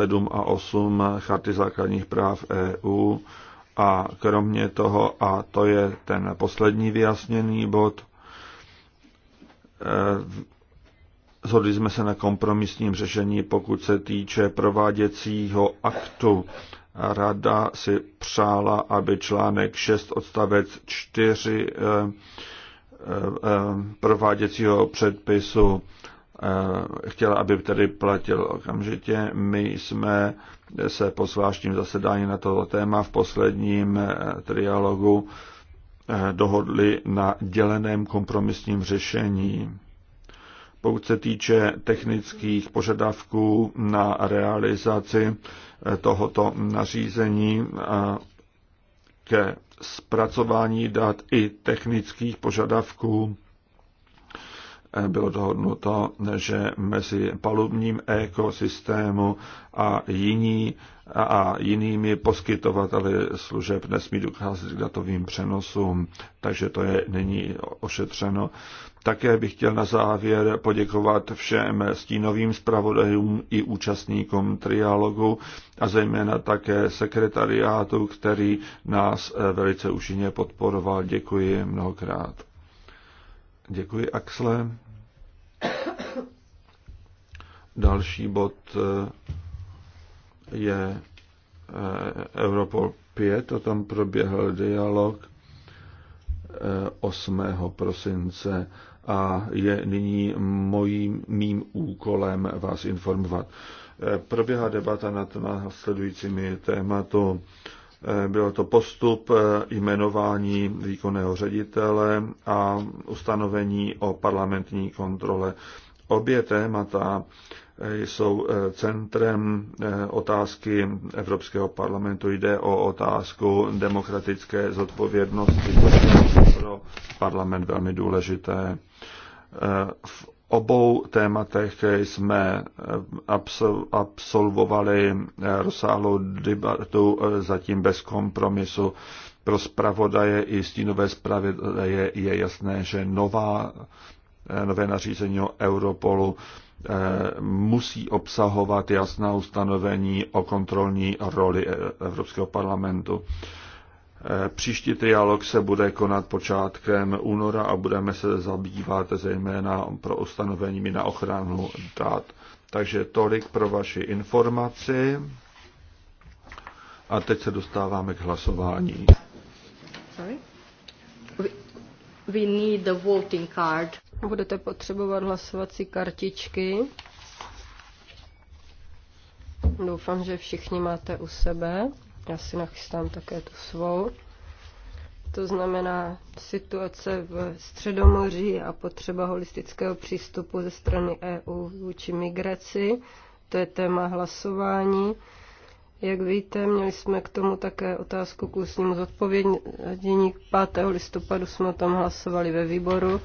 7 a 8 Charty základních práv EU a kromě toho, a to je ten poslední vyjasněný bod, Zhodli eh, jsme se na kompromisním řešení, pokud se týče prováděcího aktu. Rada si přála, aby článek 6 odstavec 4 eh, eh, prováděcího předpisu chtěla, aby tedy platil okamžitě. My jsme se po zvláštním zasedání na toto téma v posledním eh, trialogu eh, dohodli na děleném kompromisním řešení. Pokud se týče technických požadavků na realizaci eh, tohoto nařízení ke zpracování dat i technických požadavků bylo dohodnuto, že mezi palubním ekosystému a, jiní, a jinými poskytovateli služeb nesmí docházet k datovým přenosům, takže to je nyní ošetřeno. Také bych chtěl na závěr poděkovat všem stínovým zpravodajům i účastníkům trialogu a zejména také sekretariátu, který nás velice účinně podporoval. Děkuji mnohokrát. Děkuji, Axle. Další bod eh, je eh, Europol 5 a tam proběhl dialog 8. Eh, prosince a je nyní mojím, mým úkolem vás informovat. Proběhla debata nad následujícími tématu Eh, byl to postup eh, jmenování výkonného ředitele a ustanovení o parlamentní kontrole. Obě témata eh, jsou centrem otázky Evropského parlamentu. Jde o otázku demokratické zodpovědnosti, pro parlament velmi důležité. V obou tématech jsme eh, absolvovali eh, rozsáhlou debatu eh, zatím bez kompromisu. Pro zpravodaje i stínové zpravodaje je jasné, že nová, nové nařízení o Europolu musí obsahovat jasná ustanovení o kontrolní roli Evropského parlamentu. Příští trialog se bude konat počátkem února a budeme se zabývat zejména pro ustanoveními na ochranu dat. Takže tolik pro vaši informaci. A teď se dostáváme k hlasování. Sorry? We, we need the voting card. Budete potřebovat hlasovací kartičky. Doufám, že všichni máte u sebe. Já si nachystám také tu svou. To znamená situace v Středomoří a potřeba holistického přístupu ze strany EU vůči migraci. To je téma hlasování. Jak víte, měli jsme k tomu také otázku k ústnímu zodpovědění. 5. listopadu jsme o tom hlasovali ve výboru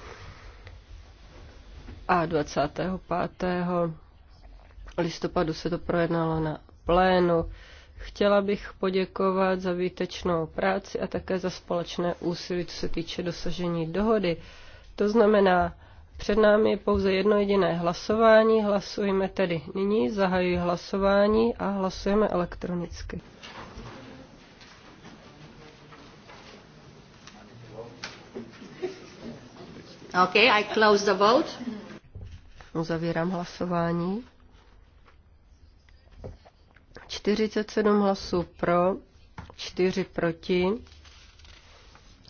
a 25. listopadu se to projednalo na plénu. Chtěla bych poděkovat za výtečnou práci a také za společné úsilí, co se týče dosažení dohody. To znamená, před námi je pouze jedno jediné hlasování. Hlasujeme tedy nyní, zahajuji hlasování a hlasujeme elektronicky. Okay, I close the vote. Uzavírám hlasování. 47 hlasů pro, 4 proti,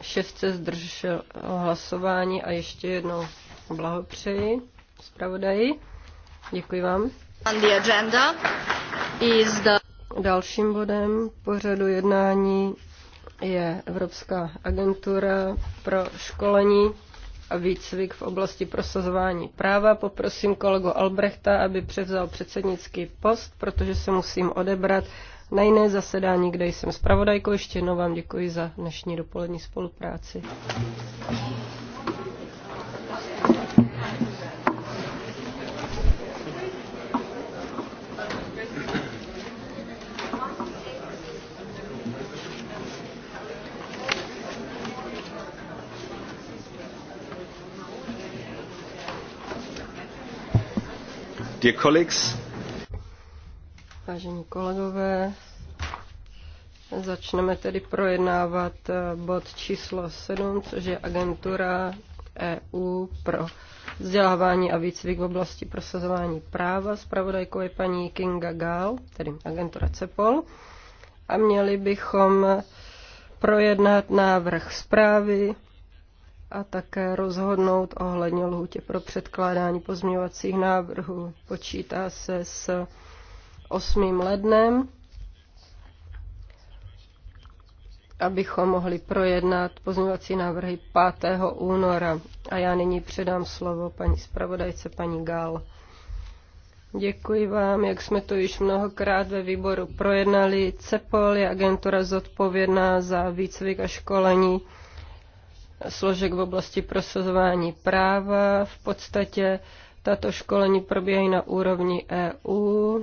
6 se zdržel hlasování a ještě jednou blahopřeji zpravodaji. Děkuji vám. And the agenda is the... Dalším bodem pořadu jednání je Evropská agentura pro školení a výcvik v oblasti prosazování práva. Poprosím kolegu Albrechta, aby převzal předsednický post, protože se musím odebrat na jiné zasedání, kde jsem zpravodajkou. Ještě jednou vám děkuji za dnešní dopolední spolupráci. Dear colleagues. Vážení kolegové, začneme tedy projednávat eh, bod číslo 7, což je agentura EU pro vzdělávání a výcvik v oblasti prosazování práva. Spravodajkou je paní Kinga Gál, tedy agentura CEPOL. A měli bychom projednat návrh zprávy a také rozhodnout ohledně lhůtě pro předkládání pozměňovacích návrhů. Počítá se s 8. lednem, abychom mohli projednat pozměňovací návrhy 5. února. A já nyní předám slovo paní zpravodajce, paní Gál. Děkuji vám, jak jsme to již mnohokrát ve výboru projednali. CEPOL je agentura zodpovědná za výcvik a školení složek v oblasti prosazování práva. V podstatě tato školení probíhají na úrovni EU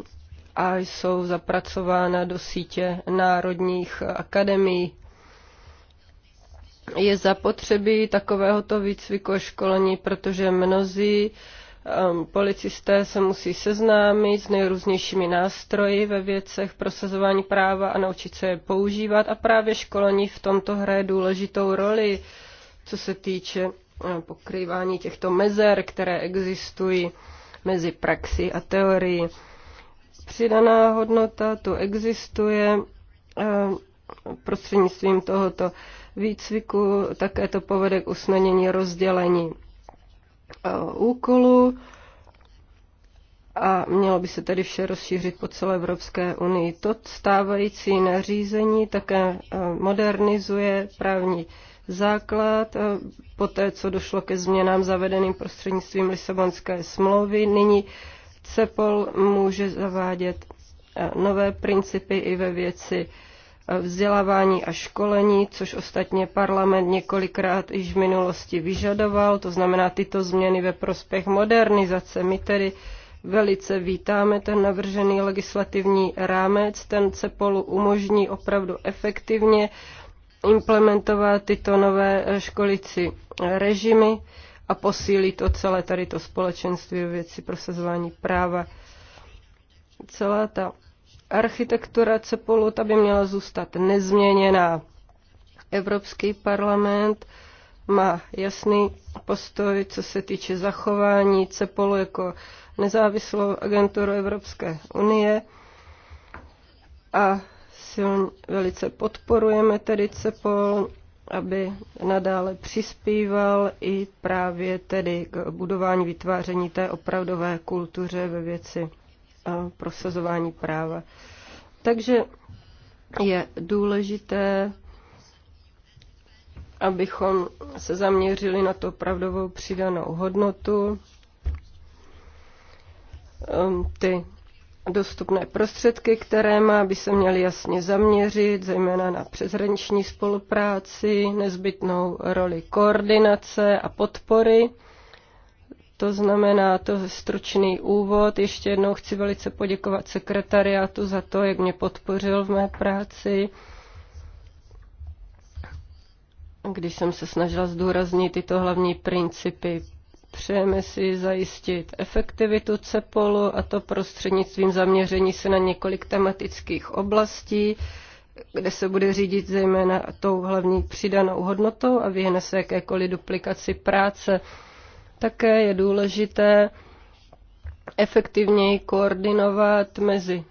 a jsou zapracována do sítě národních akademií. Je zapotřebí takovéhoto výcviku školení, protože mnozí um, policisté se musí seznámit s nejrůznějšími nástroji ve věcech prosazování práva a naučit se je používat a právě školení v tomto hraje důležitou roli co se týče eh, pokrývání těchto mezer, které existují mezi praxi a teorií. Přidaná hodnota tu existuje eh, prostřednictvím tohoto výcviku, také to povede k usnadnění rozdělení eh, úkolů a mělo by se tedy vše rozšířit po celé Evropské unii. To stávající nařízení také modernizuje právní základ eh, po té, co došlo ke změnám zavedeným prostřednictvím Lisabonské smlouvy. Nyní CEPOL může zavádět eh, nové principy i ve věci eh, vzdělávání a školení, což ostatně parlament několikrát již v minulosti vyžadoval, to znamená tyto změny ve prospěch modernizace. My tedy velice vítáme ten navržený legislativní rámec, ten CEPOLu umožní opravdu efektivně implementovat tyto nové eh, školicí eh, režimy a posílit o celé tady to společenství věci prosazování práva. Celá ta architektura CEPOLu ta by měla zůstat nezměněná. Evropský parlament má jasný postoj, co se týče zachování CEPOLu jako nezávislou agenturu Evropské unie a silně, velice podporujeme tedy CEPOL, aby nadále přispíval i právě tedy k budování, vytváření té opravdové kultuře ve věci prosazování práva. Takže je důležité, abychom se zaměřili na to opravdovou přidanou hodnotu, ehm, ty dostupné prostředky, které má, by se měly jasně zaměřit, zejména na přeshraniční spolupráci, nezbytnou roli koordinace a podpory. To znamená, to stručný úvod. Ještě jednou chci velice poděkovat sekretariátu za to, jak mě podpořil v mé práci. Když jsem se snažila zdůraznit tyto hlavní principy Přejeme si zajistit efektivitu CEPOLu a to prostřednictvím zaměření se na několik tematických oblastí, kde se bude řídit zejména tou hlavní přidanou hodnotou a vyhne se jakékoliv duplikaci práce. Také je důležité efektivněji koordinovat mezi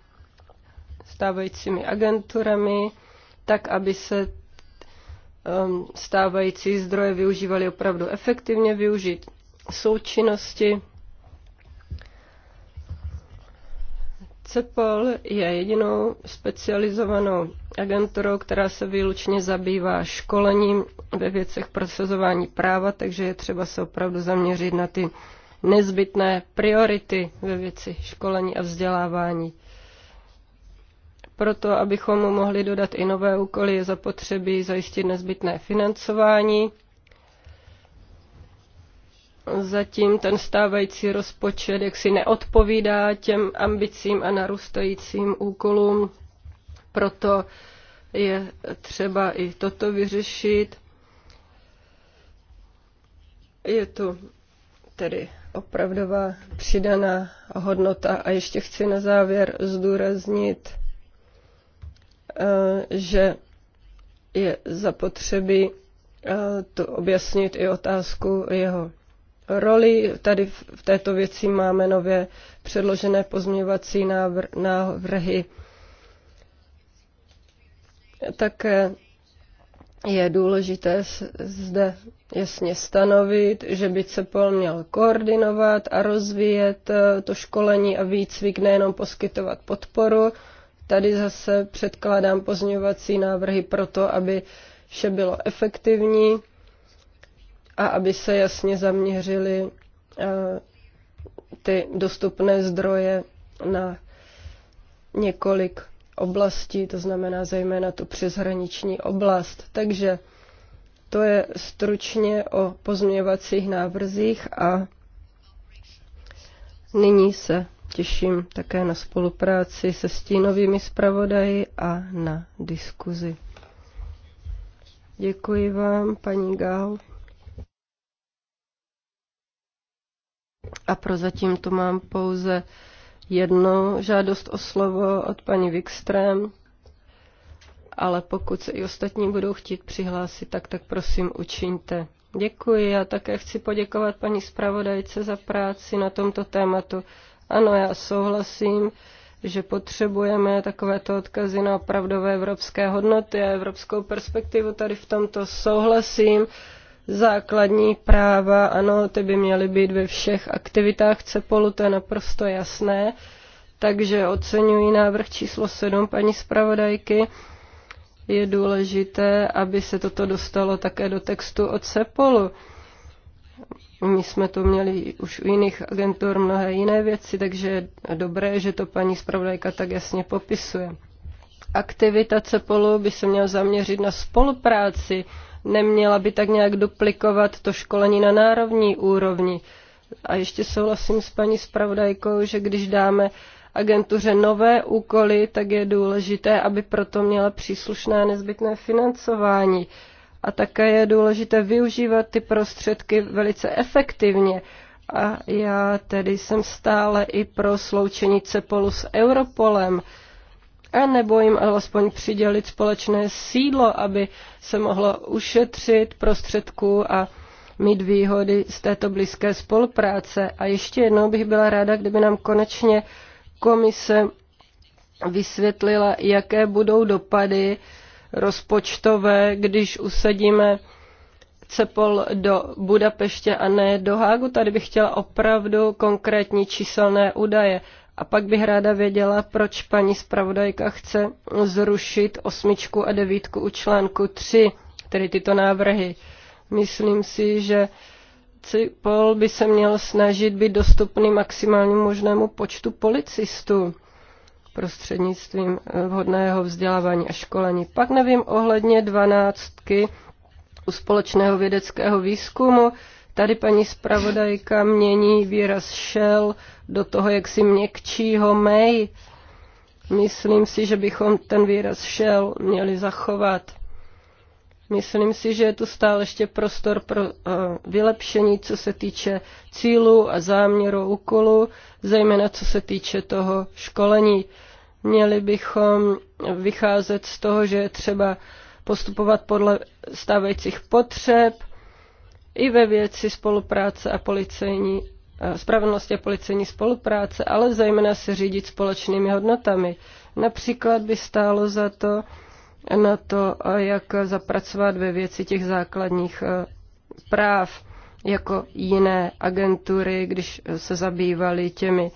stávajícími agenturami, tak aby se um, stávající zdroje využívaly opravdu efektivně, využít součinnosti. CEPOL je jedinou specializovanou agenturou, která se výlučně zabývá školením ve věcech prosazování práva, takže je třeba se opravdu zaměřit na ty nezbytné priority ve věci školení a vzdělávání. Proto, abychom mu mohli dodat i nové úkoly, je zapotřebí zajistit nezbytné financování zatím ten stávající rozpočet jaksi neodpovídá těm ambicím a narůstajícím úkolům. Proto je třeba i toto vyřešit. Je tu tedy opravdová přidaná hodnota. A ještě chci na závěr zdůraznit, eh, že je zapotřebí eh, to objasnit i otázku jeho roli. Tady v této věci máme nově předložené pozměňovací návrhy. Také je důležité zde jasně stanovit, že by CEPOL měl koordinovat a rozvíjet eh, to školení a výcvik, nejenom poskytovat podporu. Tady zase předkládám pozměňovací návrhy pro to, aby vše bylo efektivní a aby se jasně zaměřili eh, ty dostupné zdroje na několik oblastí, to znamená zejména tu přeshraniční oblast. Takže to je stručně o pozměňovacích návrzích a nyní se těším také na spolupráci se stínovými zpravodaji a na diskuzi. Děkuji vám, paní Gál. A prozatím tu mám pouze jednu žádost o slovo od paní Wikström, ale pokud se i ostatní budou chtít přihlásit, tak tak prosím učiňte. Děkuji, já také chci poděkovat paní zpravodajce za práci na tomto tématu. Ano, já souhlasím, že potřebujeme takovéto odkazy na opravdové evropské hodnoty a evropskou perspektivu. Tady v tomto souhlasím základní práva, ano, ty by měly být ve všech aktivitách CEPOLu, to je naprosto jasné. Takže oceňuji návrh číslo 7 paní zpravodajky. Je důležité, aby se toto dostalo také do textu od CEPOLu. My jsme to měli už u jiných agentur mnohé jiné věci, takže je dobré, že to paní zpravodajka tak jasně popisuje. Aktivita CEPOLu by se měla zaměřit na spolupráci neměla by tak nějak duplikovat to školení na národní úrovni. A ještě souhlasím s paní spravodajkou, že když dáme agentuře nové úkoly, tak je důležité, aby proto měla příslušné nezbytné financování. A také je důležité využívat ty prostředky velice efektivně. A já tedy jsem stále i pro sloučení CEPOLu s Europolem a nebo jim alespoň přidělit společné sídlo, aby se mohlo ušetřit prostředků a mít výhody z této blízké spolupráce. A ještě jednou bych byla ráda, kdyby nám konečně komise vysvětlila, jaké budou dopady rozpočtové, když usadíme Cepol do Budapeště a ne do Hágu. Tady bych chtěla opravdu konkrétní číselné údaje. A pak bych ráda věděla, proč paní zpravodajka chce zrušit osmičku a devítku u článku 3, tedy tyto návrhy. Myslím si, že CIPOL by se měl snažit být dostupný maximálnímu možnému počtu policistů prostřednictvím eh, vhodného vzdělávání a školení. Pak nevím ohledně dvanáctky u společného vědeckého výzkumu, Tady paní zpravodajka mění výraz šel do toho jaksi měkčího mej. Myslím si, že bychom ten výraz šel měli zachovat. Myslím si, že je tu stále ještě prostor pro uh, vylepšení, co se týče cílu a záměru úkolu, zejména co se týče toho školení. Měli bychom vycházet z toho, že je třeba postupovat podle stávajících potřeb, i ve věci spolupráce a policejní spravedlnosti a policejní spolupráce, ale zejména se řídit společnými hodnotami. Například by stálo za to na to, jak zapracovat ve věci těch základních e, práv, jako jiné agentury, když se zabývaly těmi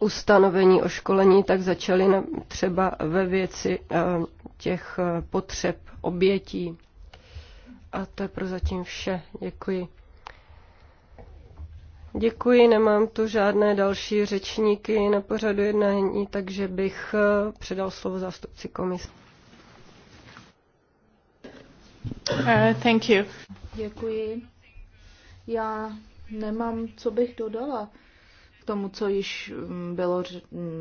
ustanovení o školení, tak začaly třeba ve věci e, těch e, potřeb obětí. A to je pro zatím vše. Děkuji. Děkuji, nemám tu žádné další řečníky na pořadu jednání, takže bych eh, předal slovo zástupci komise. Uh, thank you. Děkuji. Já nemám, co bych dodala k tomu, co již mm, bylo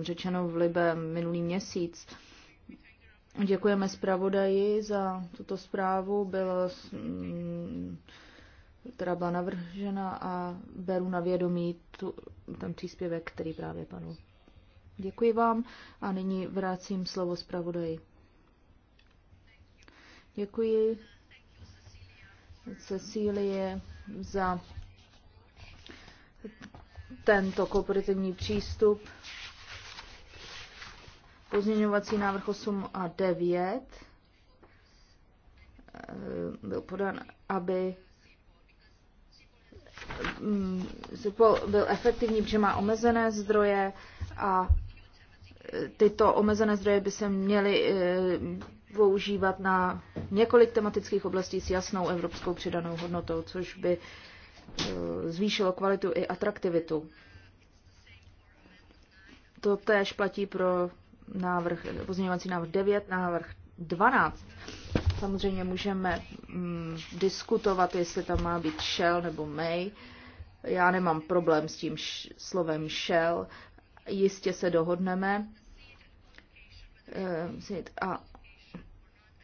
řečeno v Libe minulý měsíc. Uh, Děkujeme zpravodaji za tuto zprávu. Byla, mm, teda byla navržena a beru na vědomí tu, ten příspěvek, který právě panu. Děkuji vám a nyní vracím slovo zpravodaji. Děkuji Cecílie za tento kooperativní přístup Pozměňovací návrh 8 a 9 eh, byl podán, aby mm, byl efektivní, protože má omezené zdroje a eh, tyto omezené zdroje by se měly eh, používat na několik tematických oblastí s jasnou evropskou přidanou hodnotou, což by zvýšilo kvalitu i atraktivitu. To též platí pro návrh, pozměňovací návrh 9, návrh 12. Samozřejmě můžeme mm, diskutovat, jestli tam má být shell nebo may. Já nemám problém s tím slovem shell. Jistě se dohodneme. Ehm, A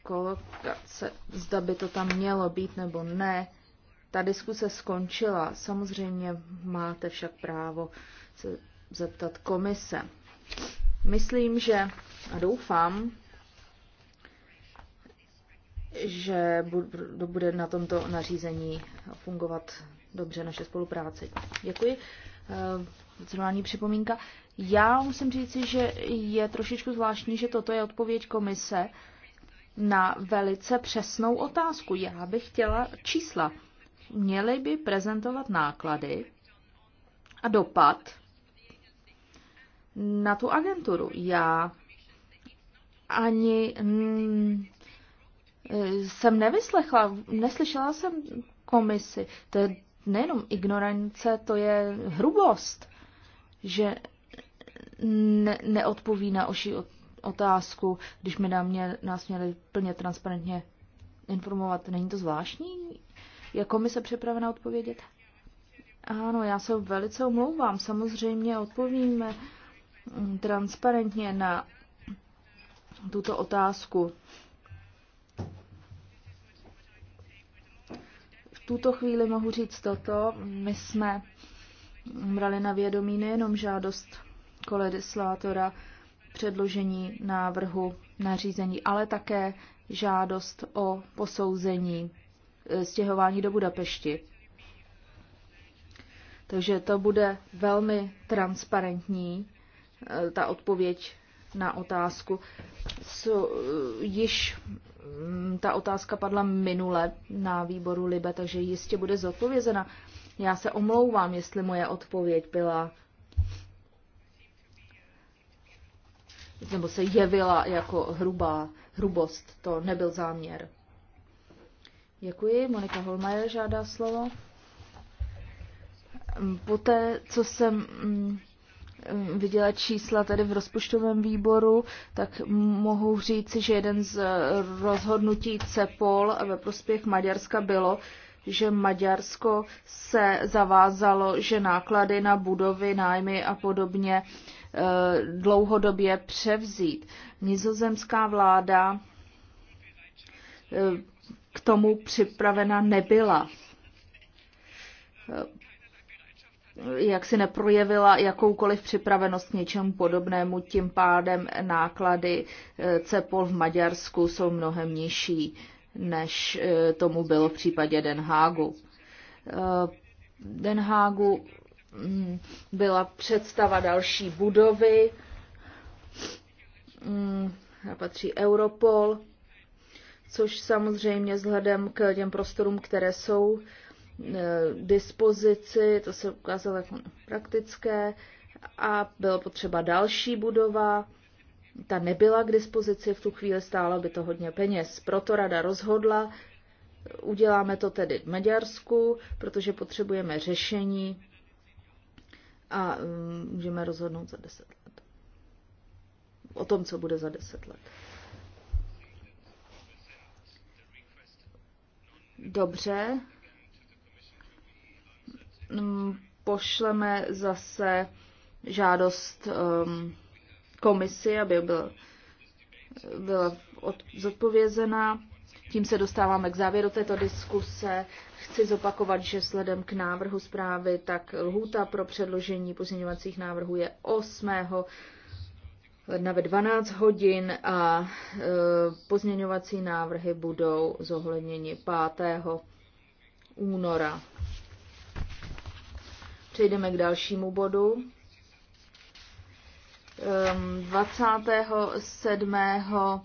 kolokace, zda by to tam mělo být nebo ne. Ta diskuse skončila. Samozřejmě máte však právo se zeptat komise. Myslím, že a doufám, že bude na tomto nařízení fungovat dobře naše spolupráce. Děkuji. Zrovnání eh, připomínka. Já musím říci, že je trošičku zvláštní, že toto je odpověď komise na velice přesnou otázku. Já bych chtěla čísla. Měly by prezentovat náklady a dopad na tu agenturu. Já ani mm, jsem nevyslechla, neslyšela jsem komisi. To je nejenom ignorance, to je hrubost, že ne, neodpoví na oši otázku, když mi na mě, nás měli plně transparentně informovat. Není to zvláštní? Je komise připravena odpovědět? Ano, já se velice omlouvám. Samozřejmě odpovíme Mm, transparentně na tuto otázku. V tuto chvíli mohu říct toto. My jsme brali na vědomí nejenom žádost koledislátora předložení návrhu nařízení, ale také žádost o posouzení eh, stěhování do Budapešti. Takže to bude velmi transparentní Eh, ta odpověď na otázku. Co, eh, již mm, ta otázka padla minule na výboru Libe, takže jistě bude zodpovězena. Já se omlouvám, jestli moje odpověď byla nebo se jevila jako hrubá hrubost. To nebyl záměr. Děkuji. Monika Holmajer žádá slovo. Poté, co jsem mm, viděla čísla tady v rozpočtovém výboru, tak mohu říci, že jeden z rozhodnutí CEPOL ve prospěch Maďarska bylo, že Maďarsko se zavázalo, že náklady na budovy, nájmy a podobně eh, dlouhodobě převzít. Nizozemská vláda eh, k tomu připravena nebyla jak si neprojevila jakoukoliv připravenost k něčemu podobnému, tím pádem náklady eh, CEPOL v Maďarsku jsou mnohem nižší, než eh, tomu bylo v případě Den Hágu. Eh, Den Hágu mm, byla představa další budovy, mm, patří Europol, což samozřejmě vzhledem k těm prostorům, které jsou Eh, dispozici, to se ukázalo jako praktické, a byla potřeba další budova, ta nebyla k dispozici, v tu chvíli stála by to hodně peněz. Proto rada rozhodla, uděláme to tedy v Maďarsku, protože potřebujeme řešení a mm, můžeme rozhodnout za deset let. O tom, co bude za deset let. Dobře, Mm, pošleme zase žádost um, komisi, aby byl, byla od, zodpovězena. Tím se dostáváme k závěru této diskuse. Chci zopakovat, že sledem k návrhu zprávy, tak lhůta pro předložení pozměňovacích návrhů je 8. ledna ve 12 hodin a e, pozměňovací návrhy budou zohledněni 5. února Přejdeme k dalšímu bodu. 27. Ehm,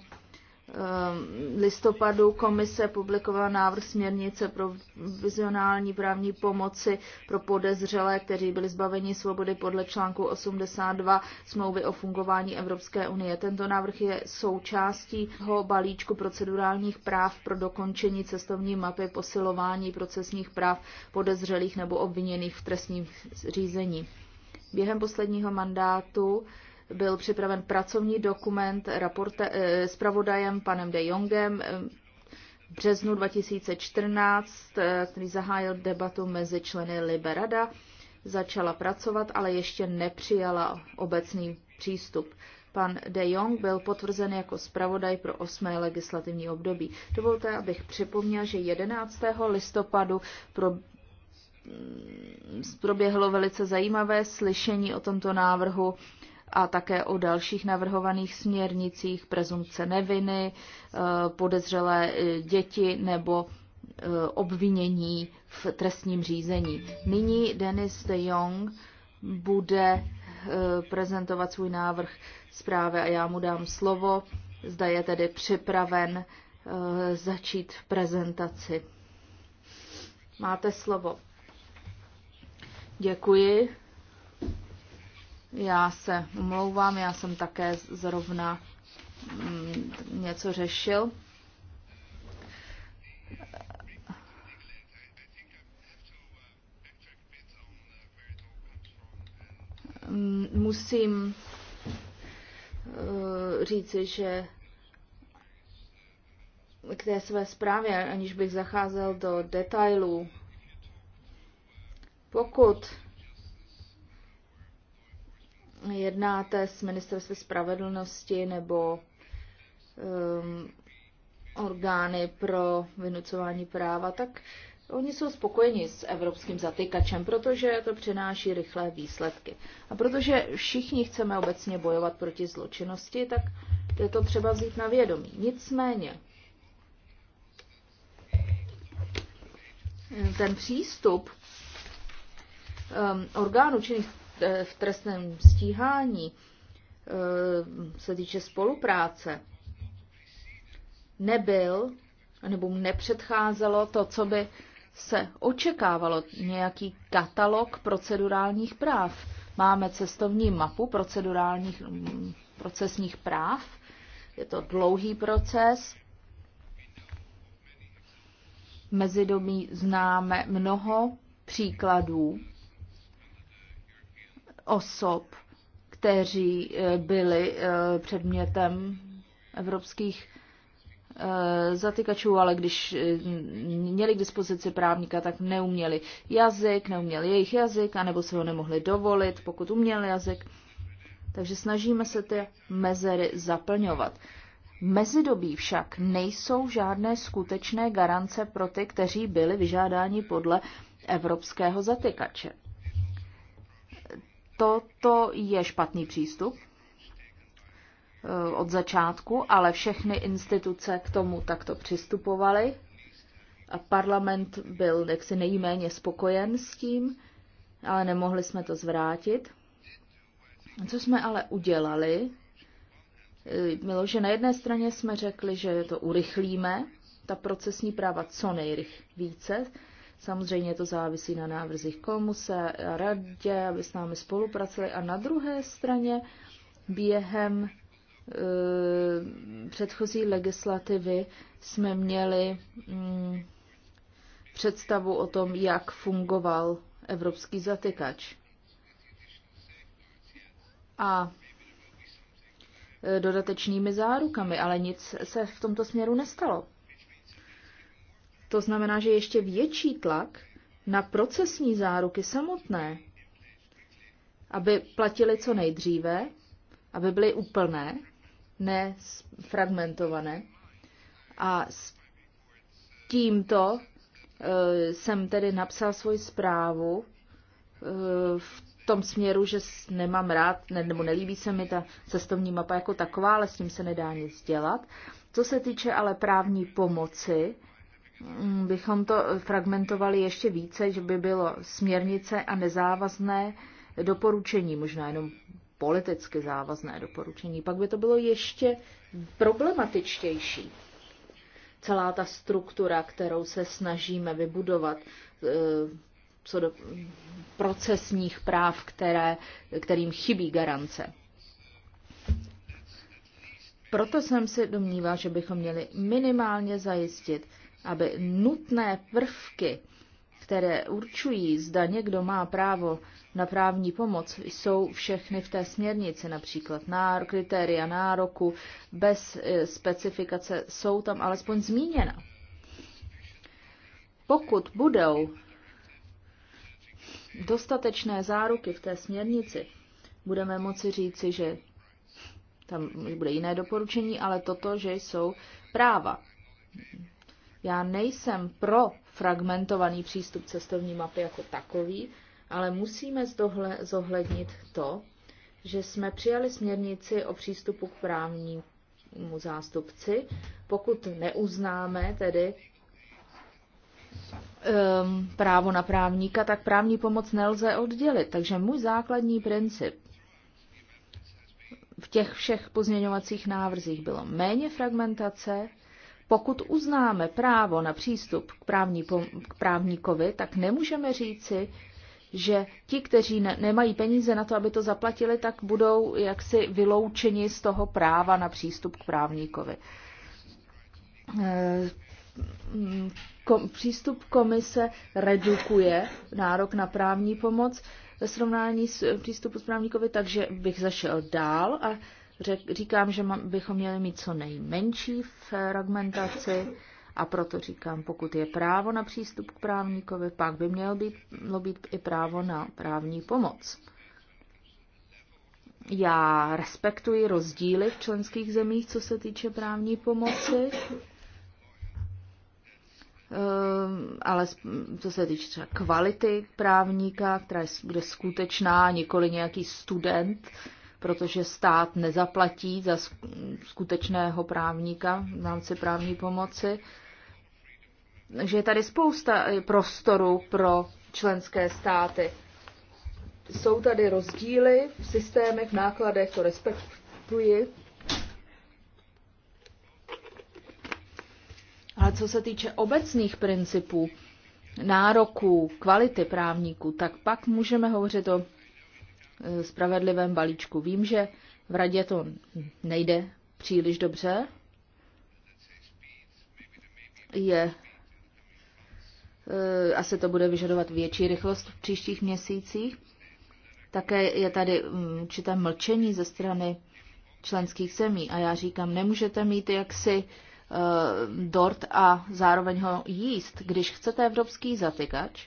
Ehm, listopadu komise publikovala návrh směrnice pro vizionální právní pomoci pro podezřelé, kteří byli zbaveni svobody podle článku 82 smlouvy o fungování Evropské unie. Tento návrh je součástí toho balíčku procedurálních práv pro dokončení cestovní mapy posilování procesních práv podezřelých nebo obviněných v trestním řízení. Během posledního mandátu byl připraven pracovní dokument raporte, s eh, pravodajem panem De Jongem eh, v březnu 2014, eh, který zahájil debatu mezi členy Liberada, začala pracovat, ale ještě nepřijala obecný přístup. Pan De Jong byl potvrzen jako zpravodaj pro osmé legislativní období. Dovolte, abych připomněl, že 11. listopadu pro proběhlo velice zajímavé slyšení o tomto návrhu a také o dalších navrhovaných směrnicích, prezumce neviny, eh, podezřelé eh, děti nebo eh, obvinění v trestním řízení. Nyní Denis de Jong bude prezentovat svůj návrh zprávy a já mu dám slovo. Zda je tedy připraven začít v prezentaci. Máte slovo. Děkuji. Já se omlouvám, já jsem také zrovna mm, něco řešil. Mm, musím eh, říci, že k té své zprávě, aniž bych zacházel do detailů, pokud jednáte s ministerstvem spravedlnosti nebo um, orgány pro vynucování práva, tak oni jsou spokojeni s evropským zatykačem, protože to přináší rychlé výsledky. A protože všichni chceme obecně bojovat proti zločinnosti, tak je to třeba vzít na vědomí. Nicméně, ten přístup um, orgánů činných Eh, v trestném stíhání eh, se týče spolupráce, nebyl nebo mu nepředcházelo to, co by se očekávalo, nějaký katalog procedurálních práv. Máme cestovní mapu procedurálních mm, procesních práv. Je to dlouhý proces. Mezidobí známe mnoho příkladů osob, kteří eh, byli eh, předmětem evropských eh, zatykačů, ale když měli k dispozici právníka, tak neuměli jazyk, neuměli jejich jazyk, anebo se ho nemohli dovolit, pokud uměli jazyk. Takže snažíme se ty mezery zaplňovat. Mezidobí však nejsou žádné skutečné garance pro ty, kteří byli vyžádáni podle evropského zatykače. Toto je špatný přístup eh, od začátku, ale všechny instituce k tomu takto přistupovaly a parlament byl jaksi nejméně spokojen s tím, ale nemohli jsme to zvrátit. Co jsme ale udělali, bylo, eh, že na jedné straně jsme řekli, že to urychlíme, ta procesní práva co nejrychlíce, Samozřejmě to závisí na návrzích komuse a radě, aby s námi spolupracovali. A na druhé straně během e, předchozí legislativy jsme měli mm, představu o tom, jak fungoval evropský zatykač. A e, dodatečnými zárukami, ale nic se v tomto směru nestalo. To znamená, že ještě větší tlak na procesní záruky samotné, aby platili co nejdříve, aby byly úplné, ne fragmentované. A s tímto eh, jsem tedy napsal svoji zprávu eh, v tom směru, že nemám rád, nebo nelíbí se mi ta cestovní mapa jako taková, ale s tím se nedá nic dělat. Co se týče ale právní pomoci, bychom to fragmentovali ještě více, že by bylo směrnice a nezávazné doporučení, možná jenom politicky závazné doporučení, pak by to bylo ještě problematičtější. Celá ta struktura, kterou se snažíme vybudovat, e, co do procesních práv, které, kterým chybí garance. Proto jsem si domnívá, že bychom měli minimálně zajistit, aby nutné prvky, které určují, zda někdo má právo na právní pomoc, jsou všechny v té směrnici, například nárok, kritéria nároku, bez e, specifikace jsou tam alespoň zmíněna. Pokud budou dostatečné záruky v té směrnici, budeme moci říci, že tam bude jiné doporučení, ale toto, že jsou práva já nejsem pro fragmentovaný přístup cestovní mapy jako takový, ale musíme zohlednit to, že jsme přijali směrnici o přístupu k právnímu zástupci, pokud neuznáme tedy um, právo na právníka, tak právní pomoc nelze oddělit. Takže můj základní princip v těch všech pozměňovacích návrzích bylo méně fragmentace, pokud uznáme právo na přístup k, právní, k právníkovi, tak nemůžeme říci, že ti, kteří ne, nemají peníze na to, aby to zaplatili, tak budou jaksi vyloučeni z toho práva na přístup k právníkovi. Eh, kom, přístup komise redukuje nárok na právní pomoc ve srovnání s eh, přístupu k právníkovi, takže bych zašel dál a řek, říkám, že bychom měli mít co nejmenší fragmentaci a proto říkám, pokud je právo na přístup k právníkovi, pak by mělo být, mělo být i právo na právní pomoc. Já respektuji rozdíly v členských zemích, co se týče právní pomoci, ehm, ale co se týče třeba kvality právníka, která bude skutečná, nikoli nějaký student, protože stát nezaplatí za skutečného právníka v rámci právní pomoci. Takže je tady spousta eh, prostoru pro členské státy. Jsou tady rozdíly v systémech, v nákladech, to respektuji. Ale co se týče obecných principů, nároků, kvality právníků, tak pak můžeme hovořit o Eh, spravedlivém balíčku. Vím, že v radě to nejde příliš dobře. Je eh, asi to bude vyžadovat větší rychlost v příštích měsících. Také je tady mm, určité mlčení ze strany členských zemí. A já říkám, nemůžete mít jaksi eh, dort a zároveň ho jíst. Když chcete evropský zatykač,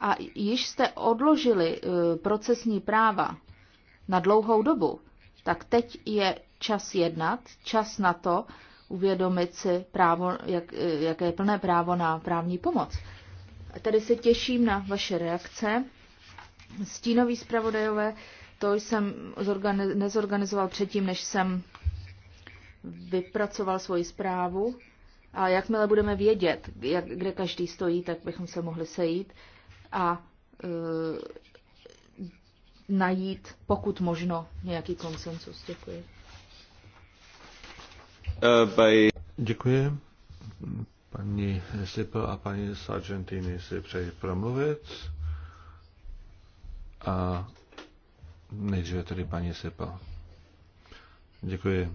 a již jste odložili eh, procesní práva na dlouhou dobu, tak teď je čas jednat, čas na to uvědomit si, právo, jak, eh, jaké je plné právo na právní pomoc. Tady se těším na vaše reakce. Stínový zpravodajové, to jsem nezorganizoval předtím, než jsem vypracoval svoji zprávu. A jakmile budeme vědět, jak, kde každý stojí, tak bychom se mohli sejít a e, najít pokud možno nějaký konsensus. Děkuji. E, Děkuji. Paní Sipl a paní Sargentini si přeji promluvit. A nejdříve tedy paní Sipl. Děkuji.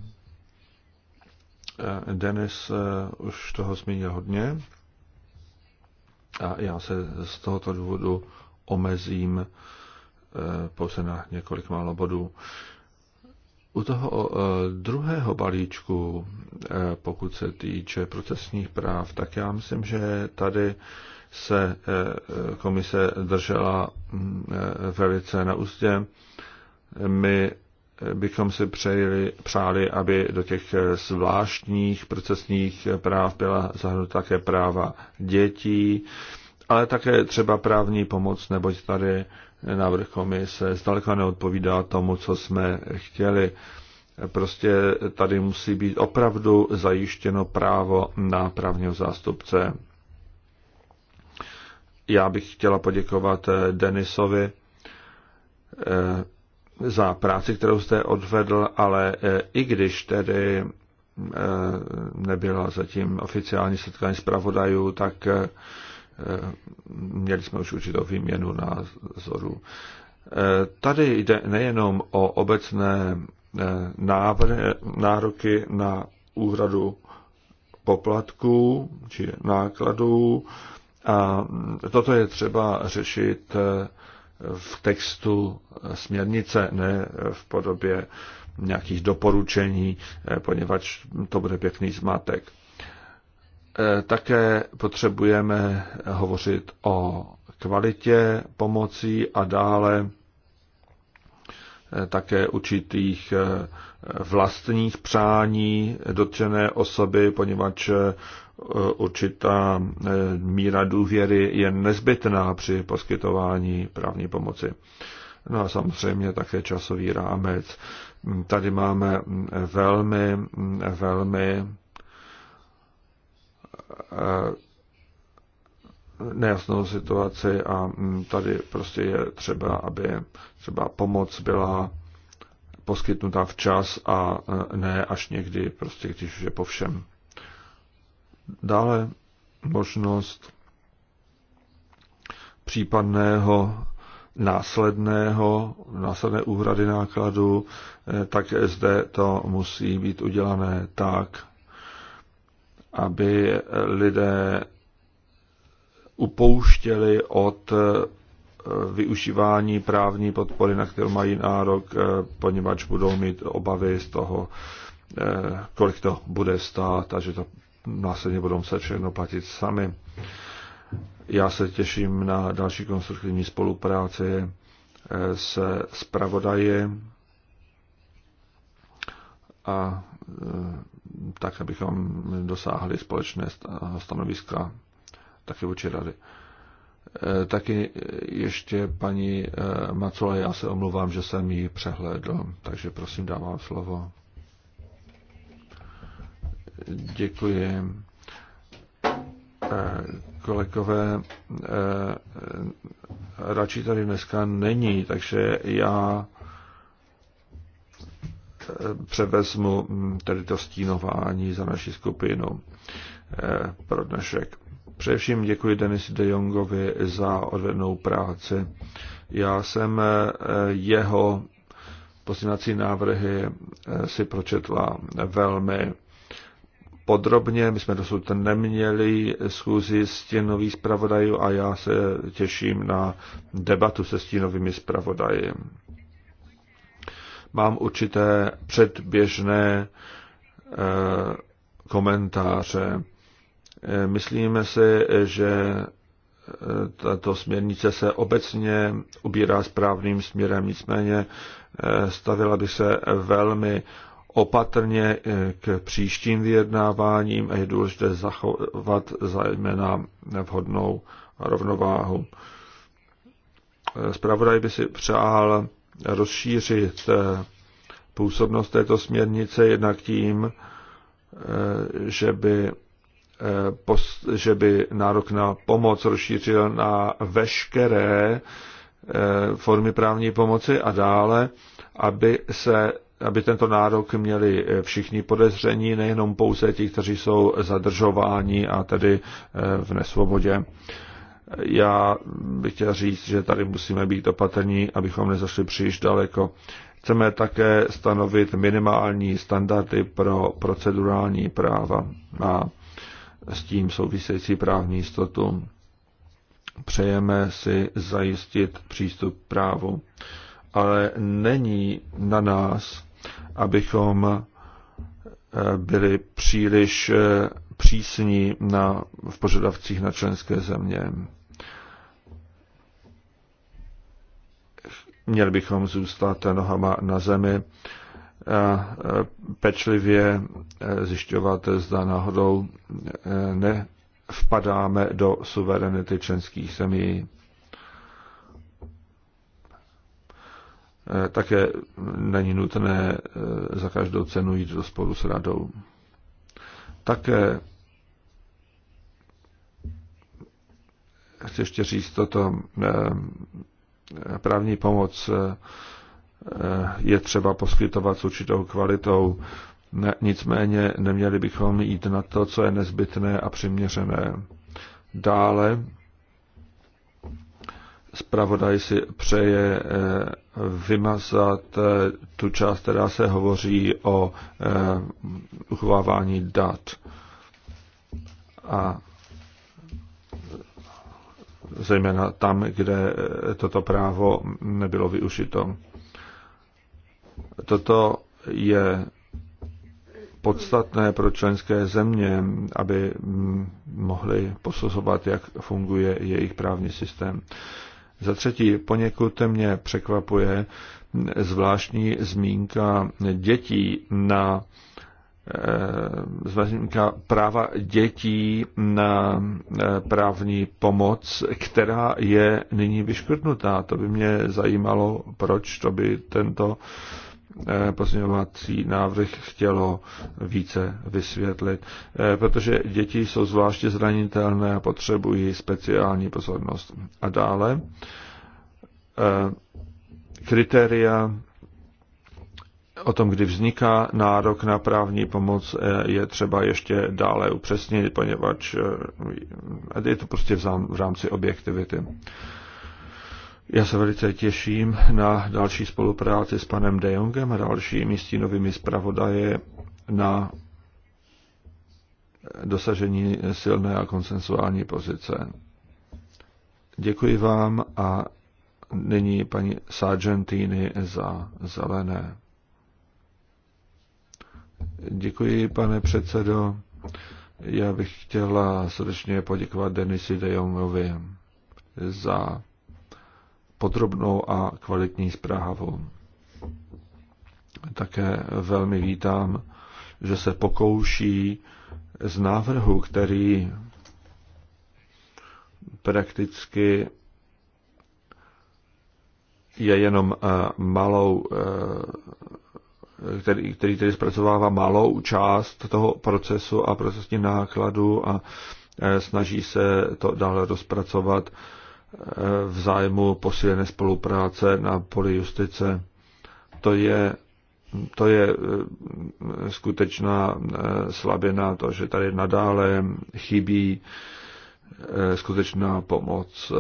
E, Denis e, už toho zmínil hodně. A já se z tohoto důvodu omezím eh, pouze na několik málo bodů. U toho eh, druhého balíčku, eh, pokud se týče procesních práv, tak já myslím, že tady se komise držela mm, velice na ústě. My bychom si přejili, přáli, aby do těch zvláštních procesních práv byla zahrnuta také práva dětí, ale také třeba právní pomoc, neboť tady návrh komise zdaleka neodpovídá tomu, co jsme chtěli. Prostě tady musí být opravdu zajištěno právo na právního zástupce. Já bych chtěla poděkovat Denisovi, eh, za práci, kterou jste odvedl, ale e, i když tedy e, nebyla zatím oficiální setkání zpravodajů, tak e, měli jsme už určitou výměnu názorů. Tady jde nejenom o obecné návrhy, nároky na úhradu poplatků či nákladů. A toto je třeba řešit v textu směrnice, ne v podobě nějakých doporučení, eh, poněvadž to bude pěkný zmatek. Eh, také potřebujeme hovořit o kvalitě pomocí a dále eh, také určitých vlastních přání dotčené osoby, poněvadž určitá eh, míra důvěry je nezbytná při poskytování právní pomoci. No a samozřejmě také časový rámec. Tady máme velmi, velmi eh, nejasnou situaci a tady prostě je třeba, aby třeba pomoc byla poskytnutá včas a eh, ne až někdy, prostě když už je po všem. Dále možnost případného následného, následné úhrady nákladu, eh, tak zde to musí být udělané tak, aby lidé upouštěli od eh, využívání právní podpory, na kterou mají nárok, eh, poněvadž budou mít obavy z toho, kolik to bude stát a že to následně budou muset všechno platit sami. Já se těším na další konstruktivní spolupráci eh, se zpravodaji a eh, tak, abychom dosáhli společné stanoviska taky vůči rady. Eh, taky ještě paní Macola, já se omluvám, že jsem ji přehlédl, takže prosím dávám slovo. Děkuji. Eh, kolegové, eh, radši tady dneska není, takže já eh, převezmu hm, tedy to stínování za naši skupinu pro dnešek. Především děkuji Denisi de Jongovi za odvednou práci. Já jsem jeho poslinací návrhy si pročetla velmi podrobně. My jsme dosud neměli schůzi stěnových zpravodajů a já se těším na debatu se stěnovými zpravodaji. Mám určité předběžné eh, komentáře. Eh, myslíme si, že eh, tato směrnice se obecně ubírá správným směrem, nicméně stavila by se velmi opatrně eh, k příštím vyjednáváním a je důležité zachovat zejména vhodnou rovnováhu. Spravodaj eh, by si přál rozšířit eh, působnost této směrnice jednak tím, že by, že by nárok na pomoc rozšířil na veškeré formy právní pomoci a dále, aby se aby tento nárok měli eh, všichni podezření, nejenom pouze ti, kteří jsou zadržováni a tedy eh, v nesvobodě. Já bych chtěl říct, že tady musíme být opatrní, abychom nezašli příliš daleko. Chceme také stanovit minimální standardy pro procedurální práva a s tím související právní jistotu. Přejeme si zajistit přístup právu ale není na nás, abychom eh, byli příliš eh, přísní na, v požadavcích na členské země. Měli bychom zůstat nohama na zemi, eh, pečlivě zjišťovat, zda náhodou ne vpadáme do suverenity členských zemí. Eh, také není nutné eh, za každou cenu jít do sporu s radou. Také chci ještě říct toto, eh, právní pomoc je třeba poskytovat s určitou kvalitou, nicméně neměli bychom jít na to, co je nezbytné a přiměřené. Dále zpravodaj si přeje eh, vymazat eh, tu část, která se hovoří o eh, uchovávání dat. A zejména tam, kde toto právo nebylo využito. Toto je podstatné pro členské země, aby hm, mohly posuzovat, jak funguje jejich právní systém. Za třetí, poněkud mě překvapuje zvláštní zmínka dětí na eh, zmínka práva dětí na eh, právní pomoc, která je nyní vyškrtnutá. To by mě zajímalo, proč to by tento Eh, pozměňovací návrh chtělo více vysvětlit, eh, protože děti jsou zvláště zranitelné a potřebují speciální pozornost. A dále eh, kritéria o tom, kdy vzniká nárok na právní pomoc, je třeba ještě dále upřesnit, poněvadž je to prostě v rámci objektivity. Já se velice těším na další spolupráci s panem De Jongem a dalšími stínovými zpravodaje na dosažení silné a konsensuální pozice. Děkuji vám a nyní paní Sargentini za zelené. Děkuji, pane předsedo. Já bych chtěla srdečně poděkovat Denisi de Jongovi za podrobnou a kvalitní zprávu. Také velmi vítám, že se pokouší z návrhu, který prakticky je jenom eh, malou, eh, který, který tedy zpracovává malou část toho procesu a procesní nákladu a eh, snaží se to dále rozpracovat v zájmu posílené spolupráce na poli justice. To je, to je eh, skutečná eh, slabina, to, že tady nadále chybí eh, skutečná pomoc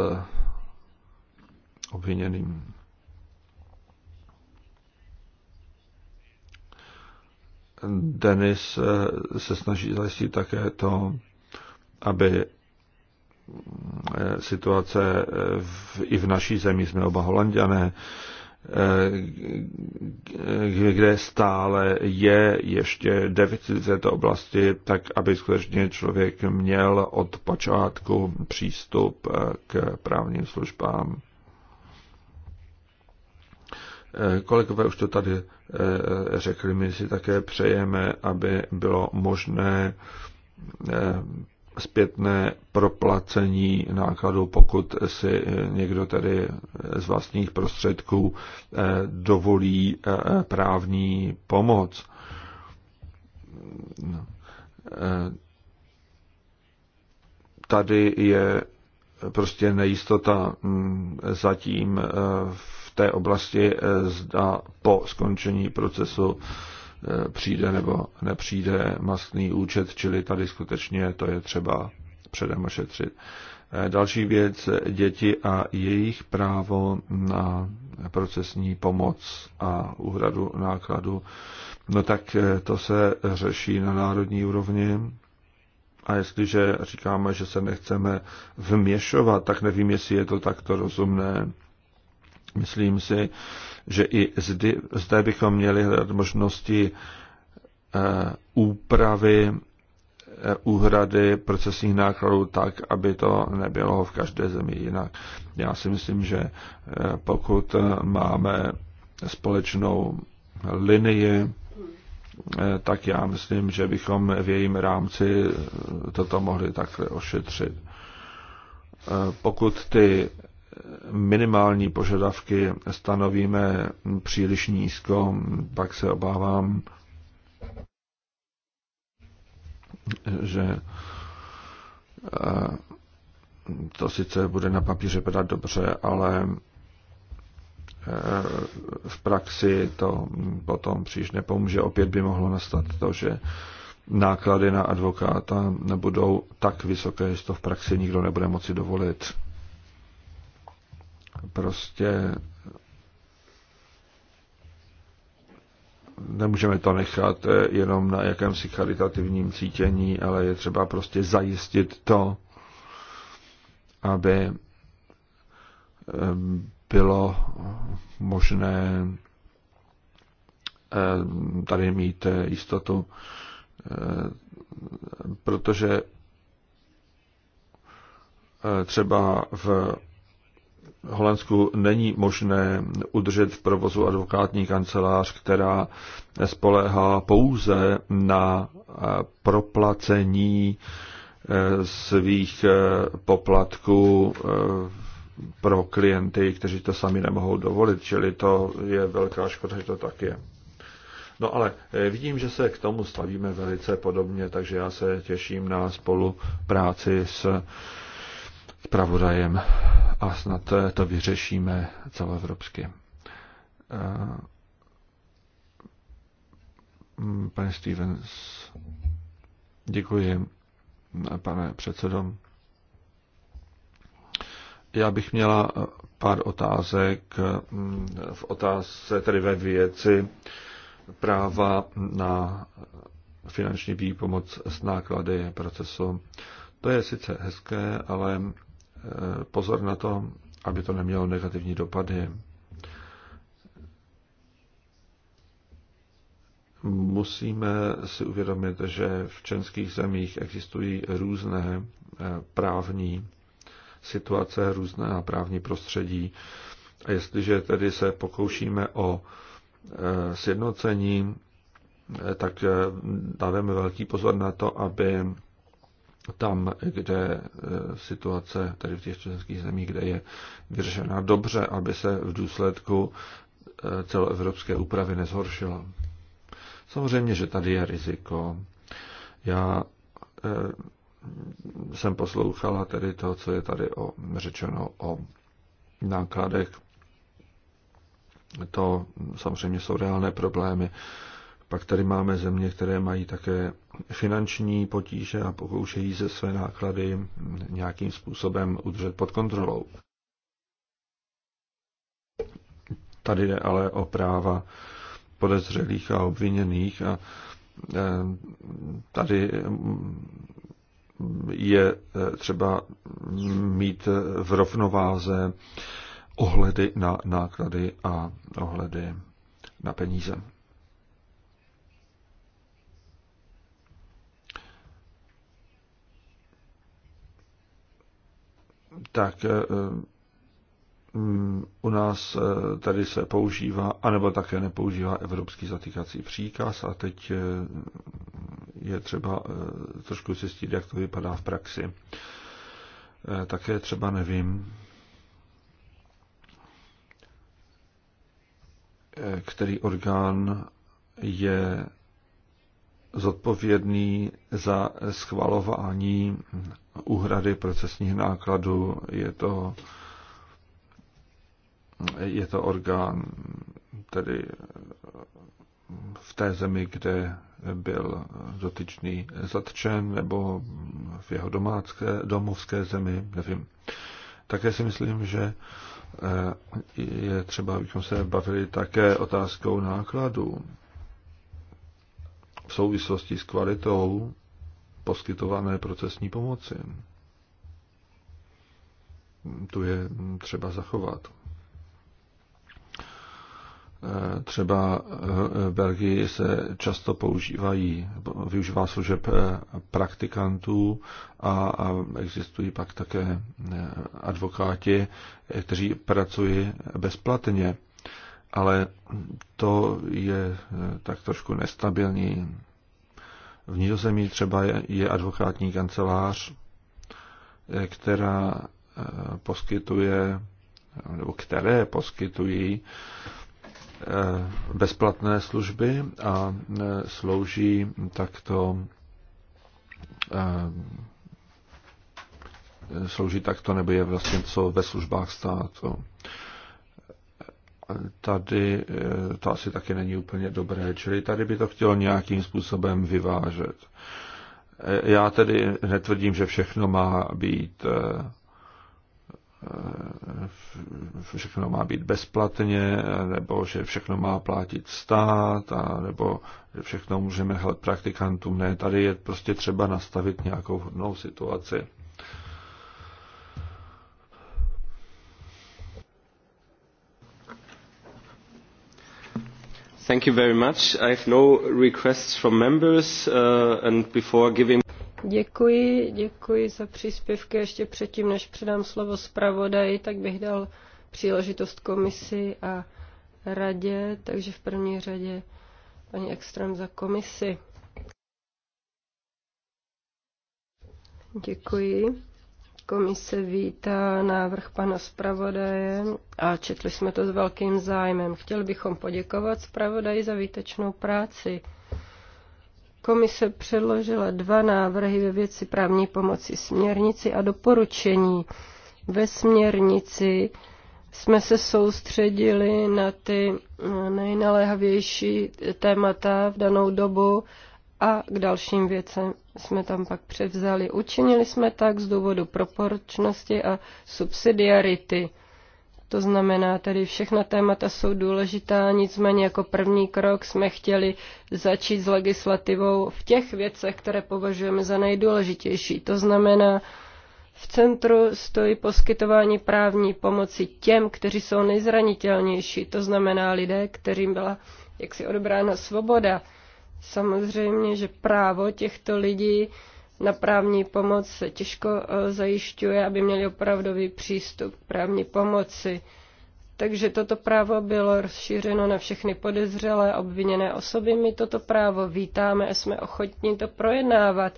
obviněným. Denis se snaží zajistit také to, aby situace v, i v naší zemi, jsme oba holanděné, eh, kde stále je ještě deficit této oblasti, tak aby skutečně člověk měl od počátku přístup eh, k právním službám. Eh, kolegové už to tady řekli, my si také přejeme, aby bylo možné zpětné proplacení nákladů, pokud si eh, někdo tedy eh, z vlastních prostředků eh, dovolí právní pomoc. No. Tady je prostě nejistota hm, zatím v té oblasti, zda po skončení procesu přijde nebo nepřijde masný účet, čili tady skutečně to je třeba předem ošetřit. Eh, další věc, děti a jejich právo na procesní pomoc a úhradu nákladu. No tak eh, to se řeší na národní úrovni. A jestliže říkáme, že se nechceme vměšovat, tak nevím, jestli je to takto rozumné. Myslím si, že i zde, zde bychom měli hledat možnosti eh, úpravy eh, úhrady procesních nákladů tak, aby to nebylo v každé zemi jinak. Já si myslím, že eh, pokud máme společnou linii, tak já myslím, že bychom v jejím rámci toto mohli takhle ošetřit. Pokud ty minimální požadavky stanovíme příliš nízko, pak se obávám, že eh, to sice bude na papíře vypadat dobře, ale eh, v praxi to potom příliš nepomůže. Opět by mohlo nastat to, že náklady na advokáta nebudou tak vysoké, že to v praxi nikdo nebude moci dovolit prostě nemůžeme to nechat eh, jenom na jakémsi charitativním cítění, ale je třeba prostě zajistit to, aby eh, bylo možné eh, tady mít jistotu, protože třeba v Holandsku není možné udržet v provozu advokátní kancelář, která spolehá pouze na eh, proplacení eh, svých eh, poplatků pro klienty, kteří to sami nemohou dovolit, čili to je velká škoda, že to tak je. No ale vidím, že se k tomu stavíme velice podobně, takže já se těším na spolupráci s zpravodajem a snad to vyřešíme celoevropsky. Eh, mm, pane Stevens, děkuji, pane předsedo. Já bych měla pár otázek mm, v otázce, tedy ve věci práva na finanční výpomoc s náklady procesu. To je sice hezké, ale pozor na to, aby to nemělo negativní dopady. Musíme si uvědomit, že v českých zemích existují různé eh, právní situace, různé právní prostředí. A jestliže tedy se pokoušíme o eh, sjednocení, eh, tak dáváme velký pozor na to, aby tam, kde e, situace tady v těch členských zemích, kde je vyřešena dobře, aby se v důsledku e, celoevropské úpravy nezhoršila. Samozřejmě, že tady je riziko. Já e, jsem poslouchala tedy to, co je tady o, řečeno o nákladech. To samozřejmě jsou reálné problémy. Pak tady máme země, které mají také finanční potíže a pokoušejí se své náklady nějakým způsobem udržet pod kontrolou. Tady jde ale o práva podezřelých a obviněných a e, tady je e, třeba mít v rovnováze ohledy na náklady a ohledy na peníze. tak eh, eh, mm, u nás eh, tady se používá, anebo také nepoužívá evropský zatýkací příkaz a teď je třeba trošku zjistit, jak to vypadá v praxi. Také třeba nevím, který orgán je zodpovědný za schvalování úhrady procesních nákladů. Je to, je to orgán tedy v té zemi, kde byl dotyčný zatčen, nebo v jeho domácké, domovské zemi, nevím. Také si myslím, že eh, je třeba, abychom se bavili také otázkou nákladů v souvislosti s kvalitou poskytované procesní pomoci. Tu je třeba zachovat. Třeba eh, v Belgii se často používají, využívá služeb eh, praktikantů a, a existují pak také eh, advokáti, kteří pracují bezplatně ale to je eh, tak trošku nestabilní. V Nizozemí třeba je advokátní kancelář, eh, která eh, poskytuje, nebo které poskytují bezplatné služby a slouží takto slouží takto, nebo je vlastně co ve službách státu tady eh, to asi taky není úplně dobré, čili tady by to chtělo nějakým způsobem vyvážet. Eh, já tedy netvrdím, že všechno má být eh, všechno má být bezplatně, nebo že všechno má platit stát, a nebo že všechno můžeme hledat praktikantům. Ne, tady je prostě třeba nastavit nějakou hodnou situaci. Děkuji, děkuji za příspěvky. Ještě předtím, než předám slovo zpravodaji, tak bych dal příležitost komisi a radě, takže v první řadě paní Extrém za komisi. Děkuji. Komise vítá návrh pana zpravodaje a četli jsme to s velkým zájmem. Chtěli bychom poděkovat zpravodaji za výtečnou práci. Komise předložila dva návrhy ve věci právní pomoci směrnici a doporučení. Ve směrnici jsme se soustředili na ty eh, nejnaléhavější témata v danou dobu, a k dalším věcem jsme tam pak převzali. Učinili jsme tak z důvodu proporčnosti a subsidiarity. To znamená, tedy všechna témata jsou důležitá, nicméně jako první krok jsme chtěli začít s legislativou v těch věcech, které považujeme za nejdůležitější. To znamená, v centru stojí poskytování právní pomoci těm, kteří jsou nejzranitelnější, to znamená lidé, kterým byla jaksi odebrána svoboda, Samozřejmě, že právo těchto lidí na právní pomoc se těžko eh, zajišťuje, aby měli opravdový přístup k právní pomoci. Takže toto právo bylo rozšířeno na všechny podezřelé obviněné osoby. My toto právo vítáme a jsme ochotní to projednávat.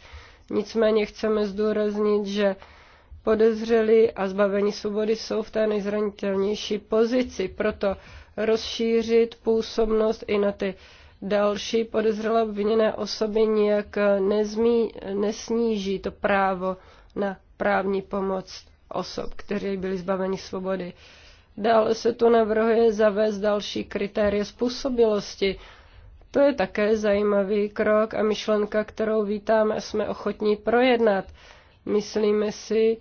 Nicméně chceme zdůraznit, že podezřelí a zbavení svobody jsou v té nejzranitelnější pozici. Proto rozšířit působnost i na ty uh, další podezřelé obviněné osoby nijak nezmí, nesníží to právo na právní pomoc osob, které byly zbaveni svobody. Dále se tu navrhuje zavést další kritérie způsobilosti. To je také zajímavý krok a myšlenka, kterou vítáme a jsme ochotní projednat. Myslíme si,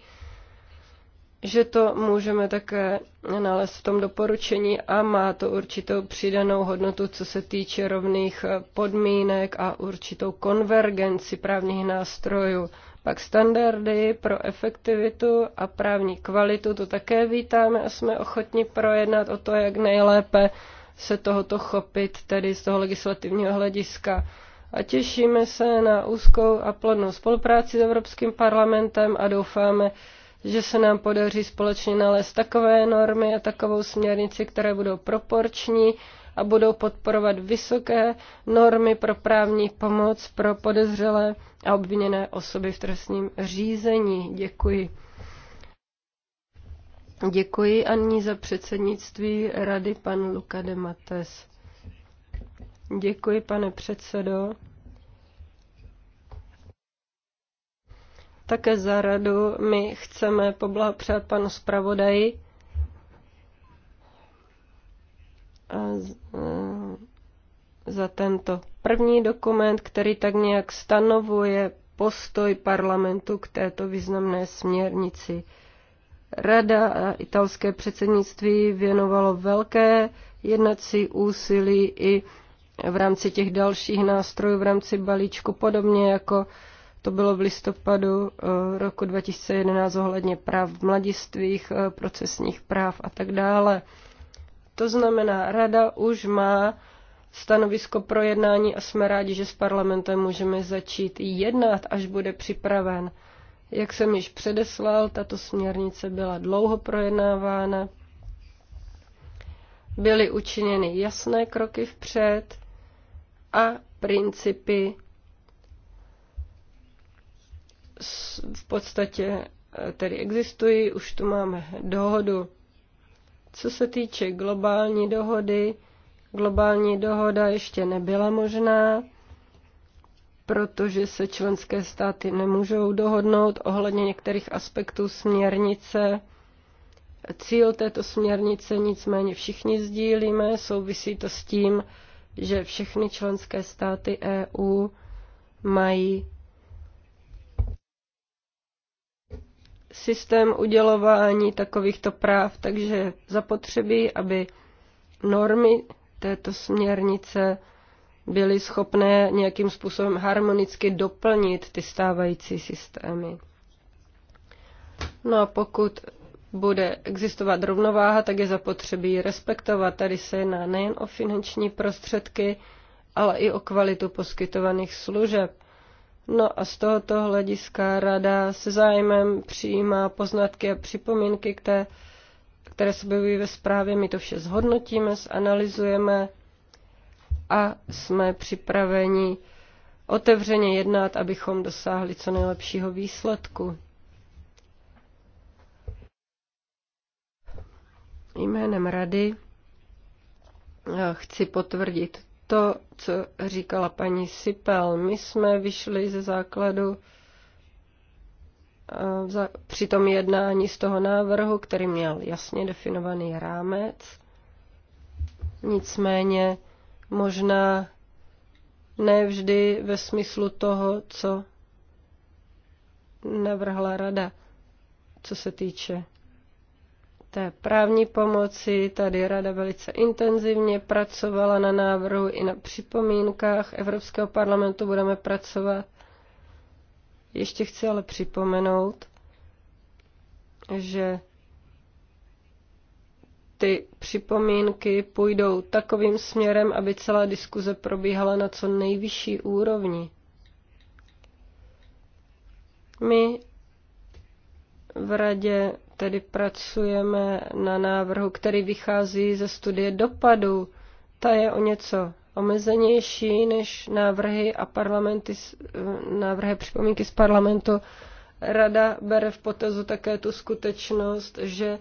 že to můžeme také nalézt v tom doporučení a má to určitou přidanou hodnotu, co se týče rovných podmínek a určitou konvergenci právních nástrojů. Pak standardy pro efektivitu a právní kvalitu, to také vítáme a jsme ochotni projednat o to, jak nejlépe se tohoto chopit, tedy z toho legislativního hlediska a těšíme se na úzkou a plodnou spolupráci s Evropským parlamentem a doufáme, že se nám podaří společně nalézt takové normy a takovou směrnici, které budou proporční a budou podporovat vysoké normy pro právní pomoc pro podezřelé a obviněné osoby v trestním řízení. Děkuji. Děkuji a nyní za předsednictví rady pan Luka de Mates. Děkuji, pane předsedo. Také za radu my chceme poblahopřát panu zpravodaji eh, za tento první dokument, který tak nějak stanovuje postoj parlamentu k této významné směrnici. Rada a italské předsednictví věnovalo velké jednací úsilí i v rámci těch dalších nástrojů, v rámci balíčku, podobně jako to bylo v listopadu eh, roku 2011 ohledně práv v mladistvích, eh, procesních práv a tak dále. To znamená, rada už má stanovisko pro jednání a jsme rádi, že s parlamentem můžeme začít jednat, až bude připraven. Jak jsem již předeslal, tato směrnice byla dlouho projednávána. Byly učiněny jasné kroky vpřed a principy v podstatě eh, tedy existují, už tu máme dohodu. Co se týče globální dohody, globální dohoda ještě nebyla možná, protože se členské státy nemůžou dohodnout ohledně některých aspektů směrnice. Cíl této směrnice nicméně všichni sdílíme, souvisí to s tím, že všechny členské státy EU mají systém udělování takovýchto práv, takže zapotřebí, aby normy této směrnice byly schopné nějakým způsobem harmonicky doplnit ty stávající systémy. No a pokud bude existovat rovnováha, tak je zapotřebí respektovat. Tady se jedná nejen o finanční prostředky, ale i o kvalitu poskytovaných služeb. No a z tohoto hlediska rada se zájmem přijímá poznatky a připomínky, které, které se objevují ve zprávě. My to vše zhodnotíme, zanalizujeme a jsme připraveni otevřeně jednat, abychom dosáhli co nejlepšího výsledku. Jménem rady eh, chci potvrdit to, co říkala paní Sipel. My jsme vyšli ze základu při tom jednání z toho návrhu, který měl jasně definovaný rámec. Nicméně možná nevždy ve smyslu toho, co navrhla rada, co se týče té právní pomoci. Tady rada velice intenzivně pracovala na návrhu i na připomínkách Evropského parlamentu budeme pracovat. Ještě chci ale připomenout, že ty připomínky půjdou takovým směrem, aby celá diskuze probíhala na co nejvyšší úrovni. My v radě tedy pracujeme na návrhu, který vychází ze studie dopadu. Ta je o něco omezenější než návrhy a parlamenty, návrhy připomínky z parlamentu. Rada bere v potazu také tu skutečnost, že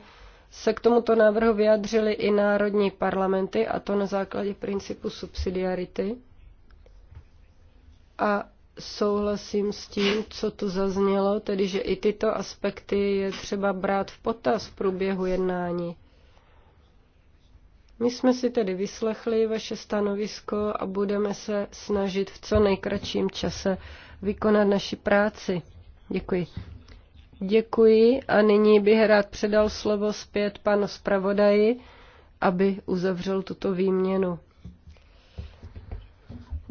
se k tomuto návrhu vyjadřily i národní parlamenty, a to na základě principu subsidiarity. A souhlasím s tím, co tu zaznělo, tedy že i tyto aspekty je třeba brát v potaz v průběhu jednání. My jsme si tedy vyslechli vaše stanovisko a budeme se snažit v co nejkratším čase vykonat naši práci. Děkuji. Děkuji a nyní bych rád předal slovo zpět panu zpravodaji, aby uzavřel tuto výměnu.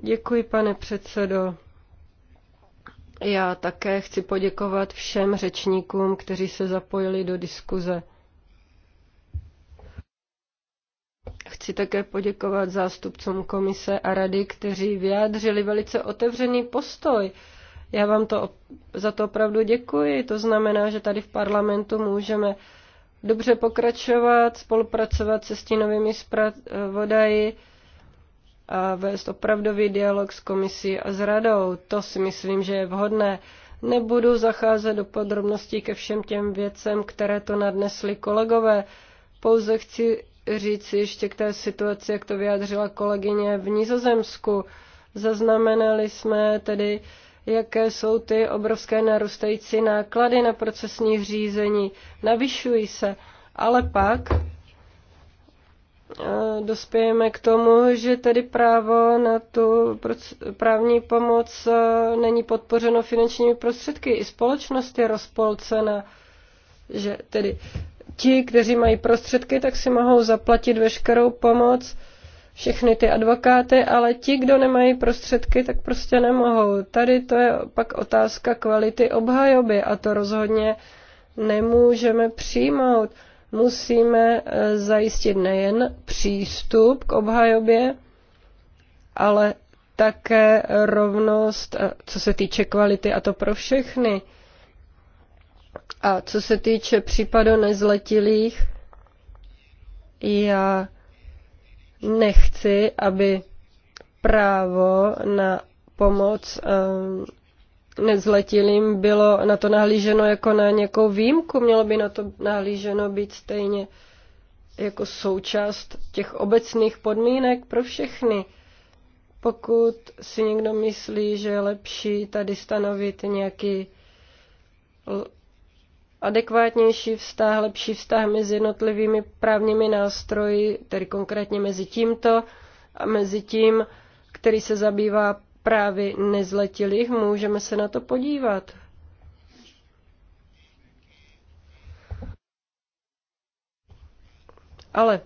Děkuji, pane předsedo. Já také chci poděkovat všem řečníkům, kteří se zapojili do diskuze. Chci také poděkovat zástupcům komise a rady, kteří vyjádřili velice otevřený postoj. Já vám to za to opravdu děkuji. To znamená, že tady v parlamentu můžeme dobře pokračovat, spolupracovat se stínovými zpravodaji. Spra- a vést opravdový dialog s komisí a s radou. To si myslím, že je vhodné. Nebudu zacházet do podrobností ke všem těm věcem, které to nadnesli kolegové. Pouze chci říct ještě k té situaci, jak to vyjádřila kolegyně v Nizozemsku. Zaznamenali jsme tedy, jaké jsou ty obrovské narůstající náklady na procesní řízení. Navyšují se, ale pak dospějeme k tomu, že tedy právo na tu právní pomoc e, není podpořeno finančními prostředky. I společnost je rozpolcena, že tedy ti, kteří mají prostředky, tak si mohou zaplatit veškerou pomoc, všechny ty advokáty, ale ti, kdo nemají prostředky, tak prostě nemohou. Tady to je pak otázka kvality obhajoby a to rozhodně nemůžeme přijmout musíme eh, zajistit nejen přístup k obhajobě, ale také rovnost, eh, co se týče kvality, a to pro všechny. A co se týče případu nezletilých, já nechci, aby právo na pomoc ehm, nezletilým bylo na to nahlíženo jako na nějakou výjimku, mělo by na to nahlíženo být stejně jako součást těch obecných podmínek pro všechny. Pokud si někdo myslí, že je lepší tady stanovit nějaký adekvátnější vztah, lepší vztah mezi jednotlivými právními nástroji, tedy konkrétně mezi tímto a mezi tím, který se zabývá právě nezletilých, můžeme se na to podívat. Ale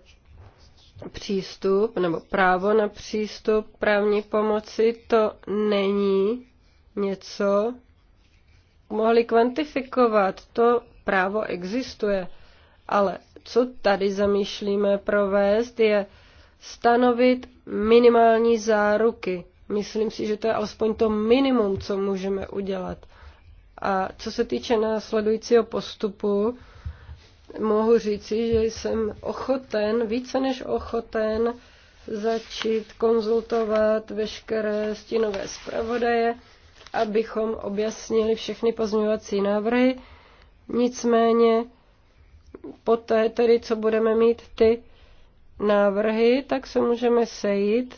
přístup nebo právo na přístup právní pomoci to není něco, mohli kvantifikovat. To právo existuje. Ale co tady zamýšlíme provést, je stanovit minimální záruky Myslím si, že to je alespoň to minimum, co můžeme udělat. A co se týče následujícího postupu, mohu říci, že jsem ochoten, více než ochoten, začít konzultovat veškeré stínové zpravodaje, abychom objasnili všechny pozměňovací návrhy. Nicméně poté tedy, co budeme mít ty návrhy, tak se můžeme sejít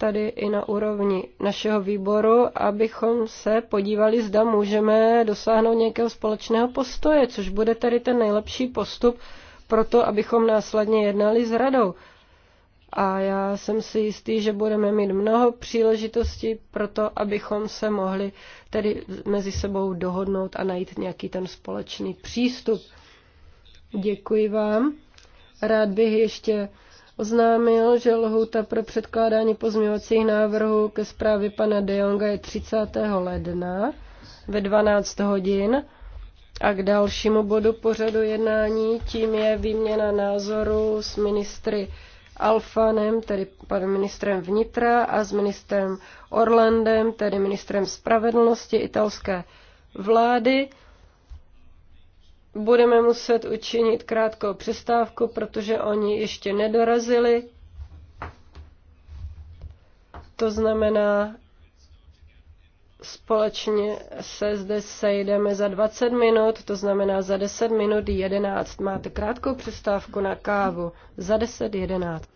tady i na úrovni našeho výboru, abychom se podívali, zda můžeme dosáhnout nějakého společného postoje, což bude tady ten nejlepší postup pro to, abychom následně jednali s radou. A já jsem si jistý, že budeme mít mnoho příležitostí pro to, abychom se mohli tedy mezi sebou dohodnout a najít nějaký ten společný přístup. Děkuji vám. Rád bych ještě oznámil, že lhouta pro předkládání pozměňovacích návrhů ke zprávě pana De Jonga je 30. ledna ve 12 hodin. A k dalšímu bodu pořadu jednání tím je výměna názoru s ministry Alfanem, tedy panem ministrem vnitra, a s ministrem Orlandem, tedy ministrem spravedlnosti italské vlády budeme muset učinit krátkou přestávku, protože oni ještě nedorazili. To znamená, společně se zde sejdeme za 20 minut, to znamená za 10 minut 11. Máte krátkou přestávku na kávu. Za 10 11.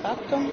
fatto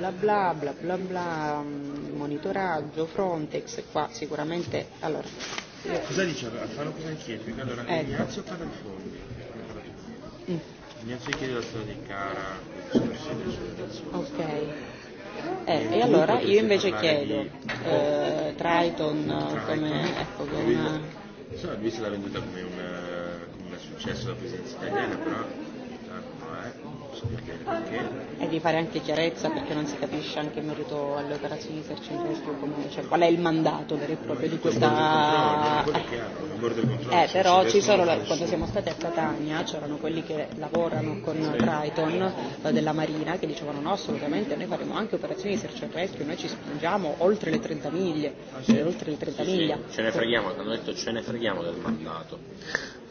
bla bla bla bla bla monitoraggio Frontex qua sicuramente allora cosa dice Alfano cosa chiede allora ecco. Eh. Ignazio per il fondo mm. Ignazio chiede la storia di cara ok eh, e allora io invece chiedo eh, Triton come ecco come una... so, lui se l'ha venduta come, una, come eh, un successo la presenza italiana però su perché, E di fare anche chiarezza perché non si capisce anche in merito alle operazioni di search and rescue, come, cioè, qual è il mandato vero e proprio di questa... eh, però ci sono, la, quando siamo stati a Catania c'erano quelli che lavorano con Triton eh, della Marina che dicevano no assolutamente noi faremo anche operazioni di search and rescue, noi ci spingiamo oltre le 30 miglia, ah, sì. oltre le 30 sì, miglia. Sì. Ce ne freghiamo, hanno detto ce ne freghiamo del mandato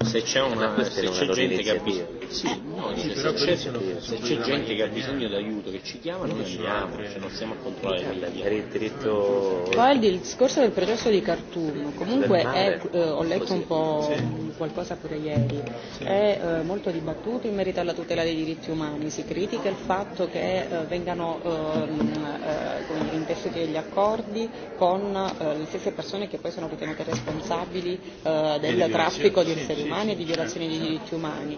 se c'è, eh, una, se c'è gente che ha bisogno sì, no, sì, se, c'è, se c'è gente che ha bisogno d'aiuto che ci chiama noi andiamo cioè non siamo a controllare il diritto poi il discorso del processo di Khartoum comunque è, eh, ho letto un po' sì. qualcosa pure ieri sì. è eh, molto dibattuto in merito alla tutela dei diritti umani si critica il fatto che eh, vengano ehm, eh, intessuti degli accordi con eh, le stesse persone che poi sono ritenute responsabili eh, del traffico di esseri umani e di violazione dei diritti umani.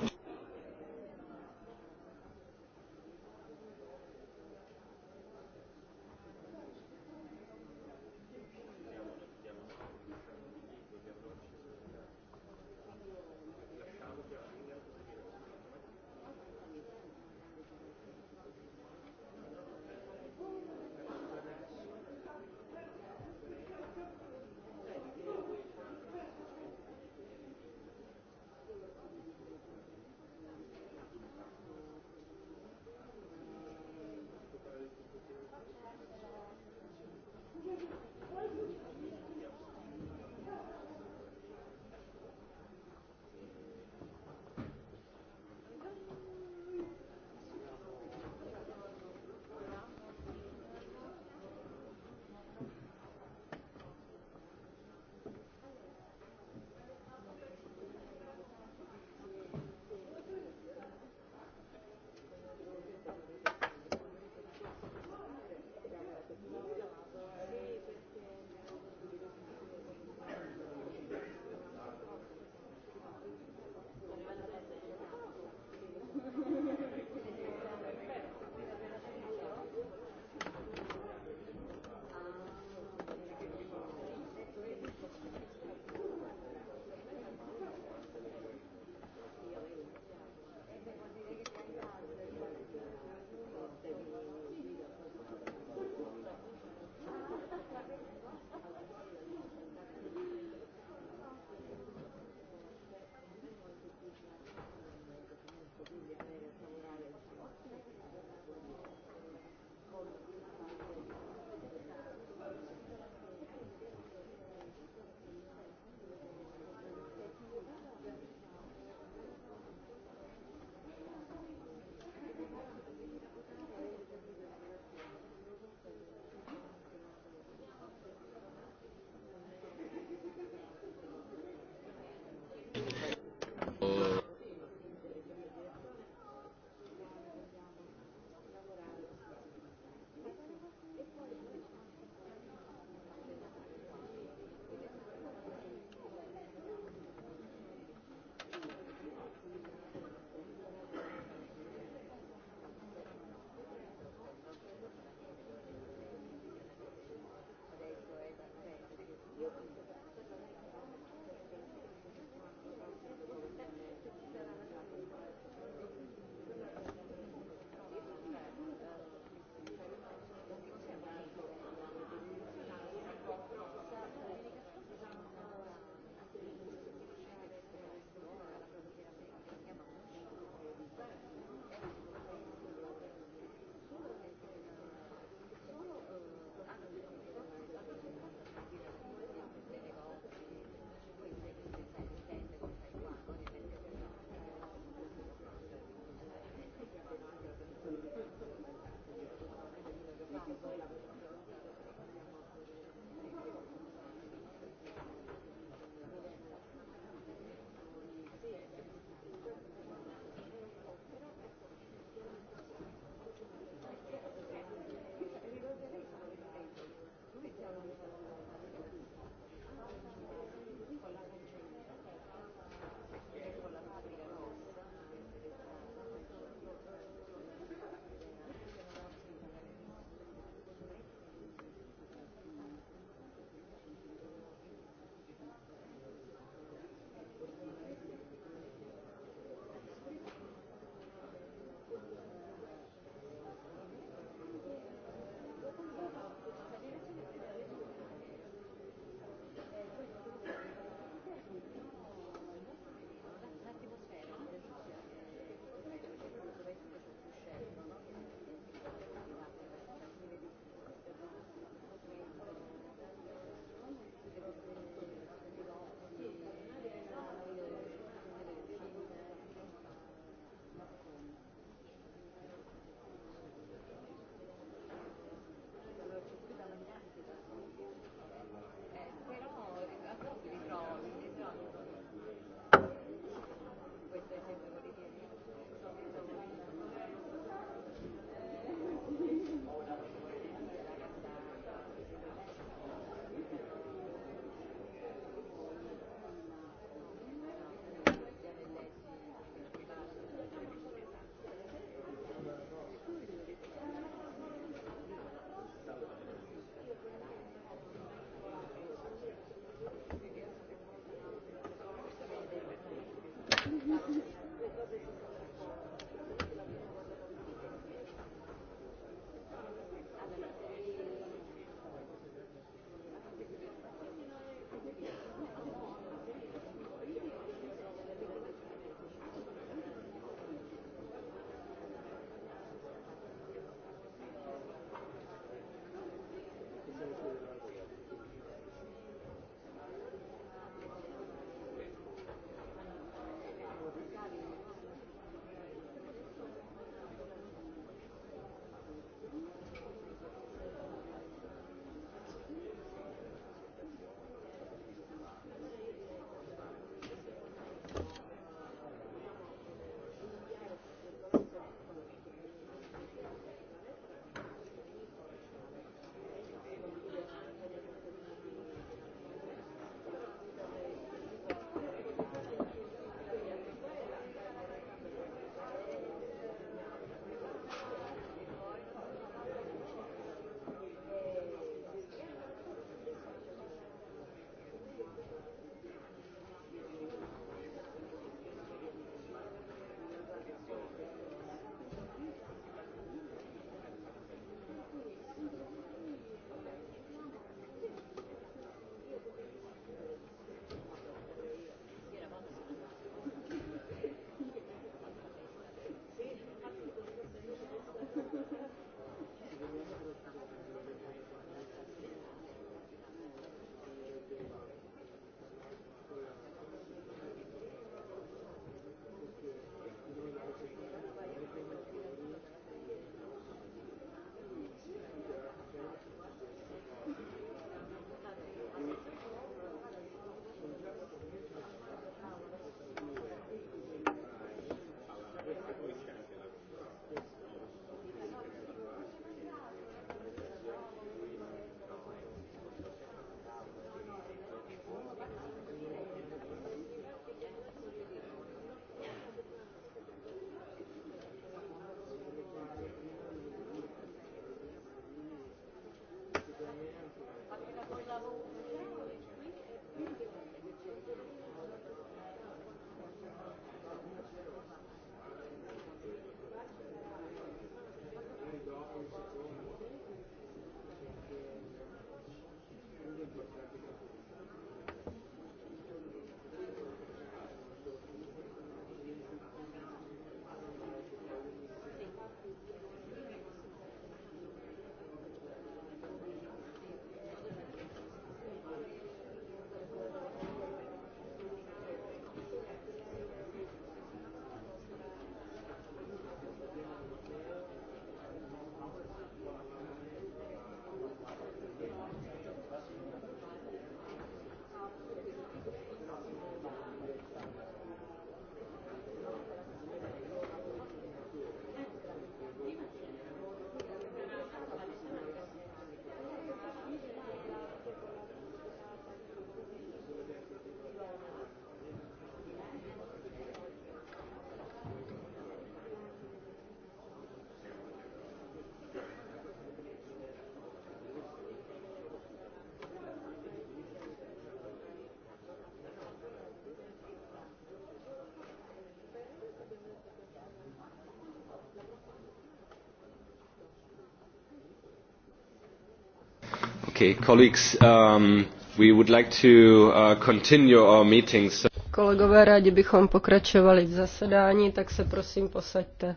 Kolegové, rádi bychom pokračovali v zasedání, tak se prosím posaďte.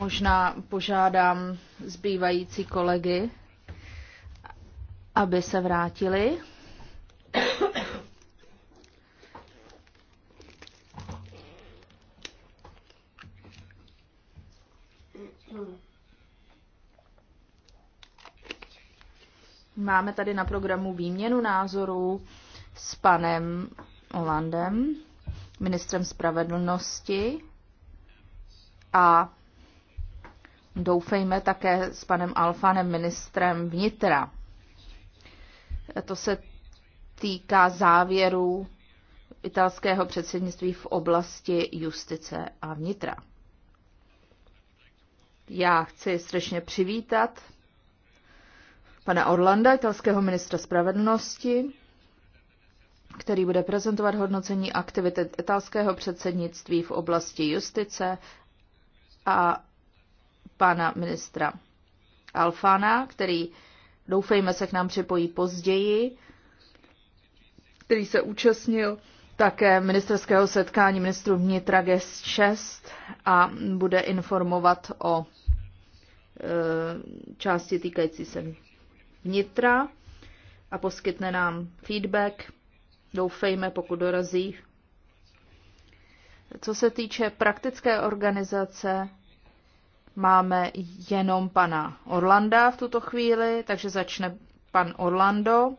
Možná požádám zbývající kolegy, aby se vrátili. máme tady na programu výměnu názorů s panem Olandem, ministrem spravedlnosti a doufejme také s panem Alfanem, ministrem vnitra. To se týká závěru italského předsednictví v oblasti justice a vnitra. Já chci srdečně přivítat pana Orlanda, italského ministra spravedlnosti, který bude prezentovat hodnocení aktivity italského předsednictví v oblasti justice a pana ministra Alfana, který doufejme se k nám připojí později, který se účastnil také ministerského setkání ministru vnitra GES 6 a bude informovat o e, části týkající se vnitra a poskytne nám feedback. Doufejme, pokud dorazí. Co se týče praktické organizace, máme jenom pana Orlanda v tuto chvíli, takže začne pan Orlando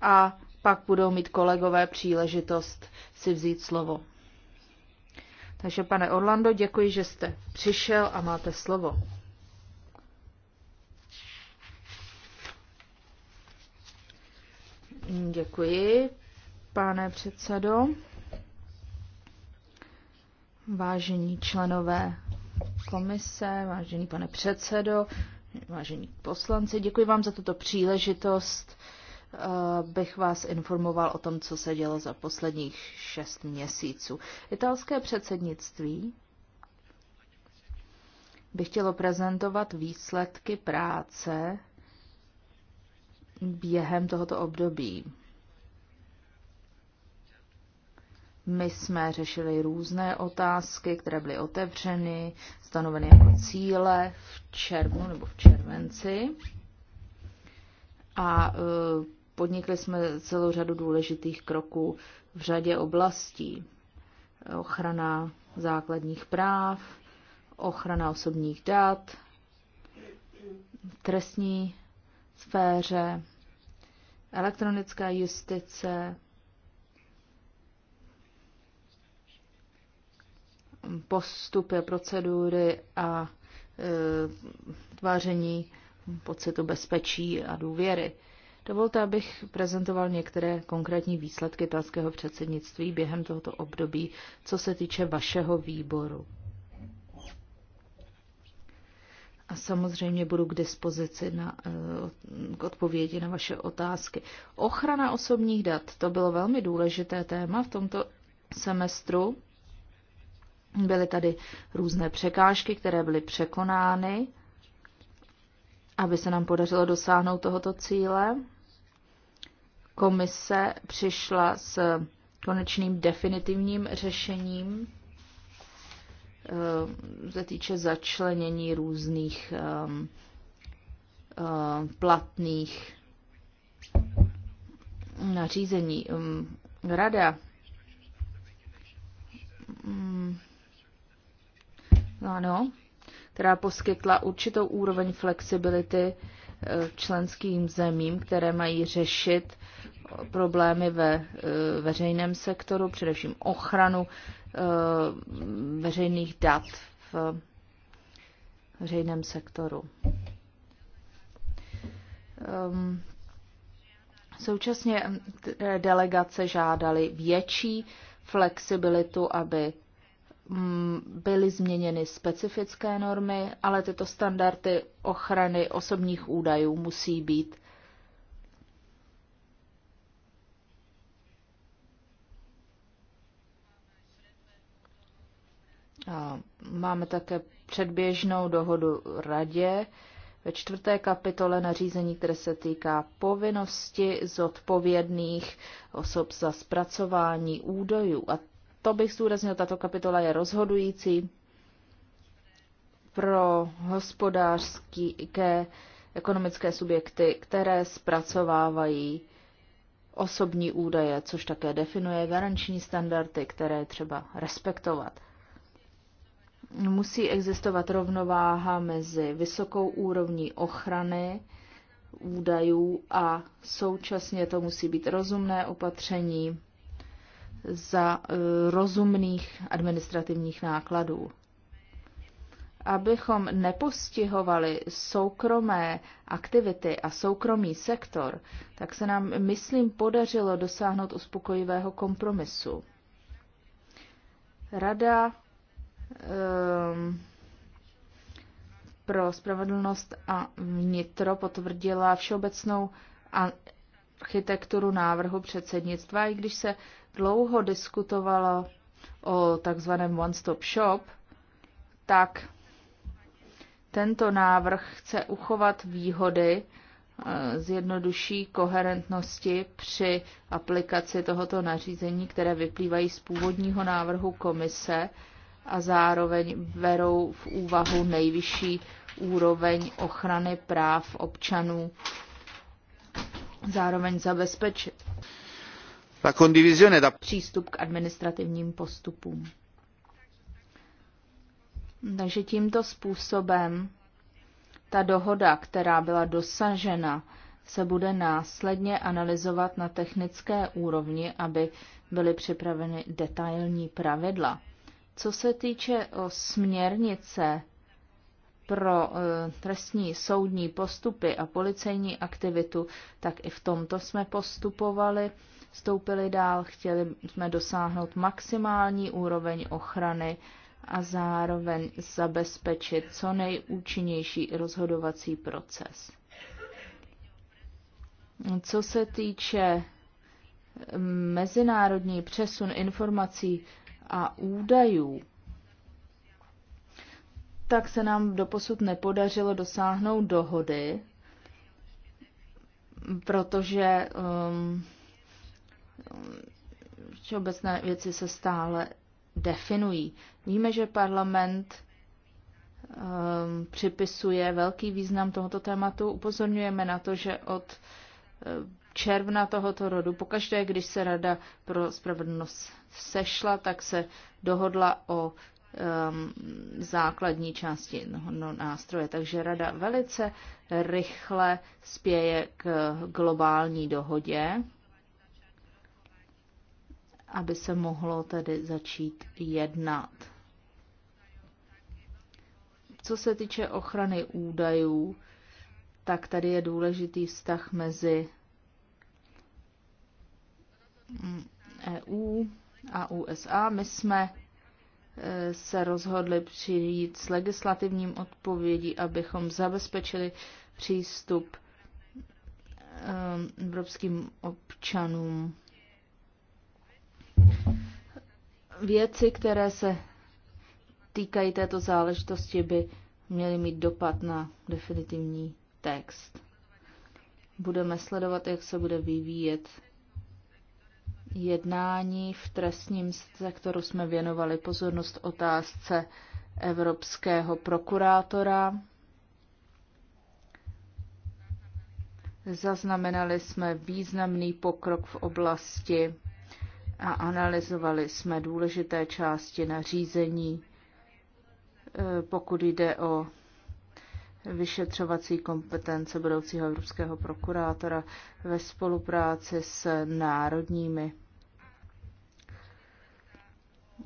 a pak budou mít kolegové příležitost si vzít slovo. Takže pane Orlando, děkuji, že jste přišel a máte slovo. Děkuji, pane předsedo. Vážení členové komise, vážený pane předsedo, vážení poslanci, děkuji vám za tuto příležitost. Eh, bych vás informoval o tom, co se dělo za posledních šest měsíců. Italské předsednictví by chtělo prezentovat výsledky práce během tohoto období. My jsme řešili různé otázky, které byly otevřeny, stanoveny jako cíle v červnu nebo v červenci. A e, podnikli jsme celou řadu důležitých kroků v řadě oblastí. Ochrana základních práv, ochrana osobních dat, trestní sféře, elektronická justice, postupy, procedury a e, tváření pocitu bezpečí a důvěry. Dovolte, abych prezentoval některé konkrétní výsledky italského předsednictví během tohoto období, co se týče vašeho výboru. A samozřejmě budu k dispozici na, eh, k odpovědi na vaše otázky. Ochrana osobních dat, to bylo velmi důležité téma v tomto semestru. Byly tady různé překážky, které byly překonány, aby se nám podařilo dosáhnout tohoto cíle. Komise přišla s konečným definitivním řešením Eh, se týče začlenění různých eh, platných nařízení. Rada no ano, která poskytla určitou úroveň flexibility eh, členským zemím, které mají řešit problémy ve eh, veřejném sektoru, především ochranu eh, veřejných dat v veřejném sektoru. Ehm, současně eh, delegace žádali větší flexibilitu, aby mm, byly změněny specifické normy, ale tyto standardy ochrany osobních údajů musí být Máme také předběžnou dohodu radě ve čtvrté kapitole nařízení, které se týká povinnosti zodpovědných osob za zpracování údajů. A to bych zdůraznil, tato kapitola je rozhodující pro hospodářské ekonomické subjekty, které zpracovávají osobní údaje, což také definuje garanční standardy, které třeba respektovat musí existovat rovnováha mezi vysokou úrovní ochrany údajů a současně to musí být rozumné opatření za e, rozumných administrativních nákladů. Abychom nepostihovali soukromé aktivity a soukromý sektor, tak se nám, myslím, podařilo dosáhnout uspokojivého kompromisu. Rada um, pro spravedlnost a vnitro potvrdila všeobecnou architekturu návrhu předsednictva, i když se dlouho diskutovalo o takzvaném one-stop shop, tak tento návrh chce uchovat výhody eh, z jednodušší koherentnosti při aplikaci tohoto nařízení, které vyplývají z původního návrhu komise, a zároveň berou v úvahu nejvyšší úroveň ochrany práv občanů zároveň zabezpečit La condivisione da... přístup k administrativním postupům. Takže tímto způsobem ta dohoda, která byla dosažena, se bude následně analyzovat na technické úrovni, aby byly připraveny detailní pravidla. Co se týče o směrnice pro e, trestní soudní postupy a policejní aktivitu, tak i v tomto jsme postupovali, stoupili dál, chtěli jsme dosáhnout maximální úroveň ochrany a zároveň zabezpečit co nejúčinnější rozhodovací proces. Co se týče e, mezinárodní přesun informací a údajů, tak se nám doposud nepodařilo dosáhnout dohody, protože um, obecné věci se stále definují. Víme, že parlament um, připisuje velký význam tomuto tématu. Upozorňujeme na to, že od června tohoto rodu. Pokaždé, když se Rada pro spravedlnost sešla, tak se dohodla o um, základní části no, nástroje. Takže Rada velice rychle spěje k globální dohodě, aby se mohlo tedy začít jednat. Co se týče ochrany údajů, tak tady je důležitý vztah mezi EU a USA. My jsme e, se rozhodli přijít s legislativním odpovědí, abychom zabezpečili přístup e, evropským občanům. Věci, které se týkají této záležitosti, by měly mít dopad na definitivní text. Budeme sledovat, jak se bude vyvíjet jednání v trestním sektoru jsme věnovali pozornost otázce evropského prokurátora. Zaznamenali jsme významný pokrok v oblasti a analyzovali jsme důležité části nařízení, e, pokud jde o vyšetřovací kompetence budoucího evropského prokurátora ve spolupráci s národními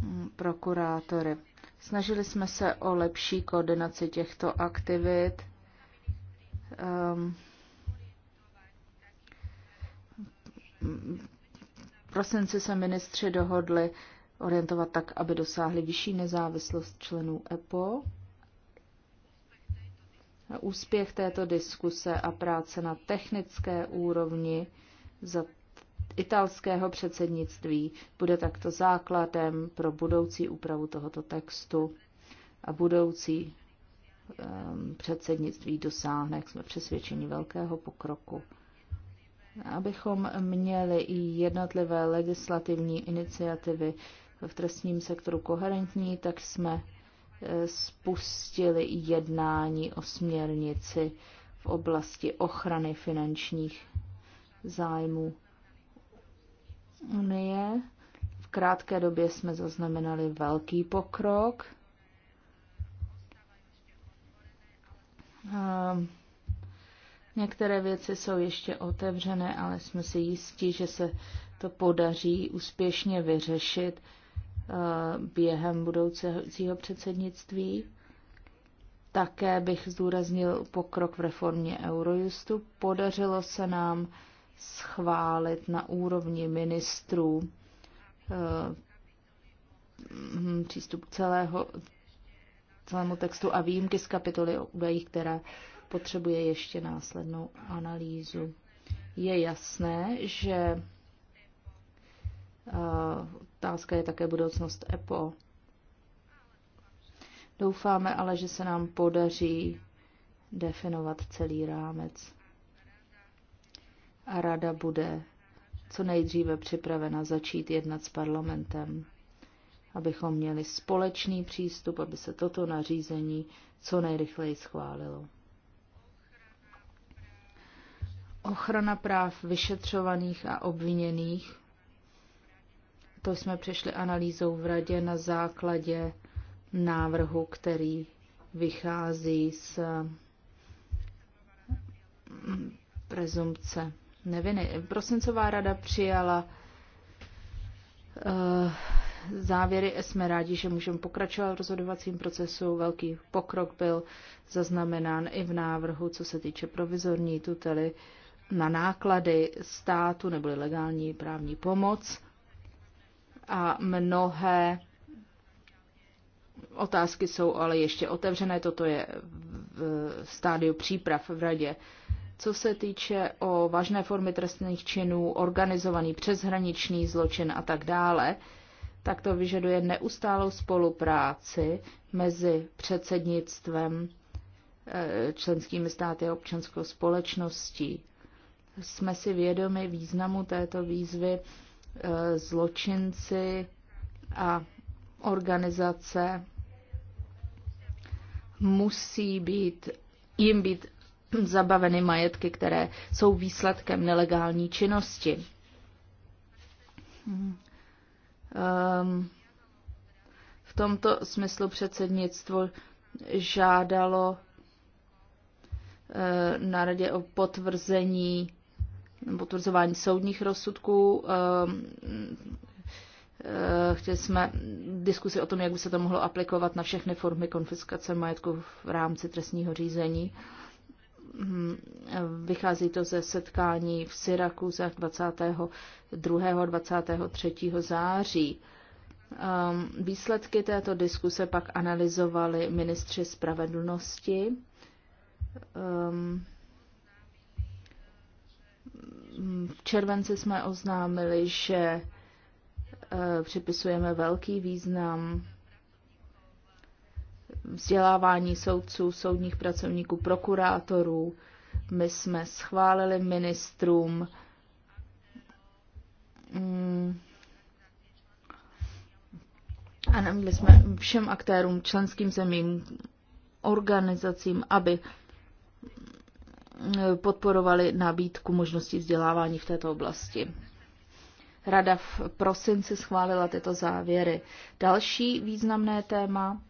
Mm, prokurátory. Snažili jsme se o lepší koordinaci těchto aktivit. Um, v prosinci se ministři dohodli orientovat tak, aby dosáhli vyšší nezávislost členů EPO. Úspěch této diskuse a práce na technické úrovni za italského předsednictví bude takto základem pro budoucí úpravu tohoto textu a budoucí um, předsednictví dosáhne, jak jsme přesvědčeni, velkého pokroku. Abychom měli i jednotlivé legislativní iniciativy v trestním sektoru koherentní, tak jsme e, spustili jednání o směrnici v oblasti ochrany finančních zájmů unie. V krátké době jsme zaznamenali velký pokrok. Ehm, některé věci jsou ještě otevřené, ale jsme si jistí, že se to podaří úspěšně vyřešit ehm, během budoucího předsednictví. Také bych zdůraznil pokrok v reformě Eurojustu. Podařilo se nám schválit na úrovni ministrů eh, přístup celého, celému textu a výjimky z kapitoly o údajích, která potřebuje ještě následnou analýzu. Je jasné, že eh, otázka je také budoucnost EPO. Doufáme ale, že se nám podaří definovat celý rámec a rada bude co nejdříve připravena začít jednat s parlamentem, abychom měli společný přístup, aby se toto nařízení co nejrychleji schválilo. Ochrana práv vyšetřovaných a obviněných. To jsme přešli analýzou v radě na základě návrhu, který vychází z prezumpce neviny. Prosincová rada přijala uh, závěry. Jsme rádi, že můžeme pokračovat v rozhodovacím procesu. Velký pokrok byl zaznamenán i v návrhu, co se týče provizorní tutely na náklady státu nebo legální právní pomoc a mnohé otázky jsou ale ještě otevřené. Toto je v stádiu příprav v radě. Uh, co se týče o vážné formy trestných činů, organizovaný přeshraniční zločin a tak dále, tak to vyžaduje neustálou spolupráci mezi předsednictvem, eh, členskými státy a občanskou společností. Jsme si vědomi významu této výzvy eh, zločinci a organizace musí být, jim být zabaveny majetky, které jsou výsledkem nelegální činnosti. Um, v tomto smyslu předsednictvo žádalo uh, na radě o potvrzení potvrzování soudních rozsudků. Um, Chtěli jsme diskusi o tom, jak by se to mohlo aplikovat na všechny formy konfiskace majetku v rámci trestního řízení. Um, Mm, vychází to ze setkání v Syraku za 22. a 23. září. Um, výsledky této diskuse pak analyzovali ministři spravedlnosti. Um, v červenci jsme oznámili, že uh, připisujeme velký význam vzdělávání soudců, soudních pracovníků, prokurátorů. My jsme schválili ministrům mm, a nabídli jsme všem aktérům, členským zemím, organizacím, aby mm, podporovali nabídku možností vzdělávání v této oblasti. Rada v prosinci schválila tyto závěry. Další významné téma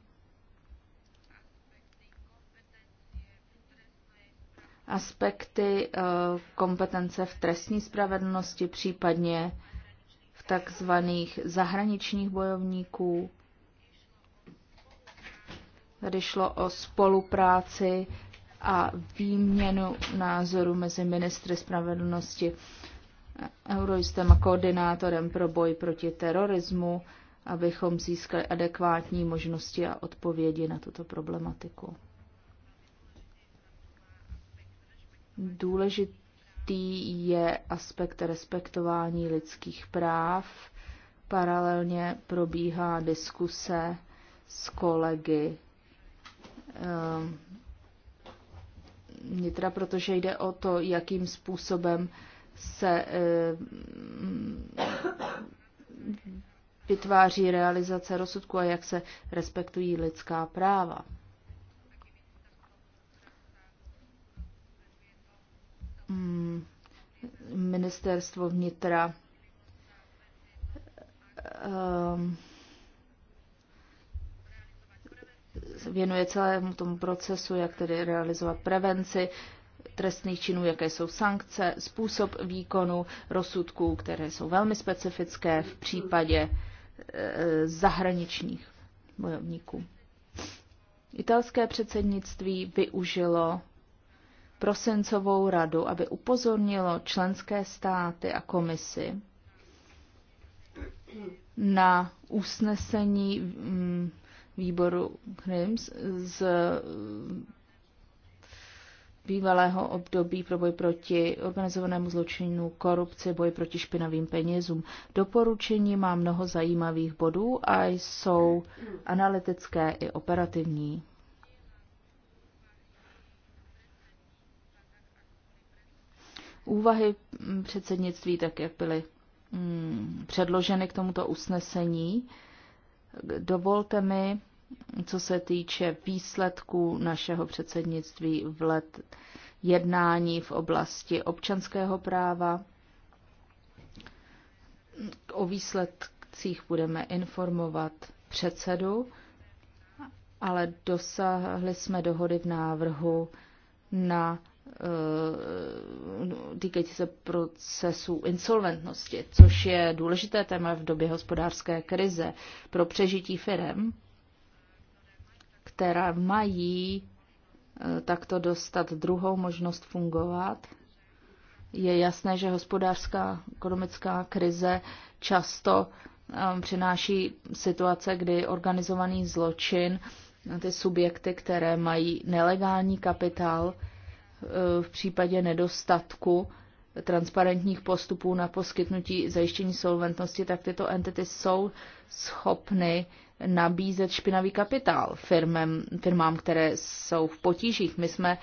aspekty eh, kompetence v trestní spravedlnosti, případně v takzvaných zahraničních bojovníků. Tady šlo o spolupráci a výměnu názoru mezi ministry spravedlnosti, eurojistem a koordinátorem pro boj proti terorismu, abychom získali adekvátní možnosti a odpovědi na tuto problematiku. Důležitý je aspekt respektování lidských práv. Paralelně probíhá diskuse s kolegy vnitra, ehm, protože jde o to, jakým způsobem se ehm, vytváří realizace rozsudku a jak se respektují lidská práva. Mm, ministerstvo vnitra ehm, věnuje celému tomu procesu, jak tedy realizovat prevenci trestných činů, jaké jsou sankce, způsob výkonu rozsudků, které jsou velmi specifické v případě e, zahraničních bojovníků. Italské předsednictví využilo prosincovou radu, aby upozornilo členské státy a komisi na usnesení mm, výboru Hrims z mm, bývalého období pro boj proti organizovanému zločinu, korupci, boj proti špinavým penězům. Doporučení má mnoho zajímavých bodů a jsou analytické i operativní. úvahy předsednictví, tak jak byly mm, předloženy k tomuto usnesení. Dovolte mi, co se týče výsledků našeho předsednictví v let jednání v oblasti občanského práva. O výsledcích budeme informovat předsedu, ale dosáhli jsme dohody v návrhu na Eh, týkající se procesu insolventnosti, což je důležité téma v době hospodářské krize pro přežití firm, které mají eh, takto dostat druhou možnost fungovat. Je jasné, že hospodářská ekonomická krize často eh, přináší situace, kdy organizovaný zločin, ty subjekty, které mají nelegální kapitál, v případě nedostatku transparentních postupů na poskytnutí zajištění solventnosti, tak tyto entity jsou schopny nabízet špinavý kapitál firmem, firmám, které jsou v potížích. My jsme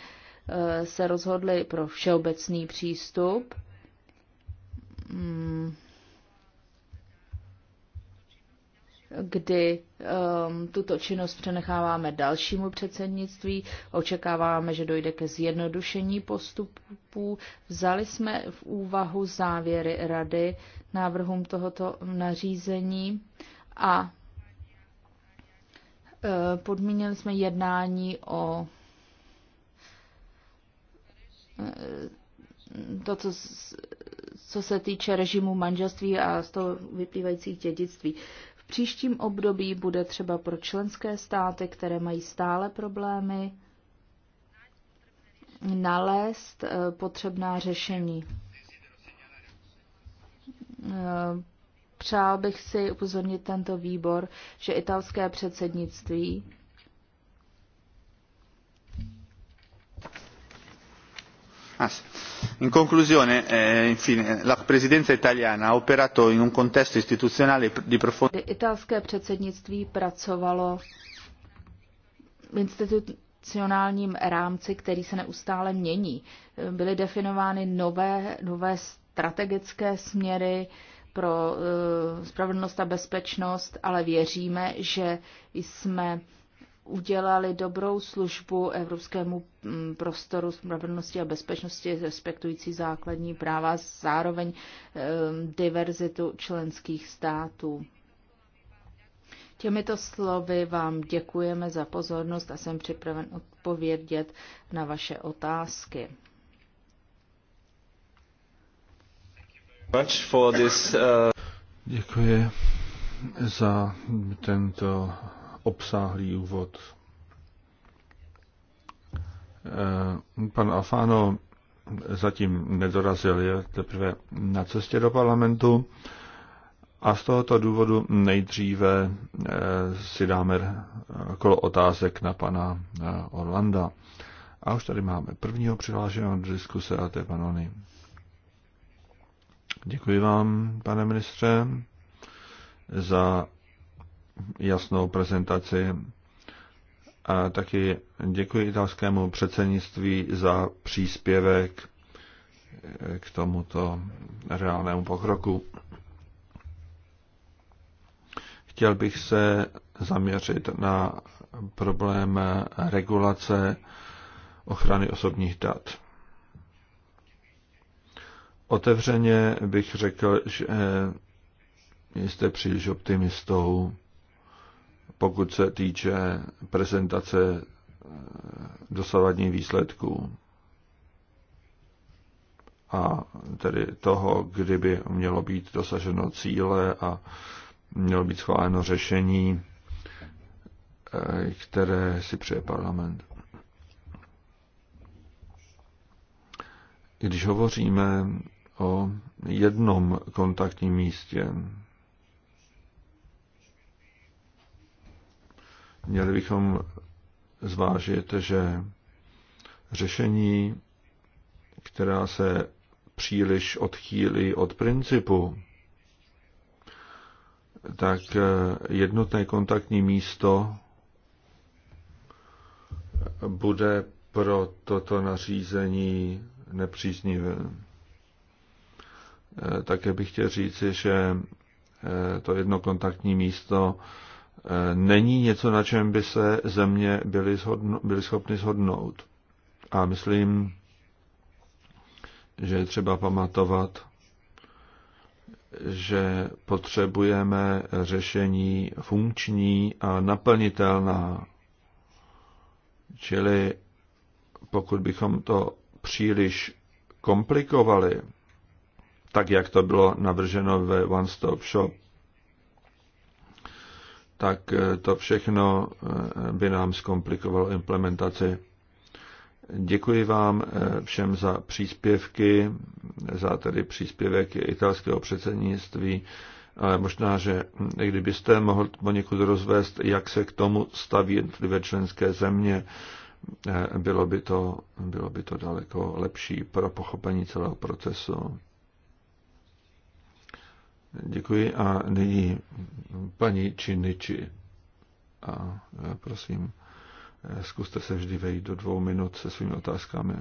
eh, se rozhodli pro všeobecný přístup. Hmm kdy um, tuto činnost přenecháváme dalšímu předsednictví. Očekáváme, že dojde ke zjednodušení postupů. Vzali jsme v úvahu závěry rady návrhům tohoto nařízení a uh, podmínili jsme jednání o eh, to, co, co se týče režimu manželství a z toho vyplývajících dědictví příštím období bude třeba pro členské státy, které mají stále problémy, nalézt eh, potřebná řešení. Eh, přál bych si upozornit tento výbor, že italské předsednictví Asi in conclusione eh, infine la presidenza italiana ha operato in un contesto istituzionale di profonda. italské předsednictví pracovalo v institucionálním rámci, který se neustále mění. Byly definovány nové, nové strategické směry pro eh, spravedlnost a bezpečnost, ale věříme, že jsme udělali dobrou službu evropskému mm, prostoru spravedlnosti a bezpečnosti respektující základní práva, zároveň mm, diverzitu členských států. Těmito slovy vám děkujeme za pozornost a jsem připraven odpovědět na vaše otázky. Uh, Děkuji za tento obsáhlý úvod. Eh, pan Alfano zatím nedorazil, je teprve na cestě do parlamentu a z tohoto důvodu nejdříve eh, si dáme kolo otázek na pana eh, Orlanda. A už tady máme prvního přihlášeného do diskuse a to je pan Ony. Děkuji vám, pane ministře, za jasnou prezentaci a taky děkuji italskému předsednictví za příspěvek eh, k tomuto reálnému pokroku. Chtěl bych se zaměřit na problém regulace ochrany osobních dat. Otevřeně bych řekl, že jste příliš optimistou pokud se týče prezentace eh, dosavadních výsledků a tedy toho, kdyby mělo být dosaženo cíle a mělo být schváleno řešení, eh, které si přeje parlament. Když hovoříme o jednom kontaktním místě, měli bychom zvážit, že řešení, která se příliš odchýlí od principu, tak jednotné kontaktní místo bude pro toto nařízení nepříznivé. Také bych chtěl říci, že to jedno kontaktní místo není něco, na čem by se země byly, shodno, byly schopny shodnout. A myslím, že je třeba pamatovat, že potřebujeme řešení funkční a naplnitelná. Čili pokud bychom to příliš komplikovali, tak jak to bylo navrženo ve One Stop Shop, tak eh, to všechno eh, by nám zkomplikovalo implementaci. Děkuji vám eh, všem za příspěvky, za tedy příspěvek italského předsednictví, ale možná, že hm, kdybyste mohl poněkud rozvést, jak se k tomu staví jednotlivé členské země, bylo by, to, bylo by to daleko lepší pro pochopení celého procesu. Děkuji a nyní paní Činiči. A e, prosím, e, zkuste se vždy vejít do dvou minut se svými otázkami.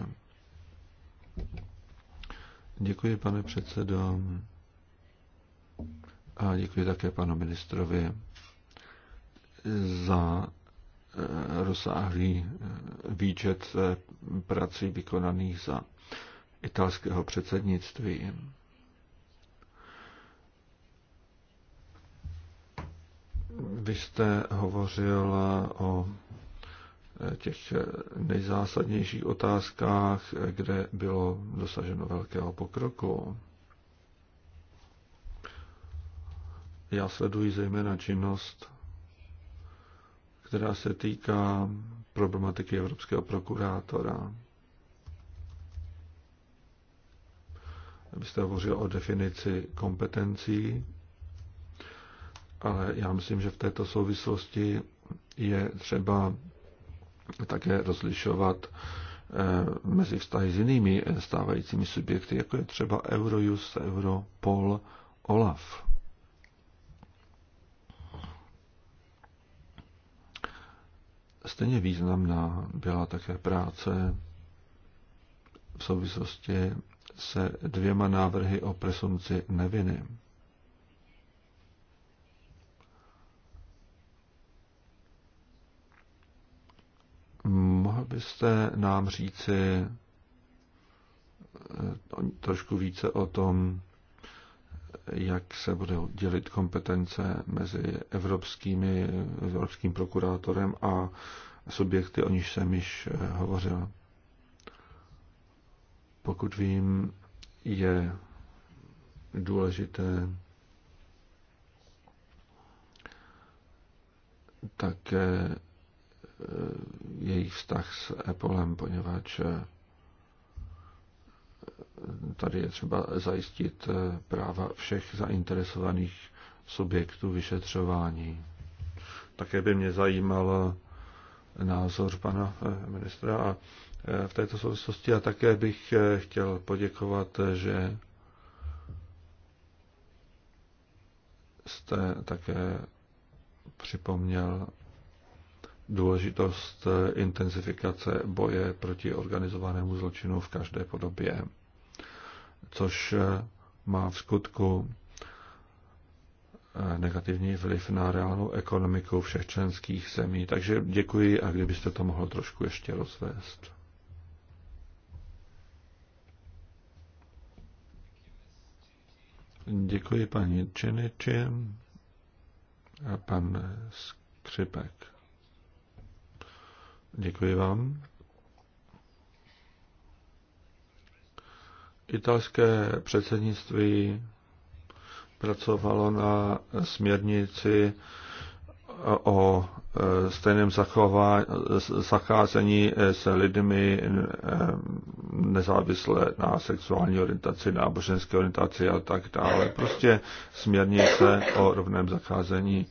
Děkuji, pane předsedo. A děkuji také panu ministrovi za e, rozsáhlý výčet prací vykonaných za italského předsednictví. Vy jste hovořil o těch nejzásadnějších otázkách, kde bylo dosaženo velkého pokroku. Já sleduji zejména činnost, která se týká problematiky evropského prokurátora. Vy jste hovořil o definici kompetencí ale já myslím, že v této souvislosti je třeba také rozlišovat eh, mezi vztahy s jinými eh, stávajícími subjekty, jako je třeba Eurojust, Europol, OLAF. Stejně významná byla také práce v souvislosti se dvěma návrhy o presumci neviny. Mohl byste nám říci eh, trošku více o tom, jak se bude dělit kompetence mezi evropskými, evropským prokurátorem a subjekty, o níž jsem již eh, hovořil. Pokud vím, je důležité také Eh, jejich vztah s Applem, poněvadž eh, tady je třeba zajistit eh, práva všech zainteresovaných subjektů vyšetřování. Také by mě zajímal názor pana ministra a v této souvislosti a také bych chtěl poděkovat, že jste také připomněl důležitost eh, intenzifikace boje proti organizovanému zločinu v každé podobě, což eh, má v skutku eh, negativní vliv na reálnou ekonomiku všech členských zemí. Takže děkuji a kdybyste to mohlo trošku ještě rozvést. Děkuji paní Činiči a pan Skřipek. Děkuji vám. Italské předsednictví pracovalo na směrnici o e, stejném zacházení e, s lidmi e, nezávisle na sexuální orientaci, náboženské orientaci a tak dále. Prostě směrnice o rovném zacházení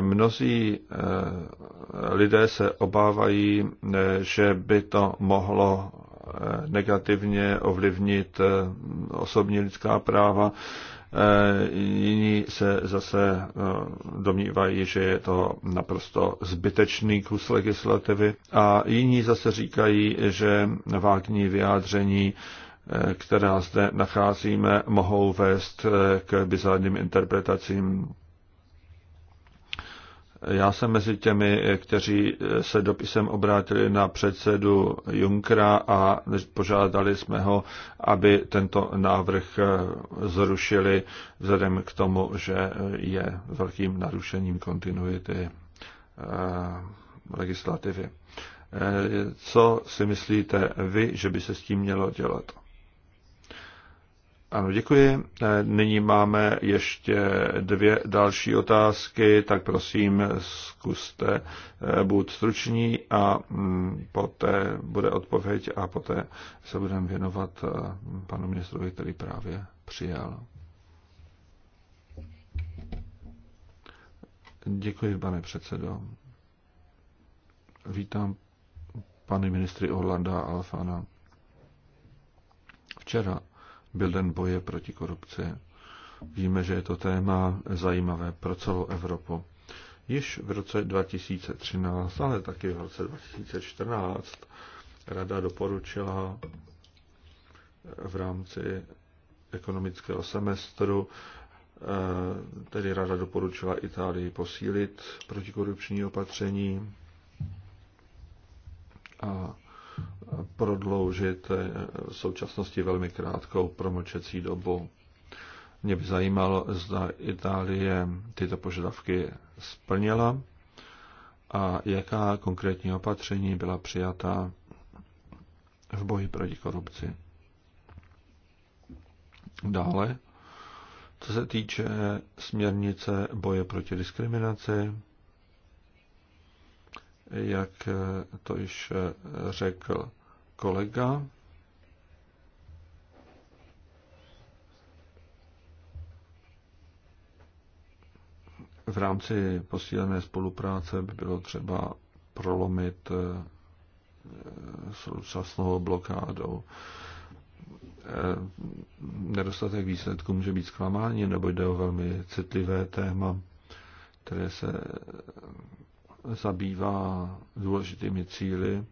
Mnozí eh, lidé se obávají, eh, že by to mohlo eh, negativně ovlivnit osobní lidská práva. Jiní se zase domnívají, že je to naprosto zbytečný kus legislativy a jiní zase říkají, že vágní vyjádření která zde nacházíme, mohou vést k bizárním interpretacím já jsem mezi těmi, kteří se dopisem obrátili na předsedu Junkra a požádali jsme ho, aby tento návrh zrušili vzhledem k tomu, že je velkým narušením kontinuity eh, legislativy. Eh, co si myslíte vy, že by se s tím mělo dělat? Ano, děkuji. Eh, nyní máme ještě dvě další otázky, tak prosím, zkuste eh, být struční a mm, poté bude odpověď a poté se budeme věnovat eh, panu ministrovi, který právě přijal. Děkuji, pane předsedo. Vítám pany ministry Orlanda a Alfana. Včera byl den boje proti korupci. Víme, že je to téma zajímavé pro celou Evropu. Již v roce 2013, ale taky v roce 2014, Rada doporučila v rámci ekonomického semestru, eh, tedy Rada doporučila Itálii posílit protikorupční opatření a prodloužit eh, v současnosti velmi krátkou promlčecí dobu. Mě by zajímalo, zda Itálie tyto požadavky splnila a jaká konkrétní opatření byla přijata v boji proti korupci. Dále, co se týče směrnice boje proti diskriminaci, jak to již řekl kolega. V rámci posílené spolupráce by bylo třeba prolomit eh, současnou blokádou. Eh, nedostatek výsledku může být zklamání, nebo jde o velmi citlivé téma, které se zabývá důležitými cíly.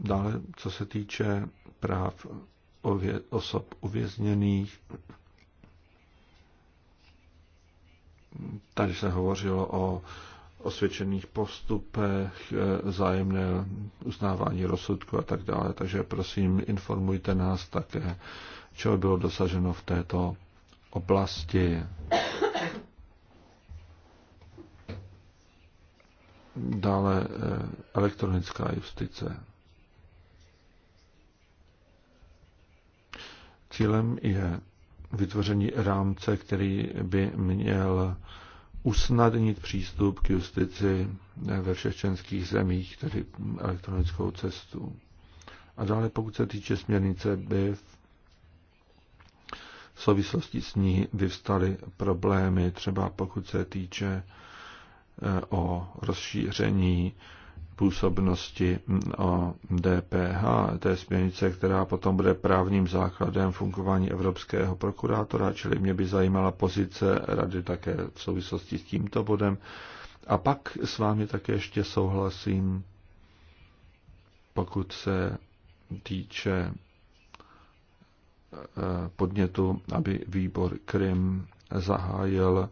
Dále, co se týče práv osob uvězněných, tady se hovořilo o osvědčených postupech, e, zájemné uznávání rozsudku a tak dále. Takže prosím, informujte nás také, čeho bylo dosaženo v této oblasti. Dále eh, elektronická justice. Cílem je vytvoření rámce, který by měl usnadnit přístup k justici ve všech členských zemích, tedy elektronickou cestu. A dále, pokud se týče směrnice BIF, v souvislosti s ní vyvstaly problémy, třeba pokud se týče Eh, o rozšíření působnosti mm, o DPH, té je směrnice, která potom bude právním základem fungování evropského prokurátora, čili mě by zajímala pozice rady také v souvislosti s tímto bodem. A pak s vámi také ještě souhlasím, pokud se týče eh, podnětu, aby výbor Krym zahájil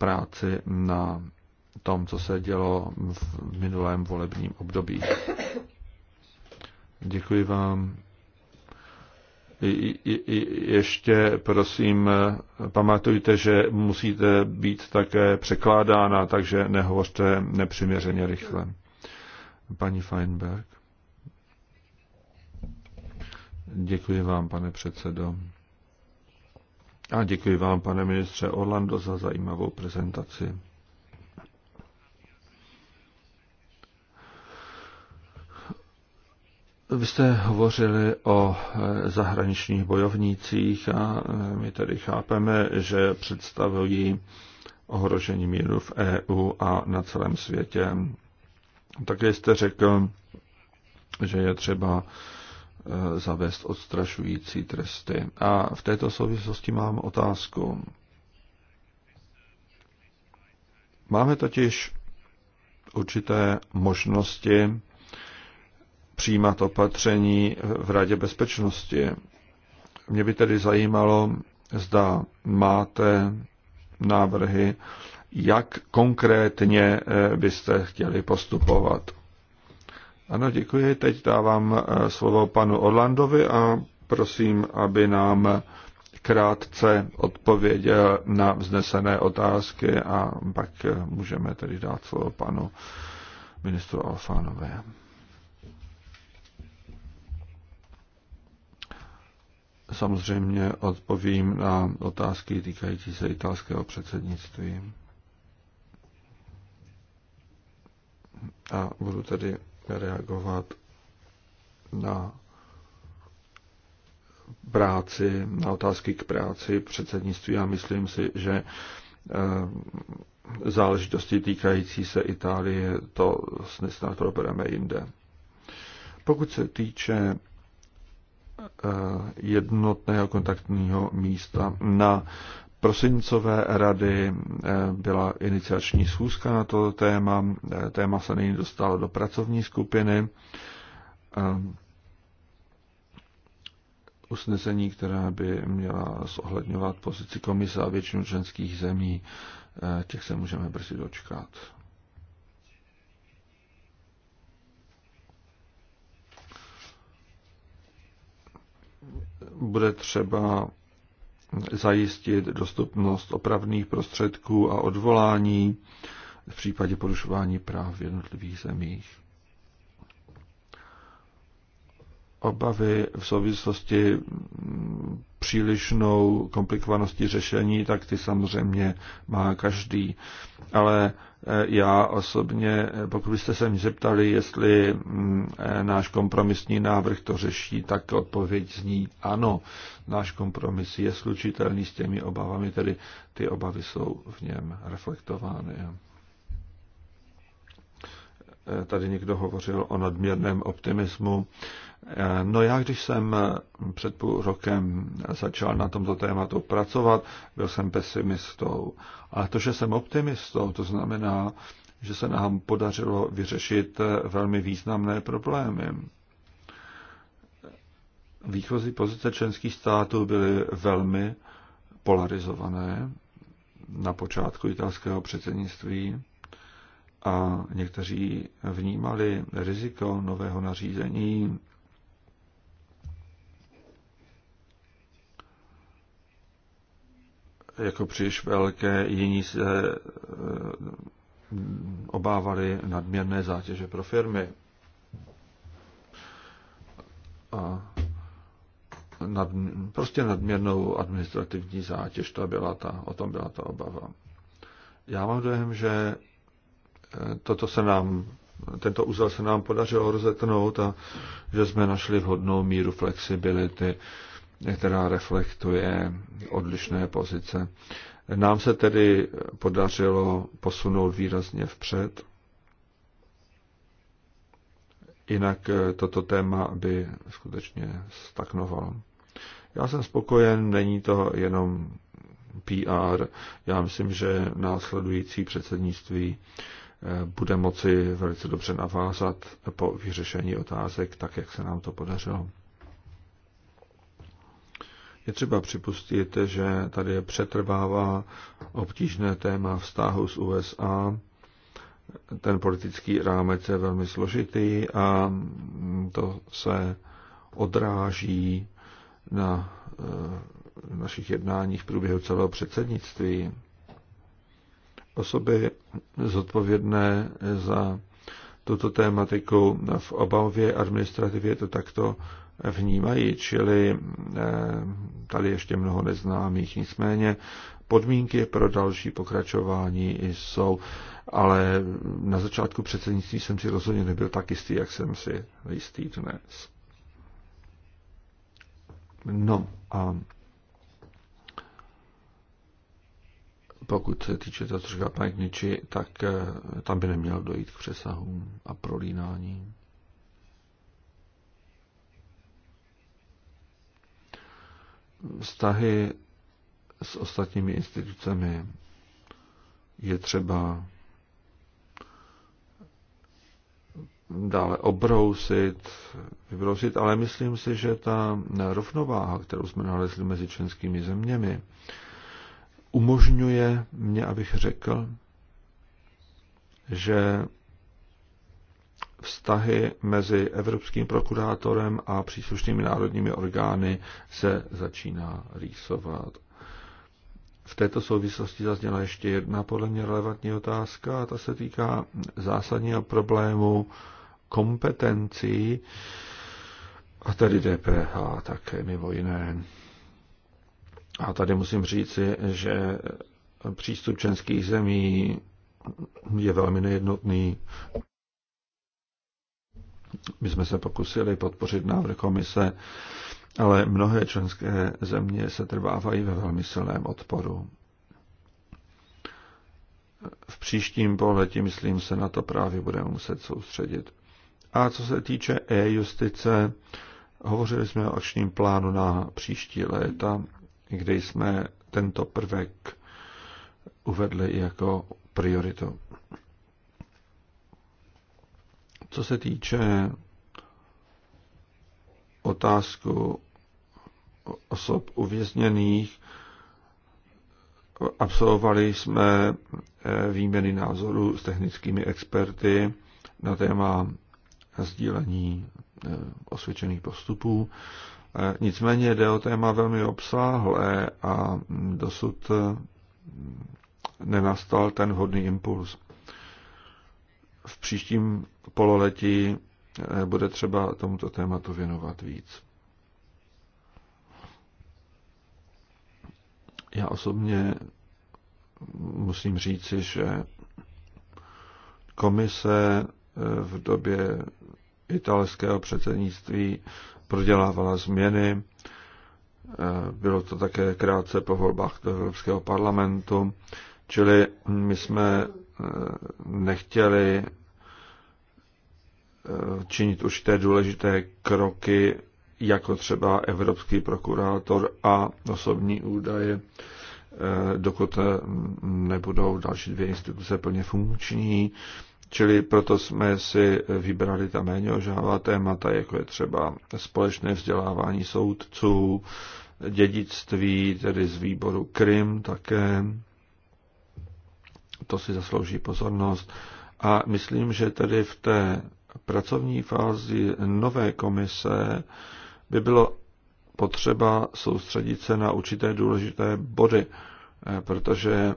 práci na tom, co se dělo v minulém volebním období. Děkuji vám. Ještě prosím, pamatujte, že musíte být také překládána, takže nehovořte nepřiměřeně rychle. Paní Feinberg. Děkuji vám, pane předsedo. A děkuji vám, pane ministře Orlando, za zajímavou prezentaci. Vy jste hovořili o eh, zahraničních bojovnících a eh, my tedy chápeme, že představují ohrožení míru v EU a na celém světě. Také jste řekl, že je třeba Eh, zavést odstrašující tresty. A v této souvislosti mám otázku. Máme totiž určité možnosti přijímat opatření v Radě bezpečnosti. Mě by tedy zajímalo, zda máte návrhy, jak konkrétně eh, byste chtěli postupovat. Ano, děkuji. Teď dávám eh, slovo panu Orlandovi a prosím, aby nám krátce odpověděl na vznesené otázky a pak eh, můžeme tedy dát slovo panu ministru Alfánové. Samozřejmě odpovím na otázky týkající se italského předsednictví. A budu tedy reagovat na práci, na otázky k práci předsednictví. Já myslím si, že eh, záležitosti týkající se Itálie, to snad probereme jinde. Pokud se týče eh, jednotného kontaktního místa na prosincové rady eh, byla iniciační schůzka na to téma. Eh, téma se nyní dostalo do pracovní skupiny. Eh, usnesení, která by měla zohledňovat pozici komise a většinu členských zemí, těch se můžeme brzy dočkat. Bude třeba zajistit dostupnost opravných prostředků a odvolání v případě porušování práv v jednotlivých zemích. Obavy v souvislosti přílišnou komplikovanosti řešení, tak ty samozřejmě má každý. Ale eh, já osobně, eh, pokud byste se mě zeptali, jestli mm, eh, náš kompromisní návrh to řeší, tak odpověď zní ano. Náš kompromis je slučitelný s těmi obavami, tedy ty obavy jsou v něm reflektovány. Tady někdo hovořil o nadměrném optimismu. E, no já, když jsem před půl rokem začal na tomto tématu pracovat, byl jsem pesimistou. Ale to, že jsem optimistou, to znamená, že se nám podařilo vyřešit velmi významné problémy. Výchozí pozice členských států byly velmi polarizované na počátku italského předsednictví a někteří vnímali riziko nového nařízení jako příliš velké, jiní se e, obávali nadměrné zátěže pro firmy. A nad, prostě nadměrnou administrativní zátěž, to byla ta, o tom byla ta obava. Já mám dojem, že toto se nám, tento úzel se nám podařilo rozetnout a že jsme našli vhodnou míru flexibility, která reflektuje odlišné pozice. Nám se tedy podařilo posunout výrazně vpřed. Jinak eh, toto téma by skutečně stagnovalo. Já jsem spokojen, není to jenom PR. Já myslím, že následující předsednictví bude moci velice dobře navázat po vyřešení otázek, tak jak se nám to podařilo. Je třeba připustit, že tady přetrvává obtížné téma vztahu s USA. Ten politický rámec je velmi složitý a to se odráží na eh, našich jednáních v průběhu celého předsednictví osoby zodpovědné za tuto tématiku v obavě administrativě to takto vnímají, čili eh, tady ještě mnoho neznámých. Nicméně podmínky pro další pokračování jsou, ale na začátku předsednictví jsem si rozhodně nebyl tak jistý, jak jsem si jistý dnes. No a pokud se týče toho, co říká paní Kniči, tak eh, tam by nemělo dojít k přesahům a prolínání. Vztahy s ostatními institucemi je třeba dále obrousit, vybrousit, ale myslím si, že ta rovnováha, kterou jsme nalezli mezi členskými zeměmi, umožňuje mě, abych řekl, že vztahy mezi evropským prokurátorem a příslušnými národními orgány se začíná rýsovat. V této souvislosti zazněla ještě jedna podle mě relevantní otázka a ta se týká zásadního problému kompetencí a tedy DPH také mimo jiné. A tady musím říci, že přístup členských zemí je velmi nejednotný. My jsme se pokusili podpořit návrh komise, ale mnohé členské země se trvávají ve velmi silném odporu. V příštím poletí, myslím, se na to právě budeme muset soustředit. A co se týče e-justice, hovořili jsme o akčním plánu na příští léta kde jsme tento prvek uvedli jako prioritu. Co se týče otázku osob uvězněných, absolvovali jsme eh, výměny názorů s technickými experty na téma sdílení eh, osvědčených postupů E, nicméně jde o téma velmi obsáhlé a dosud e, nenastal ten vhodný impuls. V příštím pololetí e, bude třeba tomuto tématu věnovat víc. Já osobně musím říci, že komise v době italského předsednictví prodělávala změny. E, bylo to také krátce po volbách do Evropského parlamentu, čili my jsme e, nechtěli e, činit určité důležité kroky, jako třeba evropský prokurátor a osobní údaje, dokud nebudou další dvě instituce plně funkční Čili proto jsme si vybrali ta méně ožává témata, jako je třeba společné vzdělávání soudců, dědictví, tedy z výboru Krym také. To si zaslouží pozornost. A myslím, že tedy v té pracovní fázi nové komise by bylo potřeba soustředit se na určité důležité body, eh, protože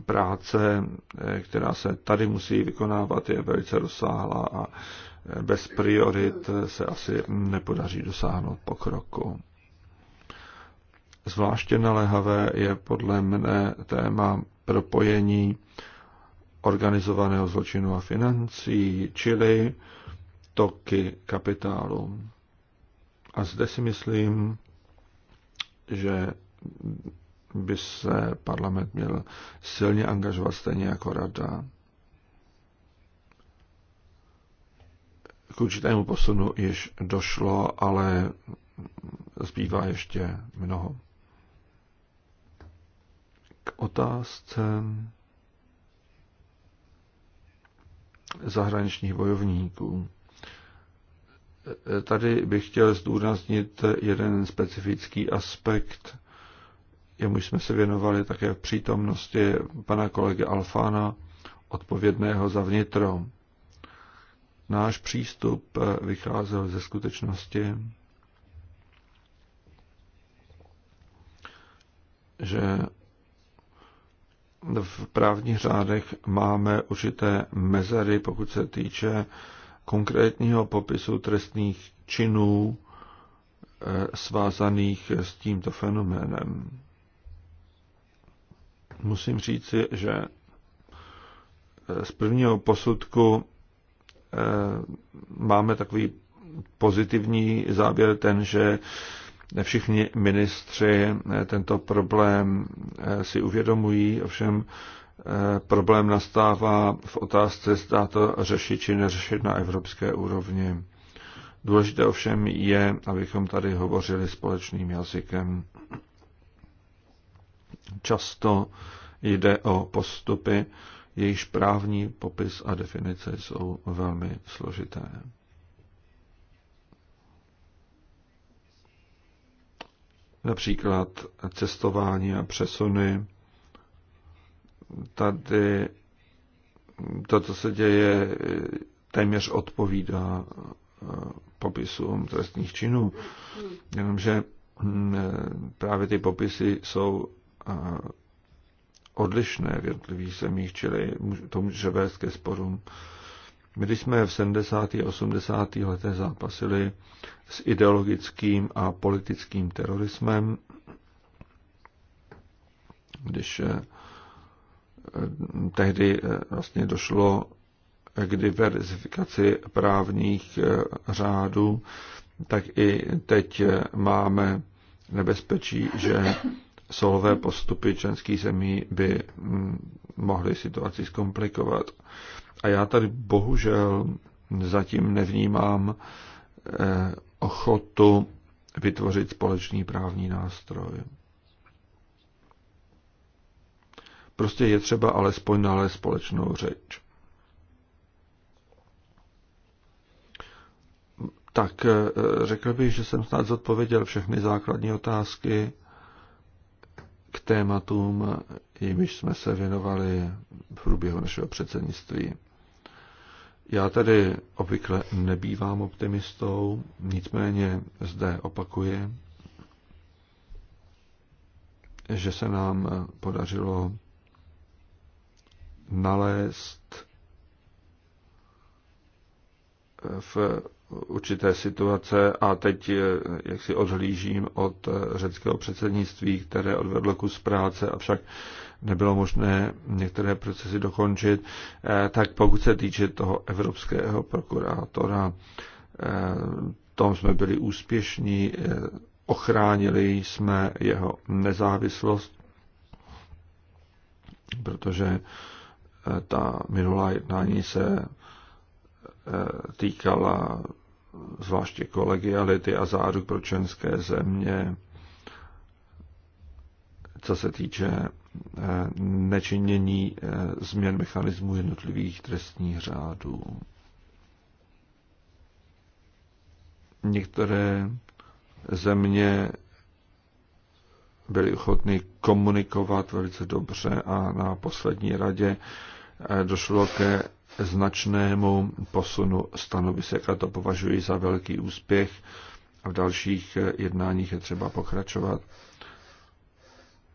práce, eh, která se tady musí vykonávat, je velice rozsáhlá a bez priorit se asi nepodaří dosáhnout pokroku. Zvláště naléhavé je podle mne téma propojení organizovaného zločinu a financí, čili toky kapitálu. A zde si myslím, že by se parlament měl silně angažovat stejně jako rada. K určitému posunu již došlo, ale zbývá ještě mnoho. K otázce zahraničních bojovníků. Tady bych chtěl zdůraznit jeden specifický aspekt jemu jsme se věnovali také v přítomnosti pana kolegy Alfána, odpovědného za vnitro. Náš přístup eh, vycházel ze skutečnosti, že v právních řádech máme určité mezery, pokud se týče konkrétního popisu trestných činů eh, svázaných s tímto fenoménem musím říci, že eh, z prvního posudku eh, máme takový pozitivní závěr ten, že všichni ministři eh, tento problém si uvědomují, ovšem problém nastává v otázce, zda to řešit či neřešit na evropské úrovni. Důležité ovšem je, abychom tady hovořili společným jazykem. Často jde o postupy, jejichž právní popis a definice jsou velmi složité. Například cestování a přesuny. Tady to, co se děje, téměř odpovídá eh, popisům trestních činů. Jenomže hm, eh, právě ty popisy jsou odlišné v jednotlivých zemích, čili to může vést ke sporům. My, když jsme v 70. a 80. letech zápasili s ideologickým a politickým terorismem, když eh, tehdy eh, vlastně došlo k diverzifikaci právních eh, řádů, tak i teď máme nebezpečí, že solové postupy členských zemí by mm, mohly situaci zkomplikovat. A já tady bohužel zatím nevnímám eh, ochotu vytvořit společný právní nástroj. Prostě je třeba alespoň nalézt společnou řeč. Tak eh, řekl bych, že jsem snad zodpověděl všechny základní otázky k tématům, jimiž jsme se věnovali v průběhu našeho předsednictví. Já tedy obvykle nebývám optimistou, nicméně zde opakuji, že se nám podařilo nalézt v určité situace a teď eh, jak si odhlížím od eh, řeckého předsednictví, které odvedlo kus práce, avšak nebylo možné některé procesy dokončit, eh, tak pokud se týče toho evropského prokurátora, tom jsme byli úspěšní, ochránili jsme jeho nezávislost, protože ta minulá jednání se týkala zvláště kolegiality a záruk pro členské země, co se týče eh, nečinění eh, změn mechanismů jednotlivých trestních řádů. Některé země byly ochotny komunikovat velice dobře a na poslední radě eh, došlo ke značnému posunu stanovisek a to považuji za velký úspěch a v dalších eh, jednáních je třeba pokračovat.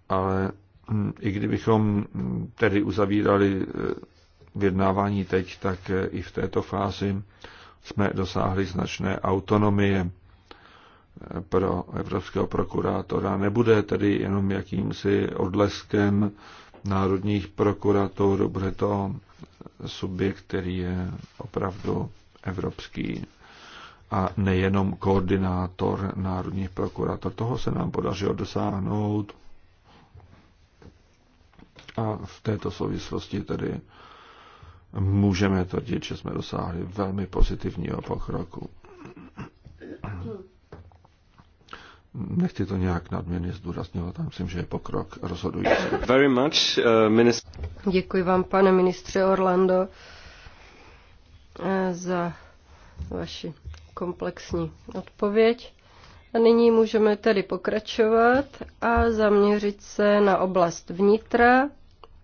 Ale hm, i kdybychom hm, tedy uzavírali eh, vyjednávání teď, tak eh, i v této fázi jsme dosáhli značné autonomie pro evropského prokurátora. Nebude tedy jenom jakýmsi odleskem národních prokurátorů, bude to subjekt, který je opravdu evropský a nejenom koordinátor národních prokurátor. Toho se nám podařilo dosáhnout a v této souvislosti tedy můžeme tvrdit, že jsme dosáhli velmi pozitivního pokroku. Nechci to nějak nadměrně zdůrazňovat, tam myslím, že je pokrok rozhodující. Very much, uh, minister... Děkuji vám, pane ministře Orlando, uh, za vaši komplexní odpověď. A nyní můžeme tedy pokračovat a zaměřit se na oblast vnitra.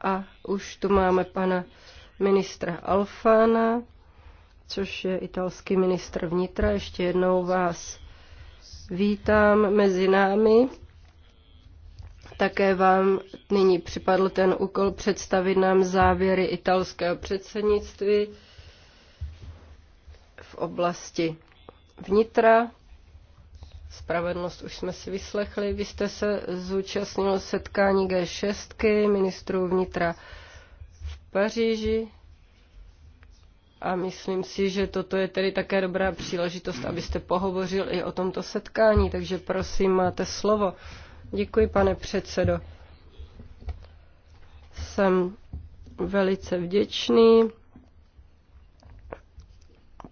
A už tu máme pana ministra Alfana, což je italský ministr vnitra. Ještě jednou vás vítám mezi námi. Také vám nyní připadl ten úkol představit nám závěry italského předsednictví v oblasti vnitra. Spravedlnost už jsme si vyslechli. Vy jste se zúčastnil setkání G6 ministrů vnitra v Paříži a myslím si, že toto je tedy také dobrá příležitost, abyste pohovořil i o tomto setkání, takže prosím, máte slovo. Děkuji, pane předsedo. Jsem velice vděčný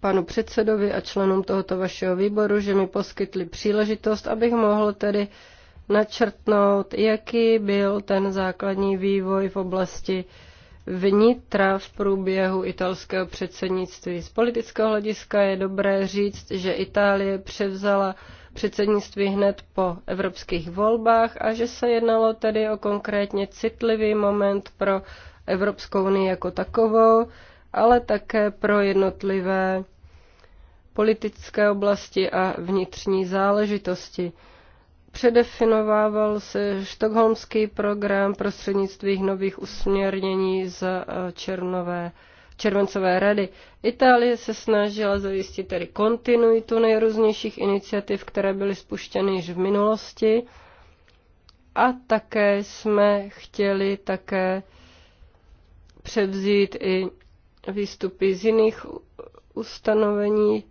panu předsedovi a členům tohoto vašeho výboru, že mi poskytli příležitost, abych mohl tedy načrtnout, jaký byl ten základní vývoj v oblasti uh, vnitra v průběhu italského předsednictví. Z politického hlediska je dobré říct, že Itálie převzala předsednictví hned po evropských volbách a že se jednalo tedy o konkrétně citlivý moment pro Evropskou unii jako takovou, ale také pro jednotlivé politické oblasti a vnitřní záležitosti. Předefinovával se štokholmský program prostřednictvím nových usměrnění z e, černové, červencové rady. Itálie se snažila zajistit tedy kontinuitu nejrůznějších iniciativ, které byly spuštěny již v minulosti. A také jsme chtěli také převzít i výstupy z jiných ustanovení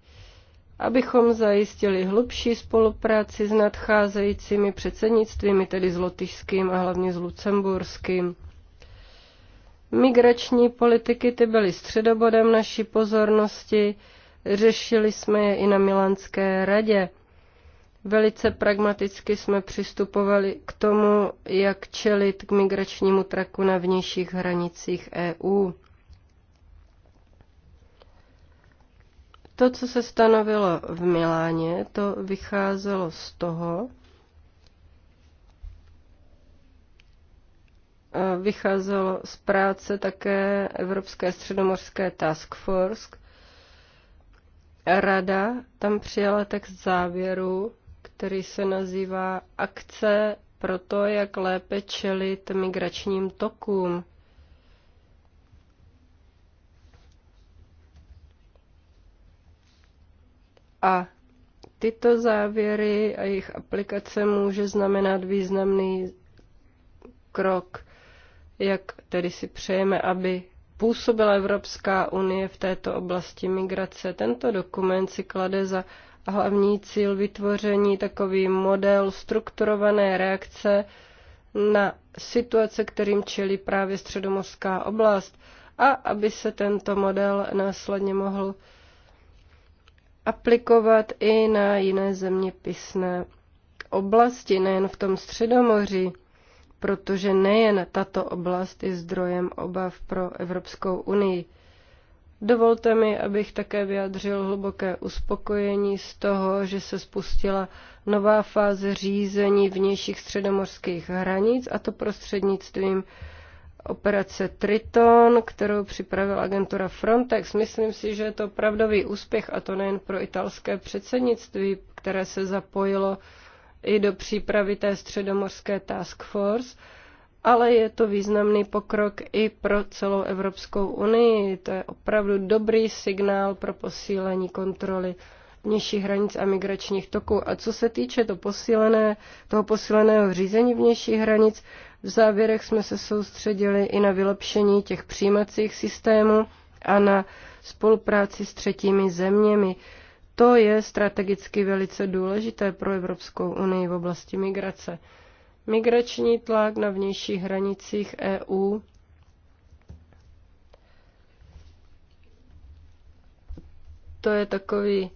abychom zajistili hlubší spolupráci s nadcházejícími předsednictvími, tedy s lotyšským a hlavně s lucemburským. Migrační politiky ty byly středobodem naší pozornosti, řešili jsme je i na Milánské radě. Velice pragmaticky jsme přistupovali k tomu, jak čelit k migračnímu traku na vnějších hranicích EU. To, co se stanovilo v Miláně, to vycházelo z toho, vycházelo z práce také Evropské středomorské task force. Rada tam přijala text závěru, který se nazývá Akce pro to, jak lépe čelit migračním tokům. A tyto závěry a jejich aplikace může znamenat významný krok, jak tedy si přejeme, aby působila Evropská unie v této oblasti migrace. Tento dokument si klade za hlavní cíl vytvoření takový model strukturované reakce na situace, kterým čelí právě středomorská oblast a aby se tento model následně mohl aplikovat i na jiné zeměpisné oblasti, nejen v tom středomoří, protože nejen tato oblast je zdrojem obav pro Evropskou unii. Dovolte mi, abych také vyjadřil hluboké uspokojení z toho, že se spustila nová fáze řízení vnějších středomorských hranic, a to prostřednictvím operace Triton, kterou připravila agentura Frontex. Myslím si, že je to opravdový úspěch a to nejen pro italské předsednictví, které se zapojilo i do přípravy té středomorské task force, ale je to významný pokrok i pro celou Evropskou unii. To je opravdu dobrý signál pro posílení kontroly vnějších hranic a migračních toků. A co se týče to posílené, toho posíleného řízení vnějších hranic, v závěrech jsme se soustředili i na vylepšení těch přijímacích systémů a na spolupráci s třetími zeměmi. To je strategicky velice důležité pro Evropskou unii v oblasti migrace. Migrační tlak na vnějších hranicích EU to je takový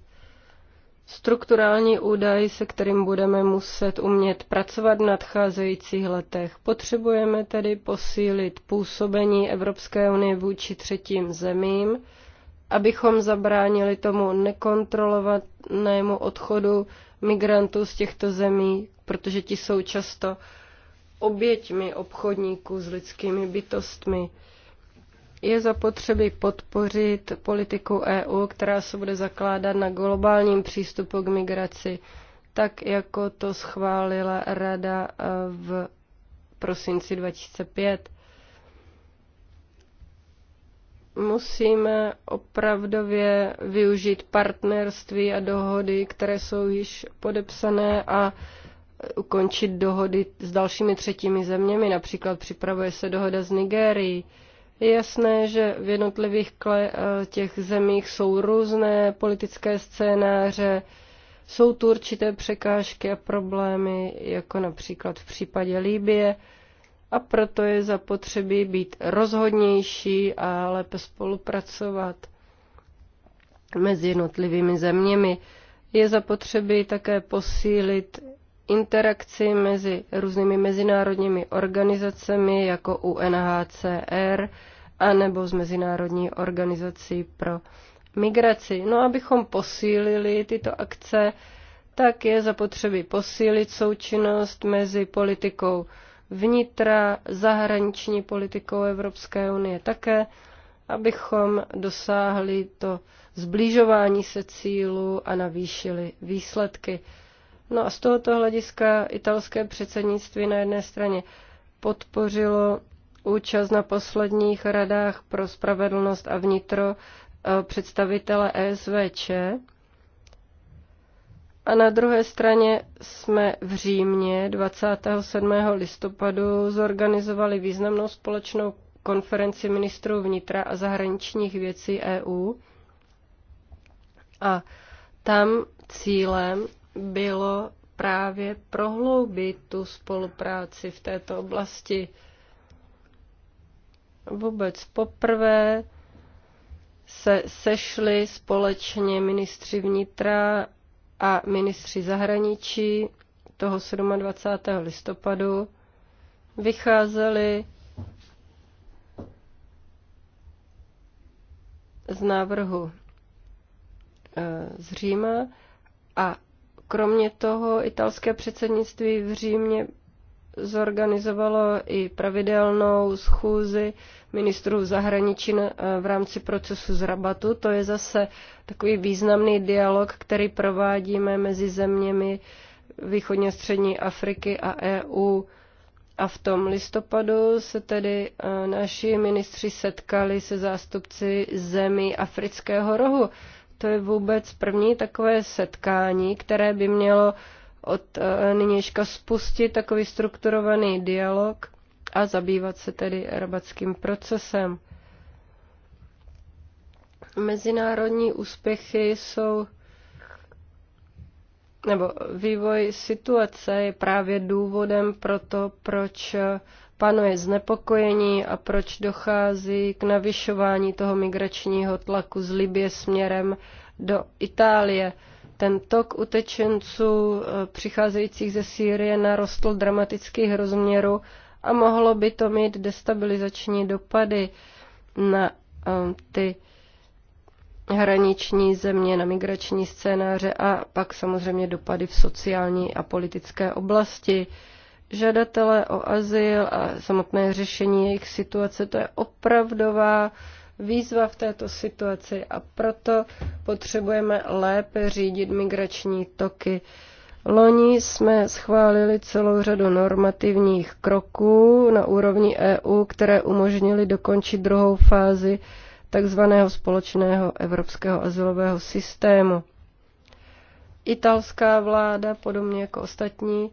strukturální údaj, se kterým budeme muset umět pracovat v nadcházejících letech. Potřebujeme tedy posílit působení Evropské unie vůči třetím zemím, abychom zabránili tomu nekontrolovanému odchodu migrantů z těchto zemí, protože ti jsou často oběťmi obchodníků s lidskými bytostmi je zapotřebí podpořit politiku EU, která se bude zakládat na globálním přístupu k migraci, tak jako to schválila Rada eh, v prosinci 2005. Musíme opravdově využít partnerství a dohody, které jsou již podepsané a eh, ukončit dohody s dalšími třetími zeměmi. Například připravuje se dohoda s Nigérií je jasné, že v jednotlivých eh, těch zemích jsou různé politické scénáře, jsou tu určité překážky a problémy, jako například v případě Líbie, a proto je zapotřebí být rozhodnější a lépe spolupracovat mezi jednotlivými zeměmi. Je zapotřebí také posílit interakci mezi různými mezinárodními organizacemi jako UNHCR a nebo s Mezinárodní organizací pro migraci. No, abychom posílili tyto akce, tak je zapotřebí posílit součinnost mezi politikou vnitra, zahraniční politikou Evropské unie také, abychom dosáhli to zblížování se cílu a navýšili výsledky. No a z tohoto hlediska italské předsednictví na jedné straně podpořilo účast na posledních radách pro spravedlnost a vnitro e, představitele ESVČ. A na druhé straně jsme v Římě 27. listopadu zorganizovali významnou společnou konferenci ministrů vnitra a zahraničních věcí EU. A tam cílem bylo právě prohloubit tu spolupráci v této oblasti. Vůbec poprvé se sešli společně ministři vnitra a ministři zahraničí toho 27. listopadu. Vycházeli z návrhu eh, z Říma a Kromě toho italské předsednictví v Římě zorganizovalo i pravidelnou schůzi ministrů zahraničí v rámci procesu z Rabatu. To je zase takový významný dialog, který provádíme mezi zeměmi východně střední Afriky a EU. A v tom listopadu se tedy e, naši ministři setkali se zástupci zemí afrického rohu to je vůbec první takové setkání, které by mělo od eh, nynějška spustit takový strukturovaný dialog a zabývat se tedy rabatským procesem. Mezinárodní úspěchy jsou nebo vývoj situace je právě důvodem pro to, proč eh, panuje znepokojení a proč dochází k navyšování toho migračního tlaku z Libie směrem do Itálie. Ten tok utečenců eh, přicházejících ze Sýrie narostl dramatických rozměrů a mohlo by to mít destabilizační dopady na eh, ty hraniční země, na migrační scénáře a pak samozřejmě dopady v sociální a politické oblasti žadatele o azyl a samotné řešení jejich situace, to je opravdová výzva v této situaci a proto potřebujeme lépe řídit migrační toky. Loni jsme schválili celou řadu normativních kroků na úrovni EU, které umožnily dokončit druhou fázi takzvaného společného evropského azylového systému. Italská vláda, podobně jako ostatní,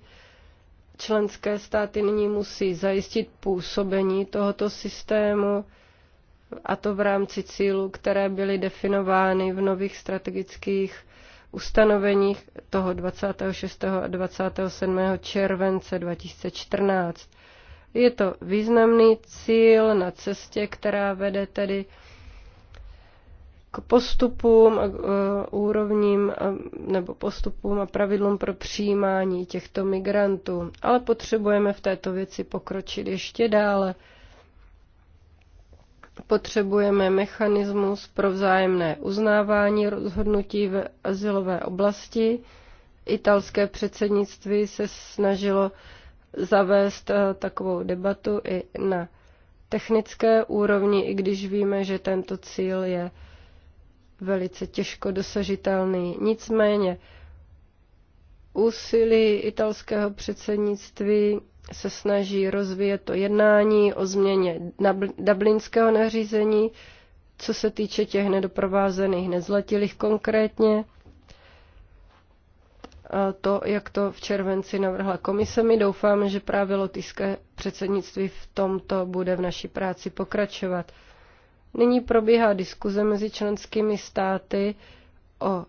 Členské státy nyní musí zajistit působení tohoto systému, a to v rámci cílů, které byly definovány v nových strategických ustanoveních toho 26. a 27. července 2014. Je to významný cíl na cestě, která vede tedy k postupům, eh, úrovním eh, nebo postupům a pravidlům pro přijímání těchto migrantů. Ale potřebujeme v této věci pokročit ještě dále. Potřebujeme mechanismus pro vzájemné uznávání rozhodnutí v asilové oblasti. Italské předsednictví se snažilo zavést eh, takovou debatu i na technické úrovni, i když víme, že tento cíl je velice těžko dosažitelný. Nicméně úsilí italského předsednictví se snaží rozvíjet to jednání o změně dublinského nařízení, co se týče těch nedoprovázených nezletilých konkrétně. A to, jak to v červenci navrhla komise, my doufáme, že právě lotyšské předsednictví v tomto bude v naší práci pokračovat. Nyní probíhá diskuze mezi členskými státy o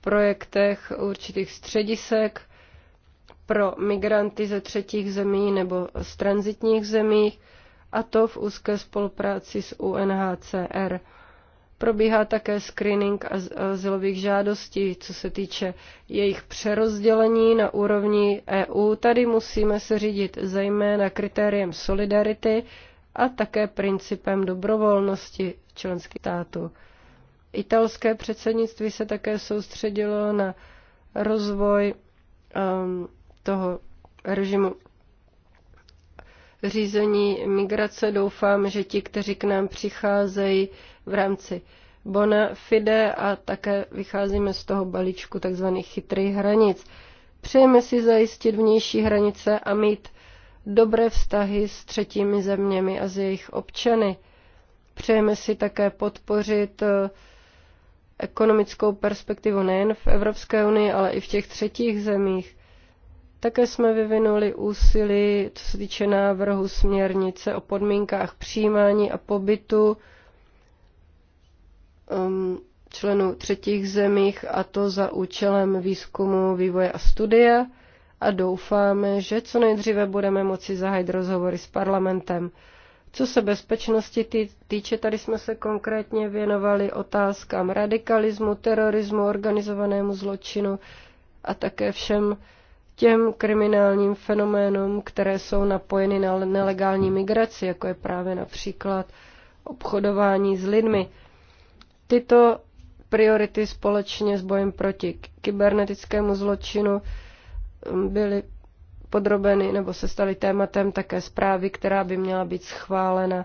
projektech určitých středisek pro migranty ze třetích zemí nebo z transitních zemí, a to v úzké spolupráci s UNHCR. Probíhá také screening azylových žádostí, co se týče jejich přerozdělení na úrovni EU. Tady musíme se řídit zejména kritériem solidarity, a také principem dobrovolnosti členských států. Italské předsednictví se také soustředilo na rozvoj um, toho režimu řízení migrace. Doufám, že ti, kteří k nám přicházejí v rámci bona fide a také vycházíme z toho balíčku tzv. chytrých hranic. Přejeme si zajistit vnější hranice a mít dobré vztahy s třetími zeměmi a s jejich občany. Přejeme si také podpořit eh, ekonomickou perspektivu nejen v Evropské unii, ale i v těch třetích zemích. Také jsme vyvinuli úsilí, co se týče návrhu směrnice o podmínkách přijímání a pobytu ehm, členů třetích zemích, a to za účelem výzkumu, vývoje a studia a doufáme, že co nejdříve budeme moci zahájit rozhovory s parlamentem. Co se bezpečnosti tý, týče, tady jsme se konkrétně věnovali otázkám radikalismu, terorismu, organizovanému zločinu a také všem těm kriminálním fenoménům, které jsou napojeny na nelegální migraci, jako je právě například obchodování s lidmi. Tyto priority společně s bojem proti kybernetickému zločinu byly podrobeny nebo se staly tématem také zprávy, která by měla být schválena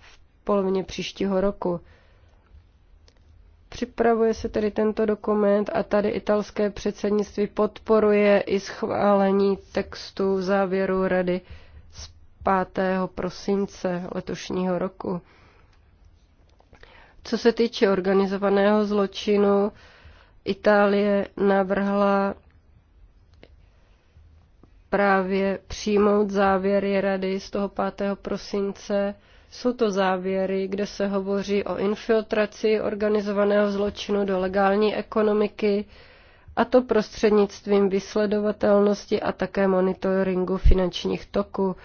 v polovině příštího roku. Připravuje se tedy tento dokument a tady italské předsednictví podporuje i schválení textu závěru rady z 5. prosince letošního roku. Co se týče organizovaného zločinu, Itálie navrhla právě přijmout závěry rady z toho 5. prosince. Jsou to závěry, kde se hovoří o infiltraci organizovaného zločinu do legální ekonomiky, a to prostřednictvím vysledovatelnosti a také monitoringu finančních toků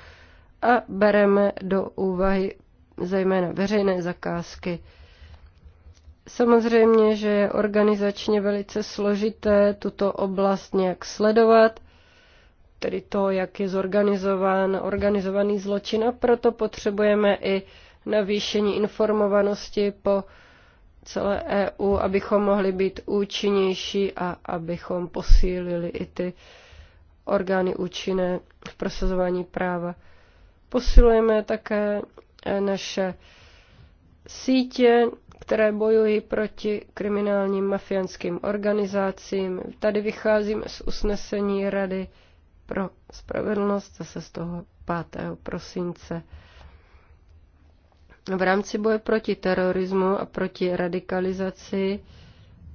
a bereme do úvahy zejména veřejné zakázky. Samozřejmě, že je organizačně velice složité tuto oblast nějak sledovat, tedy to, jak je zorganizován organizovaný zločin a proto potřebujeme i navýšení informovanosti po celé EU, abychom mohli být účinnější a abychom posílili i ty orgány účinné v prosazování práva. Posilujeme také eh, naše sítě, které bojují proti kriminálním mafiánským organizacím. Tady vycházím z usnesení Rady pro spravedlnost zase z toho 5. prosince. V rámci boje proti terorismu a proti radikalizaci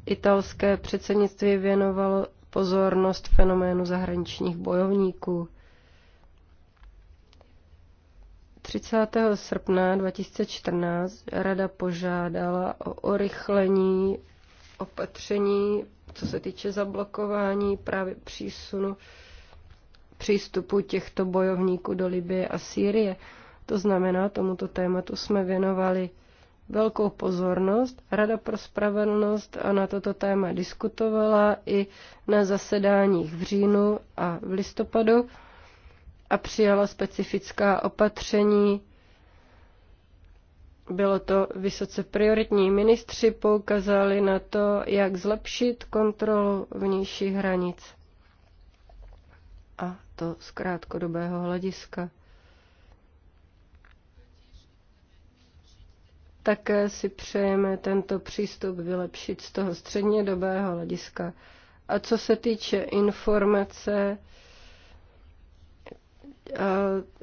italské předsednictví věnovalo pozornost fenoménu zahraničních bojovníků. 30. srpna 2014 Rada požádala o urychlení opatření, co se týče zablokování právě přísunu přístupu těchto bojovníků do Libie a Sýrie. To znamená, tomuto tématu jsme věnovali velkou pozornost. Rada pro spravedlnost a na toto téma diskutovala i na zasedáních v říjnu a v listopadu a přijala specifická opatření. Bylo to vysoce prioritní. Ministři poukazali na to, jak zlepšit kontrolu vnějších hranic a to z krátkodobého hlediska. Také si přejeme tento přístup vylepšit z toho střednědobého hlediska. A co se týče informace,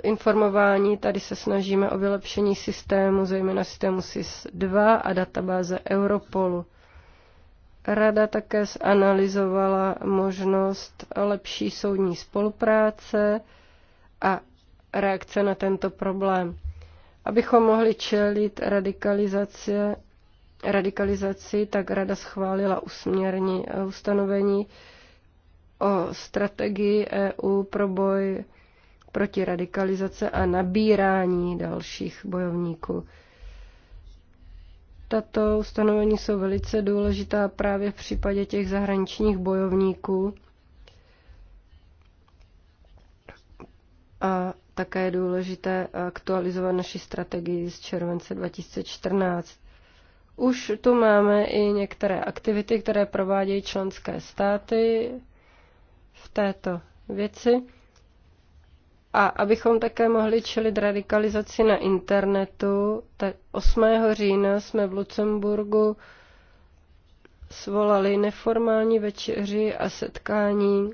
informování, tady se snažíme o vylepšení systému, zejména systému SIS-2 a databáze Europolu. Rada také zanalizovala možnost lepší soudní spolupráce a reakce na tento problém. Abychom mohli čelit radikalizace, radikalizaci, tak Rada schválila usměrní ustanovení o strategii EU pro boj proti radikalizace a nabírání dalších bojovníků. Tato ustanovení jsou velice důležitá právě v případě těch zahraničních bojovníků. A také je důležité aktualizovat naši strategii z července 2014. Už tu máme i některé aktivity, které provádějí členské státy v této věci. A abychom také mohli čelit radikalizaci na internetu, tak 8. října jsme v Lucemburgu svolali neformální večeři a setkání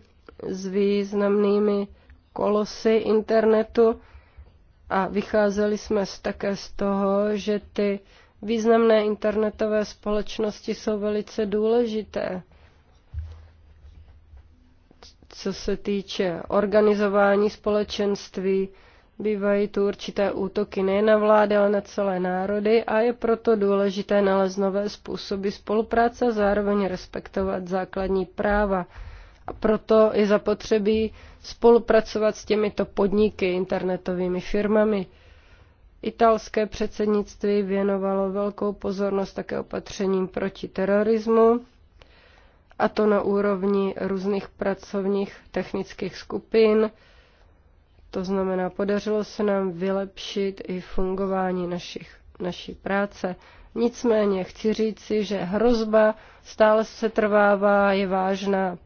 s významnými kolosy internetu a vycházeli jsme také z toho, že ty významné internetové společnosti jsou velice důležité co se týče organizování společenství, bývají tu určité útoky nejen na vlády, ale na celé národy a je proto důležité nalézt nové způsoby spolupráce a zároveň respektovat základní práva. A proto je zapotřebí spolupracovat s těmito podniky, internetovými firmami. Italské předsednictví věnovalo velkou pozornost také opatřením proti terorismu a to na úrovni různých pracovních technických skupin. To znamená, podařilo se nám vylepšit i fungování našich, naší práce. Nicméně chci říci, že hrozba stále se trvává, je vážná.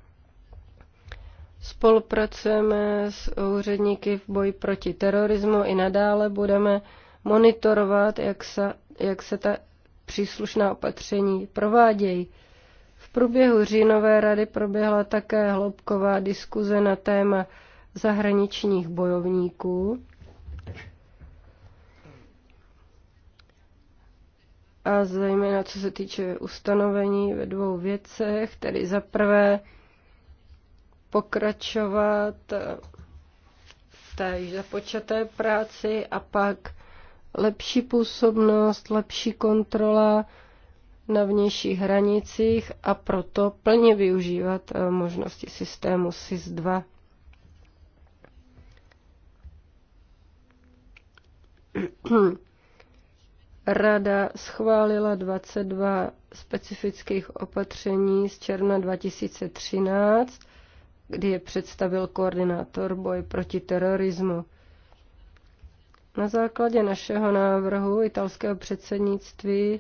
Spolupracujeme s úředníky v boji proti terorismu i nadále budeme monitorovat, jak se, jak se ta příslušná opatření provádějí. V průběhu říjnové rady proběhla také hloubková diskuze na téma zahraničních bojovníků. A zejména co se týče ustanovení ve dvou věcech, tedy za prvé pokračovat v té již započaté práci a pak lepší působnost, lepší kontrola, na vnějších hranicích a proto plně využívat eh, možnosti systému SIS-2. Rada schválila 22 specifických opatření z června 2013, kdy je představil koordinátor boj proti terorismu. Na základě našeho návrhu italského předsednictví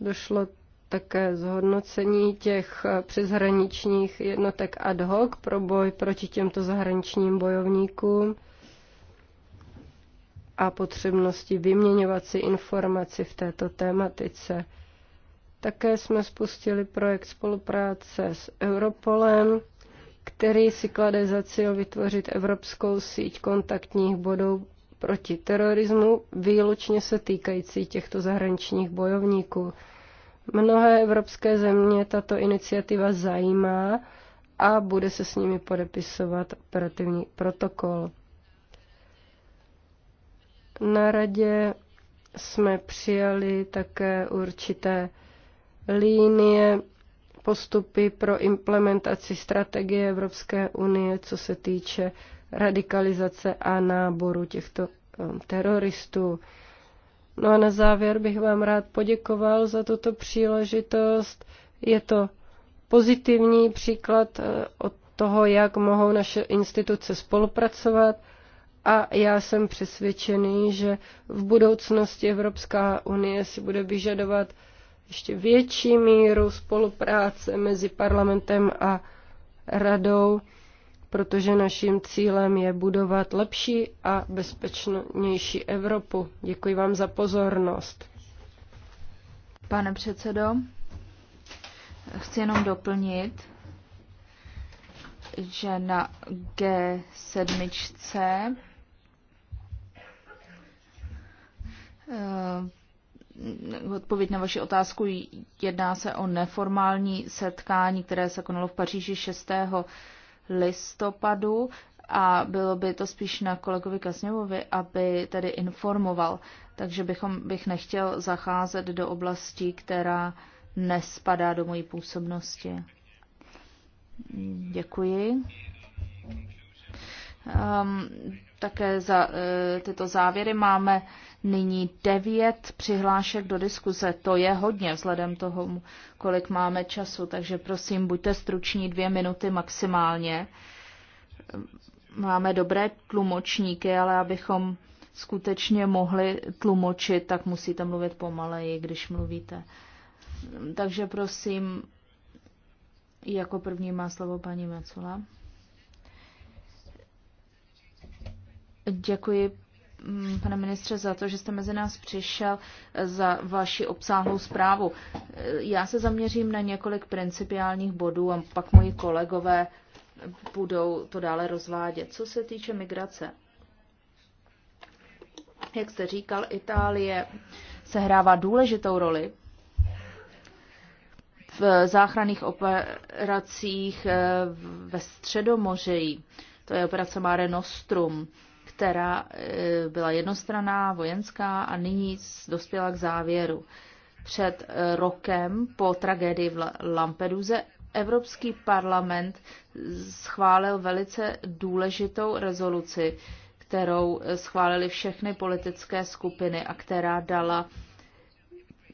Došlo také zhodnocení těch přeshraničních jednotek ad hoc pro boj proti těmto zahraničním bojovníkům a potřebnosti vyměňovat si informaci v této tématice. Také jsme spustili projekt spolupráce s Europolem, který si klade za cíl vytvořit evropskou síť kontaktních bodů proti terorismu, výlučně se týkající těchto zahraničních bojovníků. Mnohé evropské země tato iniciativa zajímá a bude se s nimi podepisovat operativní protokol. Na radě jsme přijali také určité línie postupy pro implementaci strategie Evropské unie, co se týče radikalizace a náboru těchto um, teroristů. No a na závěr bych vám rád poděkoval za tuto příležitost. Je to pozitivní příklad eh, od toho, jak mohou naše instituce spolupracovat a já jsem přesvědčený, že v budoucnosti Evropská unie si bude vyžadovat ještě větší míru spolupráce mezi parlamentem a radou protože naším cílem je budovat lepší a bezpečnější Evropu. Děkuji vám za pozornost. Pane předsedo, chci jenom doplnit, že na G7 eh, odpověď na vaši otázku. Jedná se o neformální setkání, které se konalo v Paříži 6 listopadu a bylo by to spíš na kolegovi Kasněvovi, aby tady informoval. Takže bychom, bych nechtěl zacházet do oblasti, která nespadá do mojí působnosti. Děkuji um, také za uh, tyto závěry. Máme nyní devět přihlášek do diskuze. To je hodně vzhledem toho, kolik máme času, takže prosím, buďte struční dvě minuty maximálně. Ehm, máme dobré tlumočníky, ale abychom skutečně mohli tlumočit, tak musíte mluvit pomaleji, když mluvíte. Takže prosím, jako první má slovo paní Mecula. Děkuji, mm, pane ministře, za to, že jste mezi nás přišel e, za vaši obsáhlou zprávu. E, já se zaměřím na několik principiálních bodů a pak moji kolegové budou to dále rozvádět. Co se týče migrace, jak jste říkal, Itálie sehrává důležitou roli v záchranných operacích e, ve Středomoří. To je operace Mare Nostrum která eh, byla jednostraná, vojenská a nyní dospěla k závěru. Před eh, rokem po tragédii v Lampeduze Evropský parlament schválil velice důležitou rezoluci, kterou eh, schválili všechny politické skupiny a která dala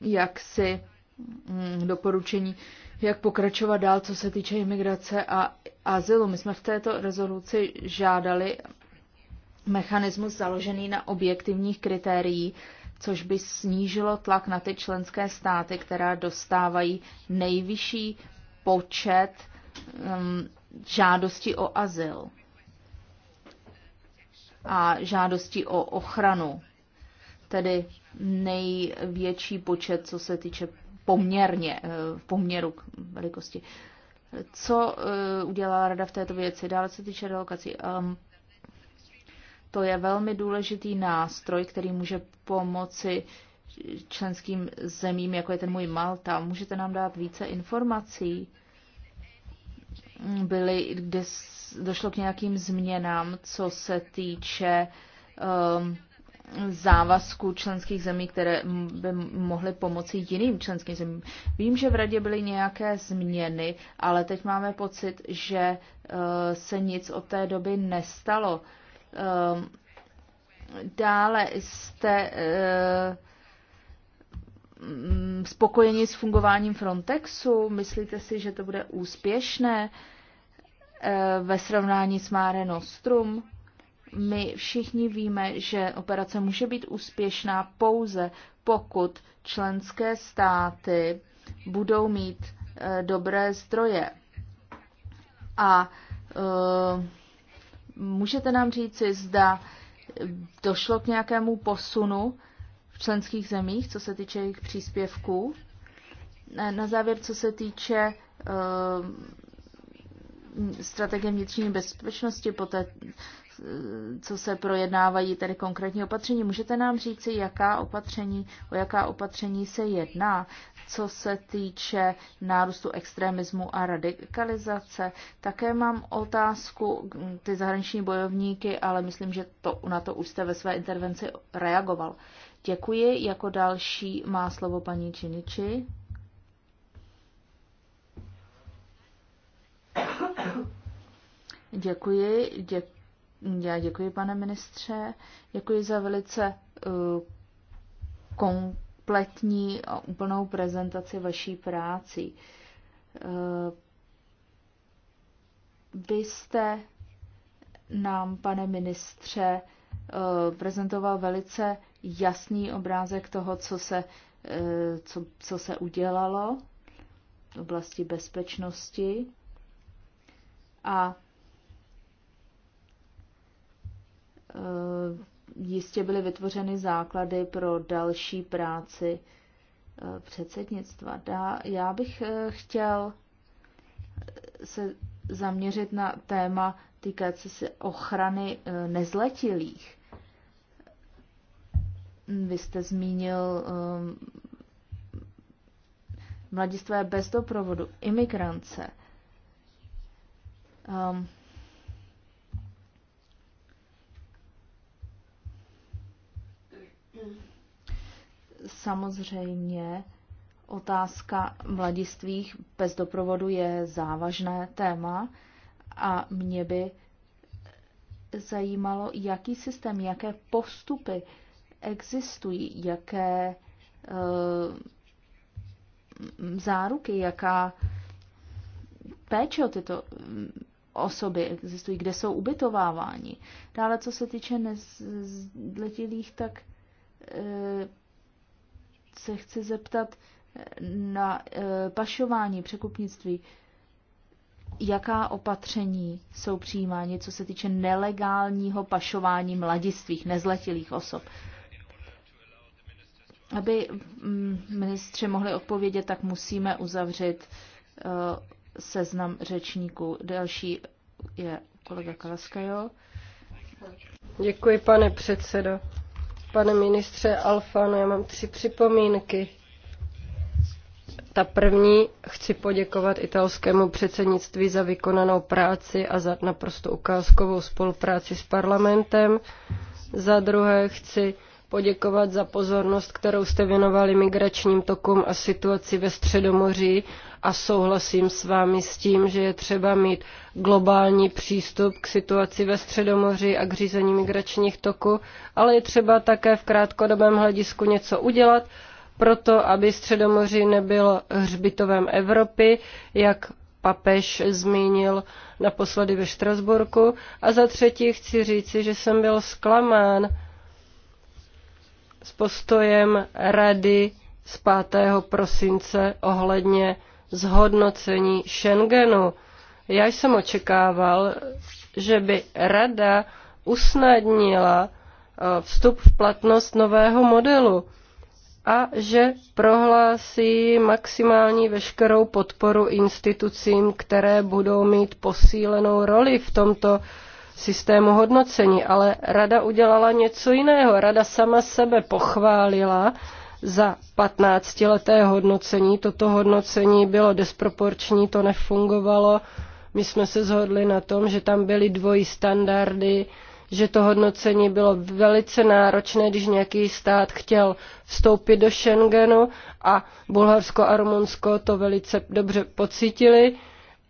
jaksi mm, doporučení, jak pokračovat dál, co se týče imigrace a azylu. My jsme v této rezoluci žádali mechanismus založený na objektivních kritériích, což by snížilo tlak na ty členské státy, která dostávají nejvyšší počet um, žádostí o azyl a žádostí o ochranu, tedy největší počet, co se týče poměrně, eh, v poměru k velikosti. Co eh, udělala rada v této věci? Dále se týče relokací. Um, to je velmi důležitý nástroj, který může pomoci členským zemím, jako je ten můj Malta. Můžete nám dát více informací? Byly, kde došlo k nějakým změnám, co se týče um, závazků členských zemí, které by mohly pomoci jiným členským zemím. Vím, že v radě byly nějaké změny, ale teď máme pocit, že uh, se nic od té doby nestalo. Ehm, dále jste eh, mm, spokojeni s fungováním Frontexu? Myslíte si, že to bude úspěšné eh, ve srovnání s Mare Nostrum? My všichni víme, že operace může být úspěšná pouze pokud členské státy budou mít eh, dobré zdroje. A uh, Můžete nám říci, zda došlo k nějakému posunu v členských zemích, co se týče jejich příspěvků? Na závěr, co se týče strategie vnitřní bezpečnosti, poté, co se projednávají tedy konkrétní opatření. Můžete nám říci, jaká opatření, o jaká opatření se jedná, co se týče nárůstu extremismu a radikalizace. Také mám otázku ty zahraniční bojovníky, ale myslím, že to, na to už jste ve své intervenci reagoval. Děkuji. Jako další má slovo paní Činiči. Děkuji, dě, já děkuji, pane ministře. Děkuji za velice uh, kompletní a úplnou prezentaci vaší práci. Uh, vy jste nám, pane ministře, eh, prezentoval velice jasný obrázek toho, co se, co, co se udělalo v oblasti bezpečnosti. A Eh, jistě byly vytvořeny základy pro další práci eh, předsednictva. Já bych eh, chtěl se zaměřit na téma týkající se ochrany nezletilých. Vy jste zmínil mladistvé bez doprovodu, imigrance. Ehm, samozřejmě otázka mladistvých bez doprovodu je závažné téma a mě by zajímalo, jaký systém, jaké postupy existují, jaké e, záruky, jaká péče o tyto mm, osoby existují, kde jsou ubytováváni. Dále, co se týče nezletilých, tak eh, se chci zeptat eh, na eh, pašování, překupnictví. Jaká opatření jsou přijímány, co se týče nelegálního pašování mladistvých, nezletilých osob? Aby mm, ministři mohli odpovědět, tak musíme uzavřít eh, seznam řečníků. Další je kolega Kalaskajo. Děkuji, pane předsedo. Pane ministře Alfano, já mám tři připomínky. Ta první, chci poděkovat italskému předsednictví za vykonanou práci a za naprosto ukázkovou spolupráci s parlamentem. Za druhé, chci poděkovat za pozornost, kterou jste věnovali migračním tokům a situaci ve Středomoří a souhlasím s vámi s tím, že je třeba mít globální přístup k situaci ve Středomoří a k řízení migračních toků, ale je třeba také v krátkodobém hledisku něco udělat, proto aby Středomoří nebylo hřbitovem Evropy, jak papež zmínil naposledy ve Štrasburku. A za třetí chci říci, že jsem byl zklamán s postojem Rady z 5. prosince ohledně zhodnocení Schengenu. Já jsem očekával, že by Rada usnadnila eh, vstup v platnost nového modelu a že prohlásí maximální veškerou podporu institucím, které budou mít posílenou roli v tomto systému hodnocení, ale rada udělala něco jiného. Rada sama sebe pochválila za 15-leté hodnocení. Toto hodnocení bylo desproporční, to nefungovalo. My jsme se zhodli na tom, že tam byly dvojí standardy, že to hodnocení bylo velice náročné, když nějaký stát chtěl vstoupit do Schengenu a Bulharsko a Rumunsko to velice dobře pocítili,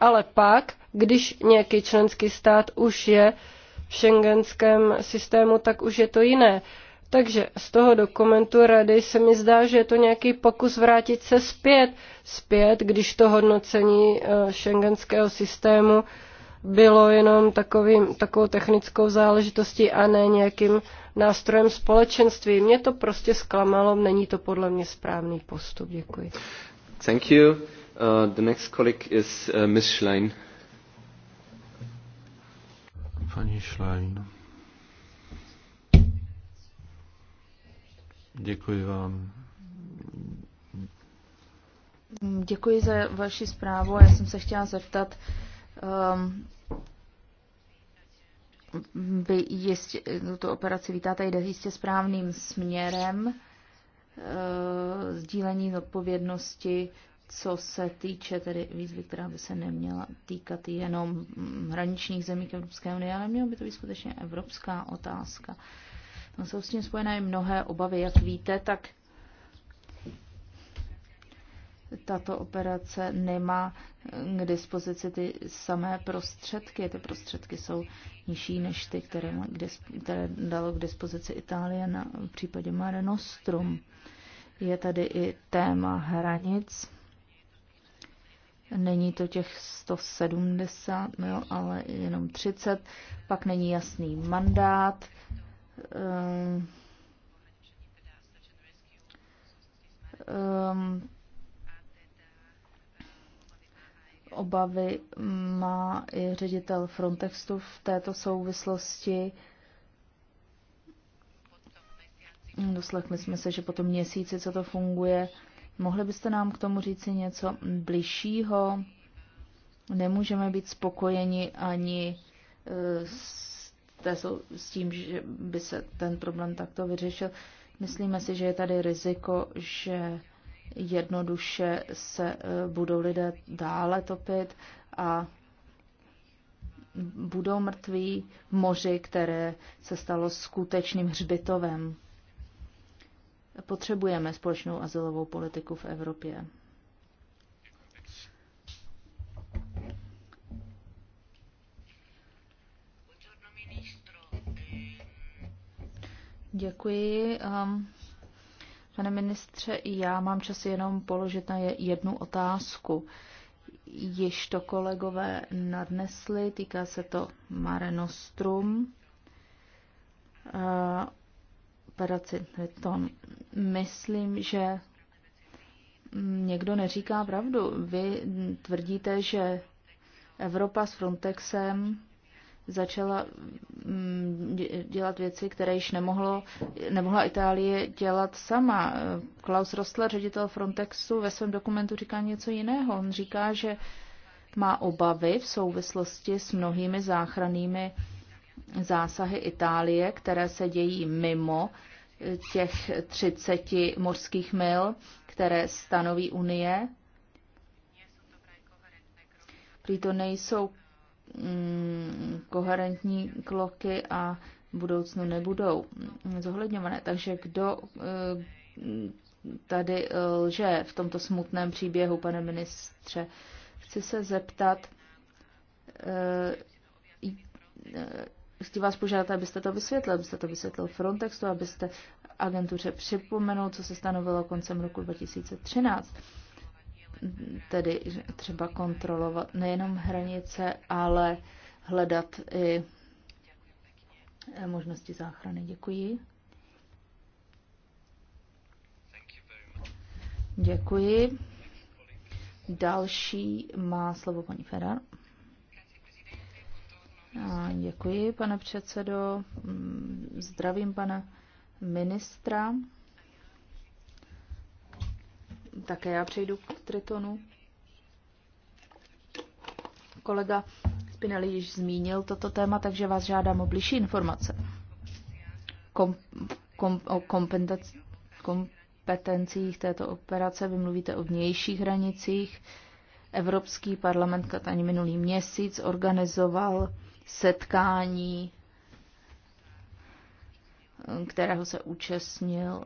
ale pak když nějaký členský stát už je v šengenském systému, tak už je to jiné. Takže z toho dokumentu rady se mi zdá, že je to nějaký pokus vrátit se zpět, zpět, když to hodnocení eh, šengenského systému bylo jenom takovým, takovou technickou záležitostí a ne nějakým nástrojem společenství. Mě to prostě zklamalo, není to podle mě správný postup. Děkuji. Thank you. Uh, the next colleague is uh, Ms. Schlein. Paní Schlein. Děkuji vám. Děkuji za vaši zprávu. Já jsem se chtěla zeptat, um, vy jistě, tuto operaci vítáte, jde jistě správným směrem, uh, sdílení odpovědnosti co se týče tedy výzvy, která by se neměla týkat jenom hraničních zemí k Evropské unie, ale měla by to být skutečně evropská otázka. No, jsou s tím spojené mnohé obavy. Jak víte, tak tato operace nemá k dispozici ty samé prostředky. Ty prostředky jsou nižší než ty, které, má které dalo k dispozici Itálie na v případě Mare Nostrum. Je tady i téma hranic Není to těch 170 no jo, ale jenom 30. Pak není jasný mandát. Um, um, obavy má i ředitel Frontextu v této souvislosti. Doslechli jsme se, že po tom měsíci, co to funguje, Mohli byste nám k tomu říci něco bližšího? Nemůžeme být spokojeni ani e, s tím, že by se ten problém takto vyřešil. Myslíme si, že je tady riziko, že jednoduše se e, budou lidé dále topit a budou mrtví moři, které se stalo skutečným hřbitovem. Potřebujeme společnou azylovou politiku v Evropě. Děkuji. Um, pane ministře, já mám čas jenom položit na jednu otázku. Již to kolegové nadnesli, týká se to Mare Nostrum. Uh, operaci To Myslím, že někdo neříká pravdu. Vy tvrdíte, že Evropa s Frontexem začala mm, dělat věci, které již nemohlo, nemohla Itálie dělat sama. Klaus Rostler, ředitel Frontexu, ve svém dokumentu říká něco jiného. On říká, že má obavy v souvislosti s mnohými záchrannými zásahy Itálie, které se dějí mimo těch 30 mořských mil, které stanoví Unie. Prý to nejsou mm, koherentní kloky a v budoucnu nebudou zohledňované. Takže kdo eh, tady eh, lže v tomto smutném příběhu, pane ministře? Chci se zeptat, eh, chci vás požádat, abyste to vysvětlil, abyste to vysvětlil Frontexu, abyste agentuře připomenul, co se stanovilo koncem roku 2013. Tedy třeba kontrolovat nejenom hranice, ale hledat i eh, možnosti záchrany. Děkuji. Děkuji. Další má slovo paní Ferrar. Děkuji, pane předsedo. Zdravím pana ministra. Také já přejdu k Tritonu. Kolega Spinelli již zmínil toto téma, takže vás žádám o blížší informace. Kom, kom, o kompenzaci, kompetencích této operace, vy mluvíte o vnějších hranicích. Evropský parlament ani minulý měsíc organizoval setkání, kterého se účastnil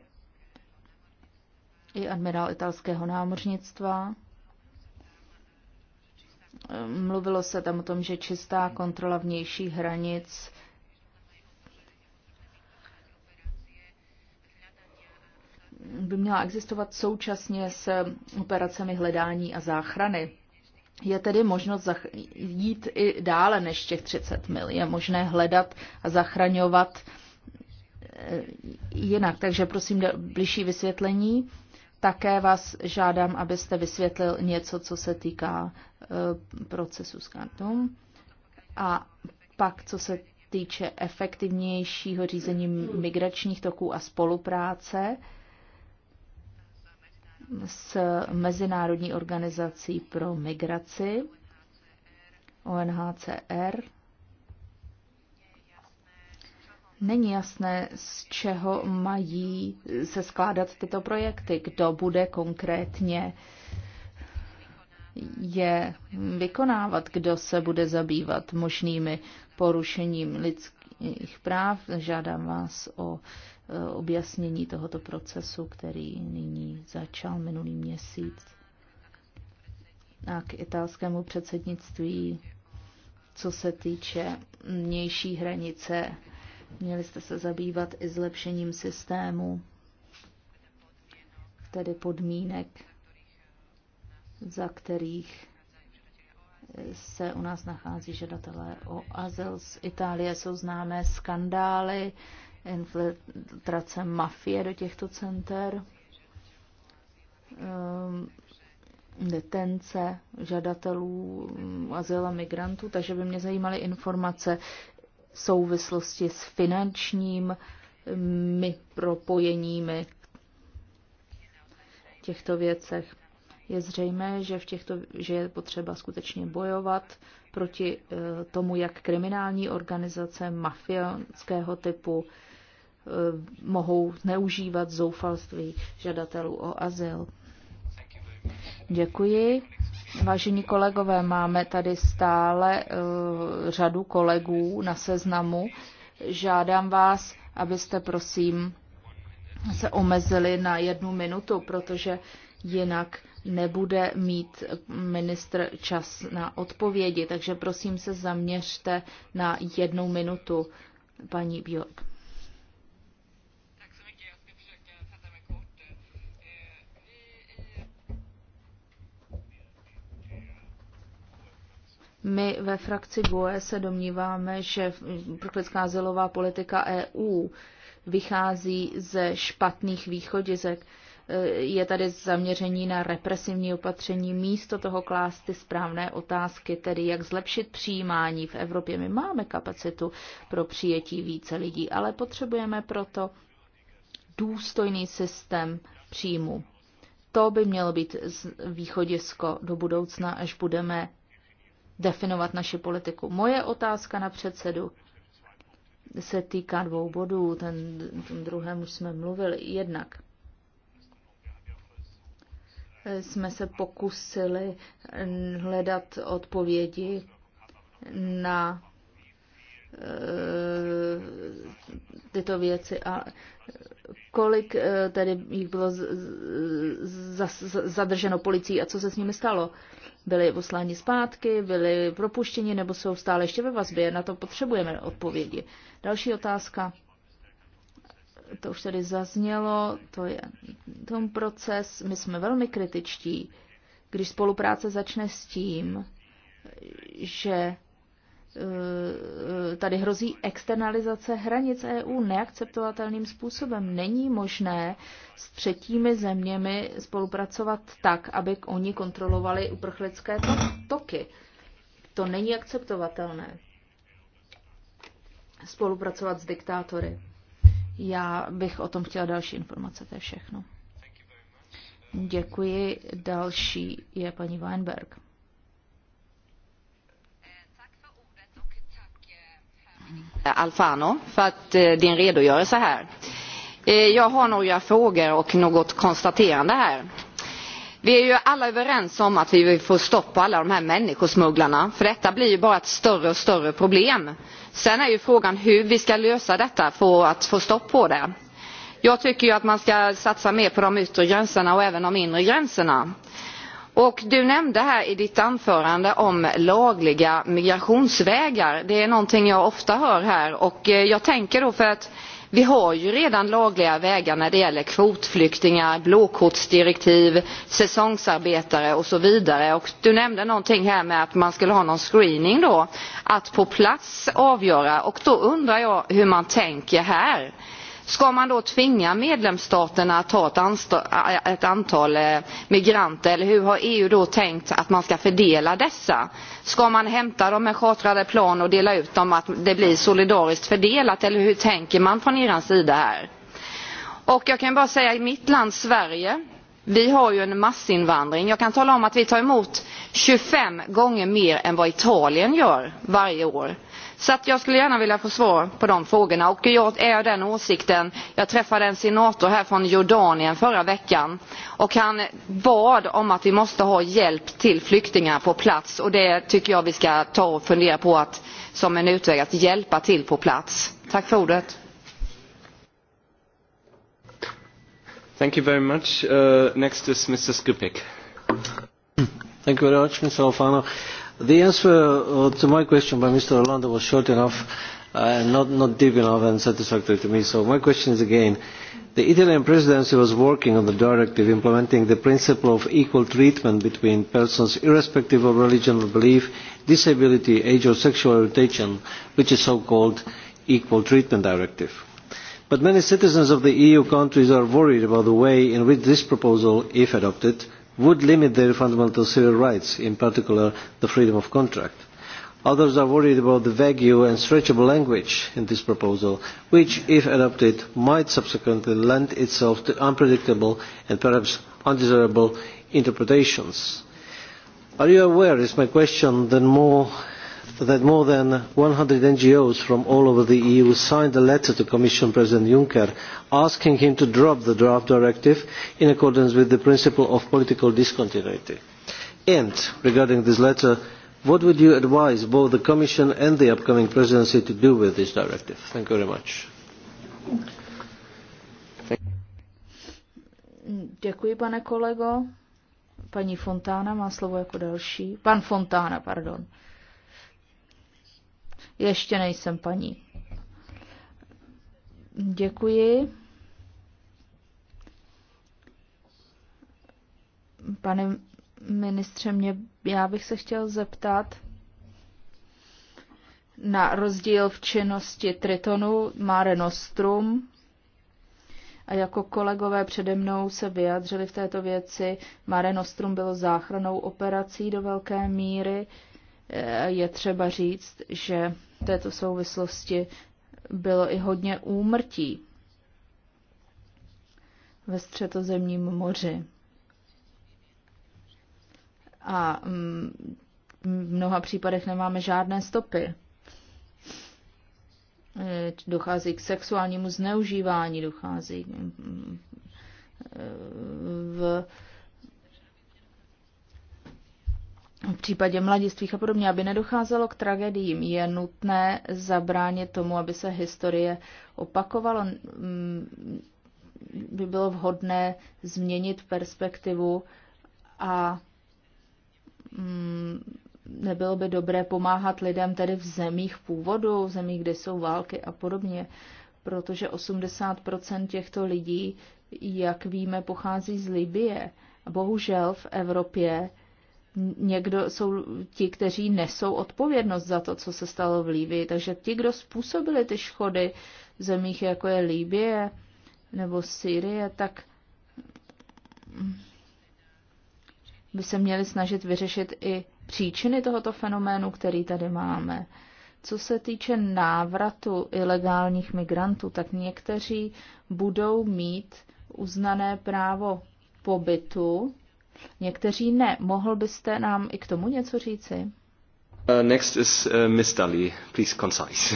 i admirál italského námořnictva. Mluvilo se tam o tom, že čistá kontrola vnějších hranic by měla existovat současně s operacemi hledání a záchrany je tedy možnost jít i dále než těch 30 mil. Je možné hledat a zachraňovat eh, jinak. Takže prosím blížší vysvětlení. Také vás žádám, abyste vysvětlil něco, co se týká eh, procesu s kartou. A pak, co se týče efektivnějšího řízení migračních toků a spolupráce, s Mezinárodní organizací pro migraci, ONHCR. Není jasné, z čeho mají se skládat tyto projekty, kdo bude konkrétně je vykonávat, kdo se bude zabývat možnými porušením lidských práv. Žádám vás o Eh, objasnění tohoto procesu, který nyní začal minulý měsíc. A k italskému předsednictví, co se týče vnější hranice, měli jste se zabývat i zlepšením systému, tedy podmínek, za kterých eh, se u nás nachází žadatelé o azyl. Z Itálie jsou známé skandály, infiltrace mafie do těchto center, um, detence žadatelů um, azyla migrantů, takže by mě zajímaly informace v souvislosti s finančními um, propojeními v těchto věcech. Je zřejmé, že, v těchto, že je potřeba skutečně bojovat proti uh, tomu, jak kriminální organizace mafiánského typu Eh, mohou zneužívat zoufalství žadatelů o azyl. Děkuji. Vážení kolegové, máme tady stále uh, řadu kolegů na seznamu. Žádám vás, abyste prosím se omezili na jednu minutu, protože jinak nebude mít ministr čas na odpovědi. Takže prosím se zaměřte na jednu minutu, paní Bjork. My ve frakci GOE se domníváme, že proklická zelová politika EU vychází ze špatných východisek. E, je tady zaměření na represivní opatření místo toho klást ty správné otázky, tedy jak zlepšit přijímání v Evropě. My máme kapacitu pro přijetí více lidí, ale potřebujeme proto důstojný systém příjmu. To by mělo být východisko do budoucna, až budeme definovat naši politiku. Moje otázka na předsedu se týká dvou bodů, ten, ten druhém už jsme mluvili. Jednak jsme se pokusili hledat odpovědi na Eh, tyto věci a kolik eh, tedy jich bylo zadrženo policií a co se s nimi stalo. Byli posláni zpátky, byli propuštěni nebo jsou stále ještě ve vazbě? Na to potřebujeme odpovědi. Další otázka. To už tady zaznělo, to je ten proces. My jsme velmi kritičtí, když spolupráce začne s tím, že Eh, tady hrozí externalizace hranic EU neakceptovatelným způsobem. Není možné s třetími zeměmi spolupracovat tak, aby oni kontrolovali uprchlické toky. To není akceptovatelné. Spolupracovat s diktátory. Já bych o tom chtěla další informace, to je všechno. Děkuji. Další je paní Weinberg. Alfano för att, eh, din redogörelse här. Eh, jag har några frågor och något konstaterande här. Vi är ju alla överens om att vi vill få stopp på alla de här människosmugglarna, för detta blir ju bara ett större och större problem. Sen är ju frågan hur vi ska lösa detta för att få stopp på det. Jag tycker ju att man ska satsa mer på de yttre gränserna och även de inre gränserna. Och du nämnde här i ditt anförande om lagliga migrationsvägar. Det är någonting jag ofta hör här och eh, jag tänker då för att vi har ju redan lagliga vägar när det gäller kvotflyktingar, blåkortsdirektiv, säsongsarbetare och så vidare. Och du nämnde någonting här med att man skulle ha någon screening då, att på plats avgöra. Och då undrar jag hur man tänker här Ska man då tvinga medlemsstaterna att ta ett, ett antal migranter eller hur har EU då tänkt att man ska fördela dessa? Ska man hämta dem med chartrade plan och dela ut dem att det blir solidariskt fördelat eller hur tänker man från er sida här? Och jag kan bara säga i mitt land Sverige vi har ju en massinvandring. Jag kan tala om att vi tar emot 25 gånger mer än vad Italien gör varje år jag skulle gärna vilja få svar på de frågorna. Och jag är av den åsikten, jag träffade en senator här från Jordanien förra veckan och han bad om att vi måste ha hjälp till flyktingar på plats och det tycker jag vi ska ta och fundera på att som en utväg att hjälpa till på plats. Tack för ordet. Thank you very much. Uh, next is Mr. Skupik. Thank you very much, Mr. Alfano. The answer uh, to my question by Mr. Orlando was short enough uh, and uh, not, not deep enough and satisfactory to me. So my question is again, the Italian presidency was working on the directive implementing the principle of equal treatment between persons irrespective of religion or belief, disability, age or sexual orientation, which is so-called equal treatment directive. But many citizens of the EU countries are worried about the way in which this proposal, if adopted, would limit their fundamental civil rights, in particular the freedom of contract. Others are worried about the vague and stretchable language in this proposal, which, if adopted, might subsequently lend itself to unpredictable and perhaps undesirable interpretations. Are you aware, is my question, that more that more than 100 NGOs from all over the EU signed a letter to Commission President Juncker asking him to drop the draft directive in accordance with the principle of political discontinuity. And regarding this letter, what would you advise both the Commission and the upcoming presidency to do with this directive? Thank you very much. Děkuji, pane kolego. Paní Fontána má slovo jako další. Pan Fontána, pardon. Ještě nejsem paní. Děkuji. Pane ministře, mě, já bych se chtěl zeptat na rozdíl v činnosti Tritonu Mare Nostrum. A jako kolegové přede mnou se vyjadřili v této věci, Mare Nostrum bylo záchranou operací do velké míry. Je třeba říct, že v této souvislosti bylo i hodně úmrtí ve středozemním moři. A mm, v mnoha případech nemáme žádné stopy. Dochází k sexuálnímu zneužívání, dochází mm, mm, v v případě mladistvích a podobně, aby nedocházelo k tragédiím, je nutné zabránit tomu, aby se historie opakovala. Mm, by bylo vhodné změnit perspektivu a mm, nebylo by dobré pomáhat lidem tedy v zemích původu, v zemích, kde jsou války a podobně, protože 80% těchto lidí, jak víme, pochází z Libie. Bohužel v Evropě někdo jsou ti, kteří nesou odpovědnost za to, co se stalo v Líbii. Takže ti, kdo způsobili ty škody v zemích, jako je Líbie nebo Syrie, tak by se měli snažit vyřešit i příčiny tohoto fenoménu, který tady máme. Co se týče návratu ilegálních migrantů, tak někteří budou mít uznané právo pobytu někteří ne. Mohl byste nám i k tomu něco říci? Uh, next is uh, Miss Daly. Please concise.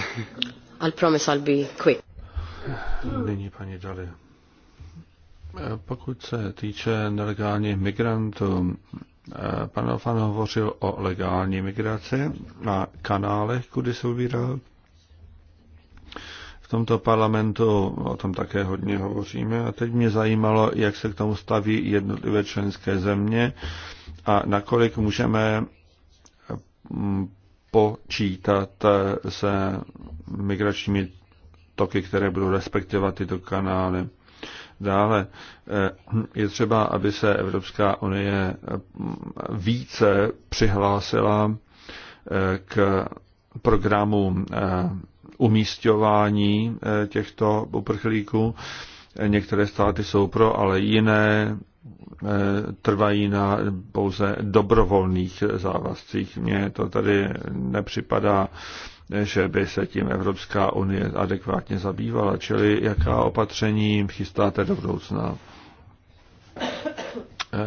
I'll promise I'll be quick. Nyní paní Daly. Eh, pokud se týče nelegálních migrantů, eh, pan Alfan hovořil o legální migraci na kanálech, kudy se ubíral. V tomto parlamentu o tom také hodně hovoříme a teď mě zajímalo, jak se k tomu staví jednotlivé členské země a nakolik můžeme mm, počítat eh, se migračními toky, které budou respektovat tyto kanály. Dále eh, je třeba, aby se Evropská unie eh, více přihlásila k programu umístování eh, těchto uprchlíků. Eh, některé státy jsou pro, ale jiné eh, trvají na pouze dobrovolných závazcích. Mně to tady nepřipadá, že by se tím Evropská unie adekvátně zabývala, čili jaká opatření chystáte do budoucna.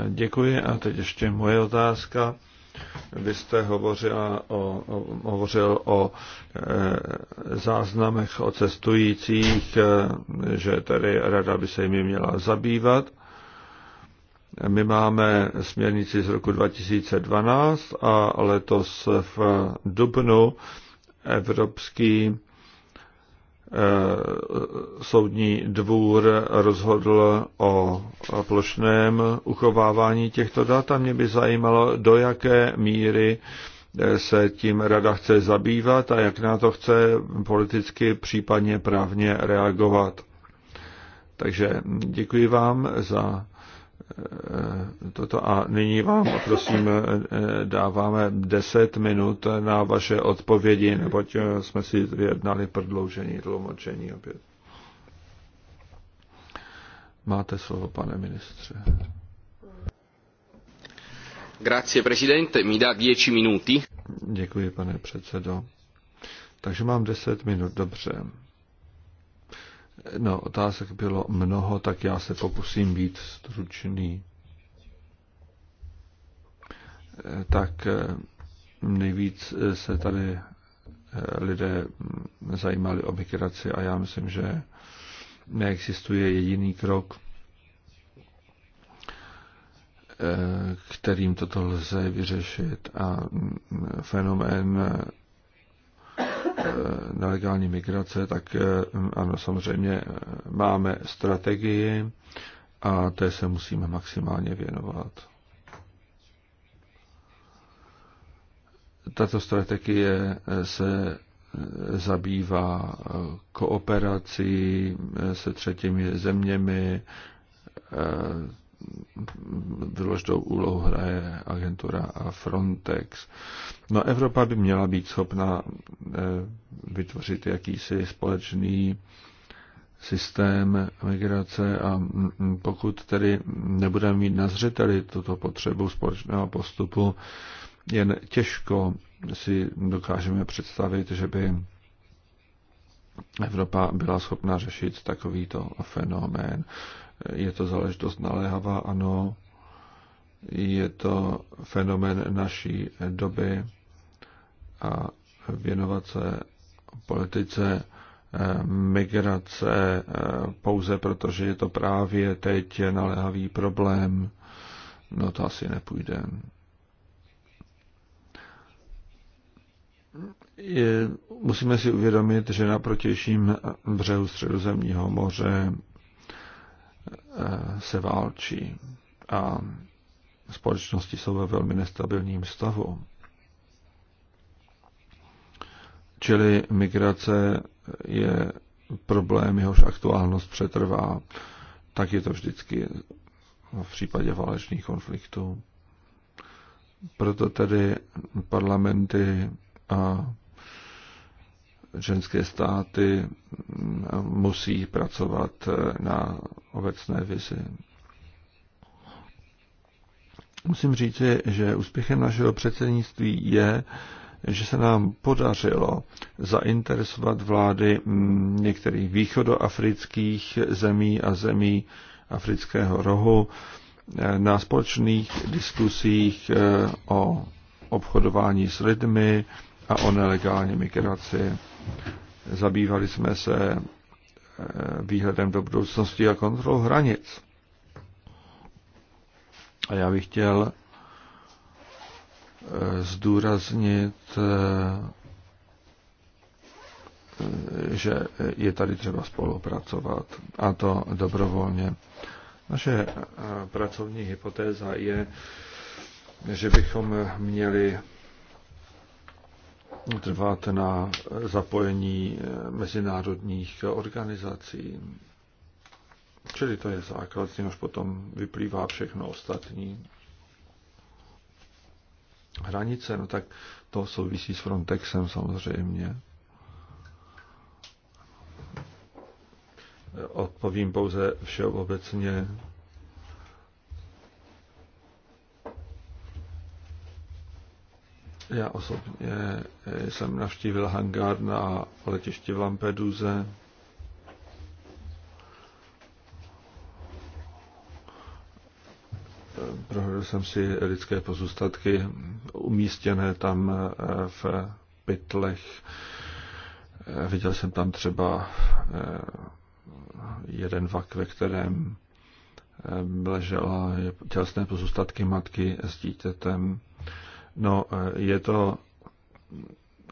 Děkuji a teď ještě moje otázka. Vy jste hovořila o, o, hovořil o e, záznamech o cestujících, e, že tedy rada by se jimi měla zabývat. My máme směrnici z roku 2012 a letos v dubnu Evropský Eh, soudní dvůr rozhodl o plošném uchovávání těchto dat a mě by zajímalo, do jaké míry eh, se tím rada chce zabývat a jak na to chce politicky, případně právně reagovat. Takže děkuji vám za Eh, toto a nyní vám, prosím, eh, dáváme 10 minut na vaše odpovědi, neboť eh, jsme si vyjednali prodloužení tlumočení opět. Máte slovo, pane ministře. Grazie, presidente. Mi dá 10 minuty. Děkuji, pane předsedo. Takže mám 10 minut, dobře. No, otázek bylo mnoho, tak já se pokusím být stručný. Tak eh, nejvíc eh, se tady eh, lidé hm, zajímali o migraci a já myslím, že neexistuje jediný krok, kterým toto lze vyřešit a hm, fenomén Eh, nelegální migrace, tak eh, ano, samozřejmě eh, máme strategii a té se musíme maximálně věnovat. Tato strategie se zabývá kooperací se třetími zeměmi, důležitou úlohu hraje agentura a Frontex. No Evropa by měla být schopna eh, vytvořit jakýsi společný systém migrace a mm, mm, pokud tedy nebudeme mít na zřeteli tuto potřebu společného postupu, jen těžko si dokážeme představit, že by Evropa byla schopna řešit takovýto fenomén. Je to záležitost naléhavá, ano. Je to fenomen naší doby a věnovat se politice eh, migrace eh, pouze proto, že je to právě teď naléhavý problém, no to asi nepůjde. Je, musíme si uvědomit, že na protějším břehu Středozemního moře Eh, se válčí a společnosti jsou ve velmi nestabilním stavu. Čili migrace je problém, jehož aktuálnost přetrvá. Tak je to vždycky v případě válečných konfliktů. Proto tedy parlamenty a ženské státy mm, musí pracovat eh, na obecné vizi. Musím říci, že úspěchem našeho předsednictví je, že se nám podařilo zainteresovat vlády mm, některých východoafrických zemí a zemí afrického rohu eh, na společných diskusích eh, o obchodování s lidmi, a o nelegální migraci. Zabývali jsme se eh, výhledem do budoucnosti a kontrolou hranic. A já bych chtěl eh, zdůraznit, eh, že je tady třeba spolupracovat a to dobrovolně. Naše pracovní hypotéza je, že bychom měli trvat na zapojení eh, mezinárodních organizací. Čili to je základ, z něhož potom vyplývá všechno ostatní. Hranice, no tak to souvisí s Frontexem samozřejmě. Odpovím pouze všeobecně. Já osobně eh, jsem navštívil hangár na letišti v Lampeduze. Prohlédl jsem si lidské pozůstatky umístěné tam eh, v pytlech. Eh, viděl jsem tam třeba jeden vak, ve kterém ležela tělesné pozůstatky matky s dítětem No, e, je to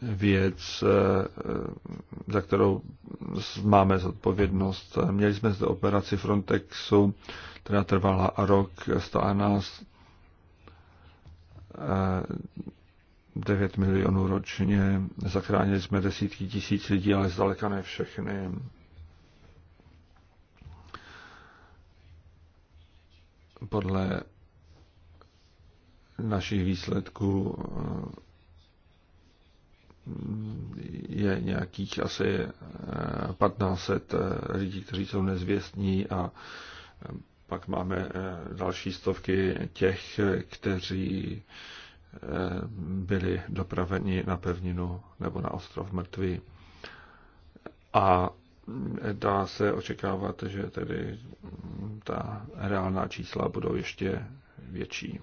věc, e, za kterou máme zodpovědnost. Měli jsme zde operaci Frontexu, která trvala rok, stála nás 9 e, milionů ročně. Zachránili jsme desítky tisíc lidí, ale zdaleka ne všechny. Podle našich výsledků eh, je nějakých asi 1500 eh, eh, lidí, kteří jsou nezvěstní a pak máme další stovky těch, kteří byli dopraveni na pevninu nebo na ostrov mrtví. A dá se očekávat, že tedy mm, ta reálná čísla budou ještě větší.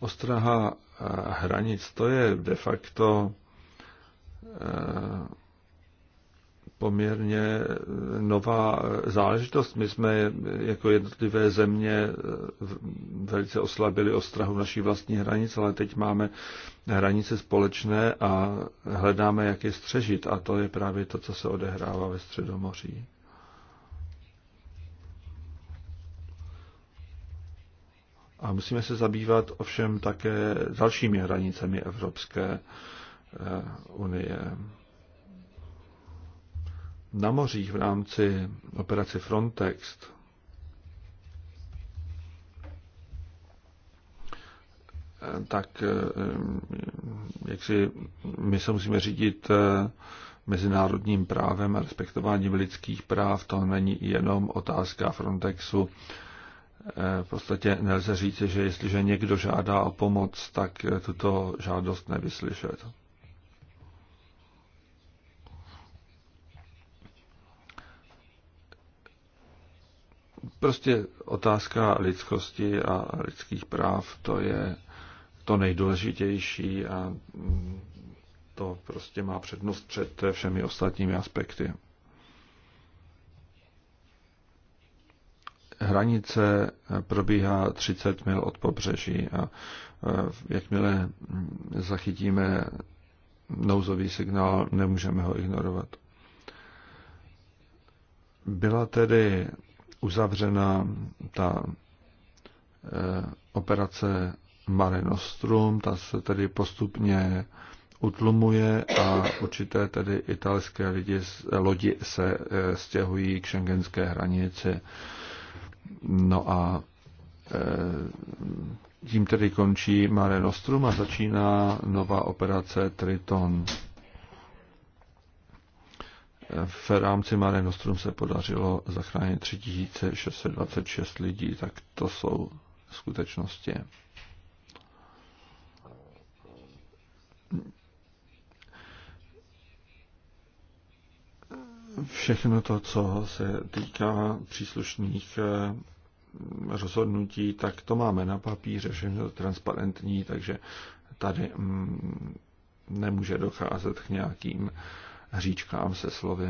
Ostraha eh, hranic, to je de facto eh, poměrně eh, nová eh, záležitost. My jsme jako jednotlivé země eh, velice oslabili ostrahu naší vlastní hranice, ale teď máme hranice společné a hledáme, jak je střežit. A to je právě to, co se odehrává ve Středomoří. A musíme se zabývat ovšem také dalšími hranicemi Evropské unie na mořích v rámci operace Frontex tak eh, jak si my se musíme řídit eh, mezinárodním právem a respektováním lidských práv, to není jenom otázka Frontexu. Eh, v podstatě nelze říct, že jestliže někdo žádá o pomoc, tak tuto žádost nevyslyšet. Prostě otázka lidskosti a lidských práv, to je to nejdůležitější a mm, to prostě má přednost před všemi ostatními aspekty. Hranice probíhá 30 mil od pobřeží a e, jakmile mm, zachytíme nouzový signál, nemůžeme ho ignorovat. Byla tedy uzavřena ta e, operace Mare Nostrum, ta se tedy postupně utlumuje a určité tedy italské lidi, lodi se e, stěhují k šengenské hranici. No a e, tím tedy končí Mare Nostrum a začíná nová operace Triton v rámci Mare Nostrum se podařilo zachránit 3626 lidí, tak to jsou skutečnosti. Všechno to, co se týká příslušných eh, rozhodnutí, tak to máme na papíře, všechno to transparentní, takže tady mm, nemůže docházet k nějakým hříčkám se slovy.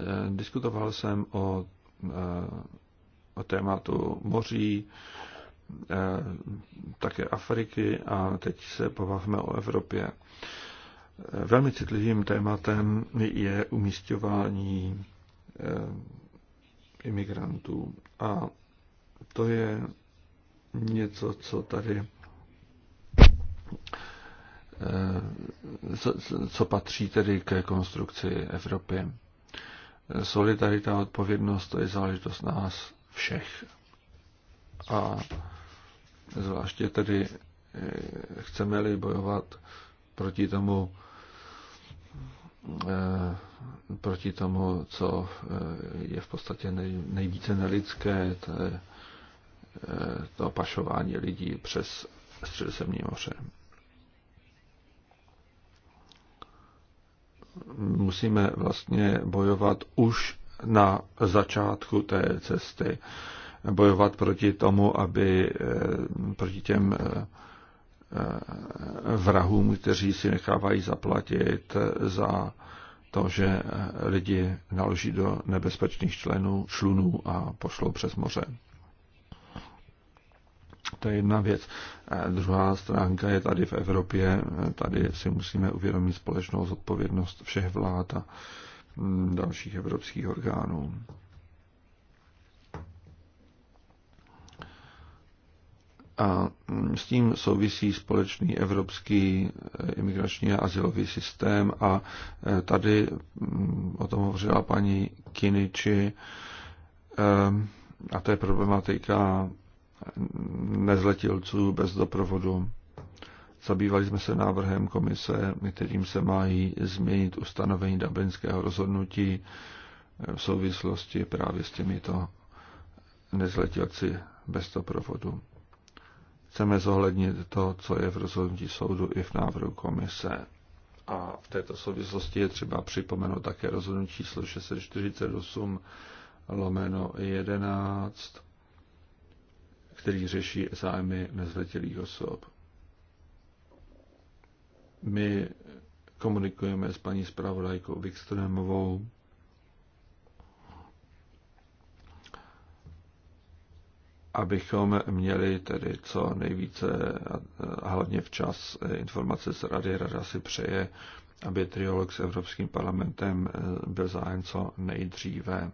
Eh, diskutoval jsem o, eh, o tématu moří, eh, také Afriky a teď se pobavme o Evropě. Velmi citlivým tématem je umístování imigrantů a to je něco, co tady Eh, co, co patří tedy ke konstrukci Evropy. Solidarita a odpovědnost to je záležitost nás všech. A zvláště tedy eh, chceme-li bojovat proti tomu, eh, proti tomu, co je v podstatě nejvíce nelidské, to, je to pašování lidí přes Středozemní moře. musíme vlastně bojovat už na začátku té cesty. Bojovat proti tomu, aby eh, proti těm eh, eh, vrahům, kteří si nechávají zaplatit za to, že lidi naloží do nebezpečných členů, člunů a pošlou přes moře. To je jedna věc. Druhá stránka je tady v Evropě. Tady si musíme uvědomit společnou zodpovědnost všech vlád a mm, dalších evropských orgánů. A mm, s tím souvisí společný evropský eh, imigrační a asilový systém a eh, tady mm, o tom hovořila paní Kiniči ehm, a to je problematika nezletilců bez doprovodu. Zabývali jsme se návrhem komise, kterým se mají změnit ustanovení dublinského rozhodnutí v souvislosti právě s těmito nezletilci bez doprovodu. Chceme zohlednit to, co je v rozhodnutí soudu i v návrhu komise. A v této souvislosti je třeba připomenout také rozhodnutí číslo 648 lomeno 11 který řeší zájmy nezletilých osob. My komunikujeme s paní zpravodajkou Vikstrémovou. abychom měli tedy co nejvíce a hlavně včas informace z Rady. Rada si přeje, aby triolog s Evropským parlamentem e, byl zájem co nejdříve.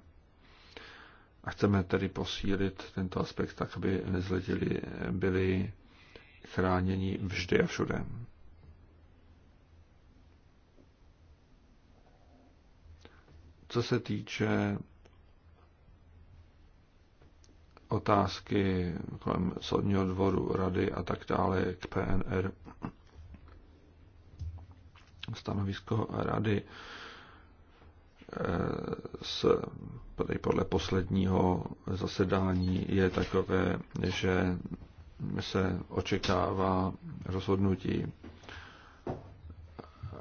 A chceme tedy posílit tento aspekt tak, aby nezletili byli chráněni vždy a všude. Co se týče otázky kolem soudního dvoru, rady a tak dále k PNR, stanovisko rady s, podle posledního zasedání je takové, že se očekává rozhodnutí.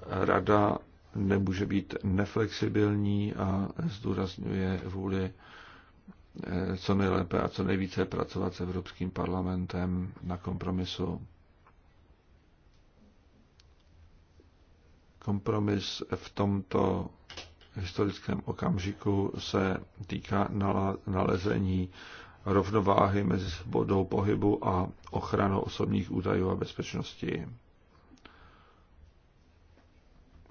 Rada nemůže být neflexibilní a zdůrazňuje vůli eh, co nejlépe a co nejvíce pracovat s Evropským parlamentem na kompromisu. Kompromis v tomto historickém okamžiku se týká nalezení rovnováhy mezi svobodou pohybu a ochranou osobních údajů a bezpečnosti.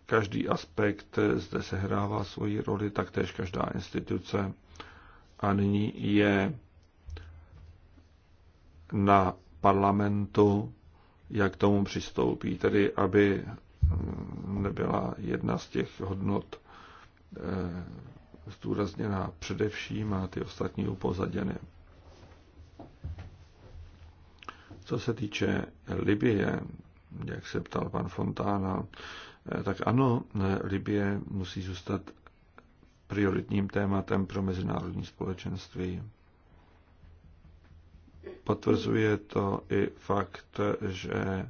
Každý aspekt zde sehrává svoji roli, taktéž každá instituce. A nyní je na parlamentu, jak tomu přistoupí, tedy aby nebyla jedna z těch hodnot Eh, zdůrazněná především a ty ostatní upozaděny. Co se týče Libie, jak se ptal pan Fontána, eh, tak ano, eh, Libie musí zůstat prioritním tématem pro mezinárodní společenství. Potvrzuje to i fakt, že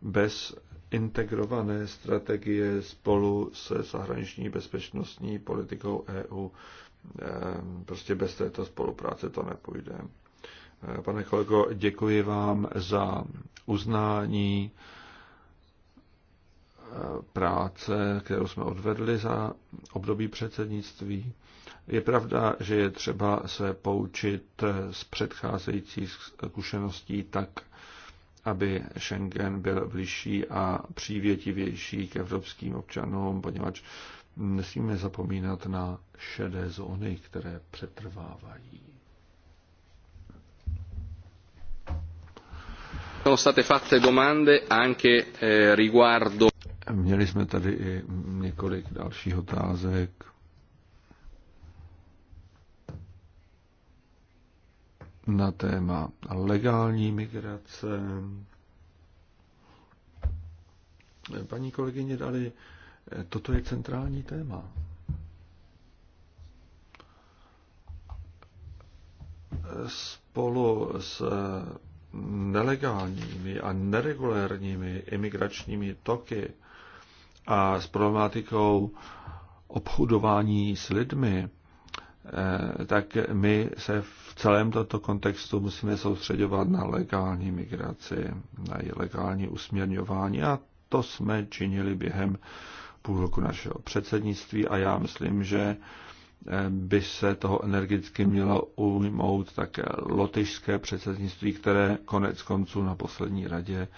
bez integrované strategie spolu se zahraniční bezpečnostní politikou EU. Ehm, prostě bez této spolupráce to nepůjde. Ehm, pane kolego, děkuji vám za uznání ehm, práce, kterou jsme odvedli za období předsednictví. Je pravda, že je třeba se poučit z předcházejících zkušeností tak, aby Schengen byl blížší a přívětivější k evropským občanům, poněvadž nesmíme zapomínat na šedé zóny, které přetrvávají. Sono state fatte domande anche eh, riguardo. Měli jsme tady i několik dalších otázek. na téma legální migrace. Paní kolegyně Dali, toto je centrální téma. Spolu s nelegálními a neregulérními imigračními toky a s problematikou obchodování s lidmi, eh, tak my se v v celém toto kontextu musíme soustředovat na legální migraci, na ilegální usměrňování a to jsme činili během půl roku našeho předsednictví a já myslím, že eh, by se toho energicky mělo ujmout také lotyšské předsednictví, které konec konců na poslední radě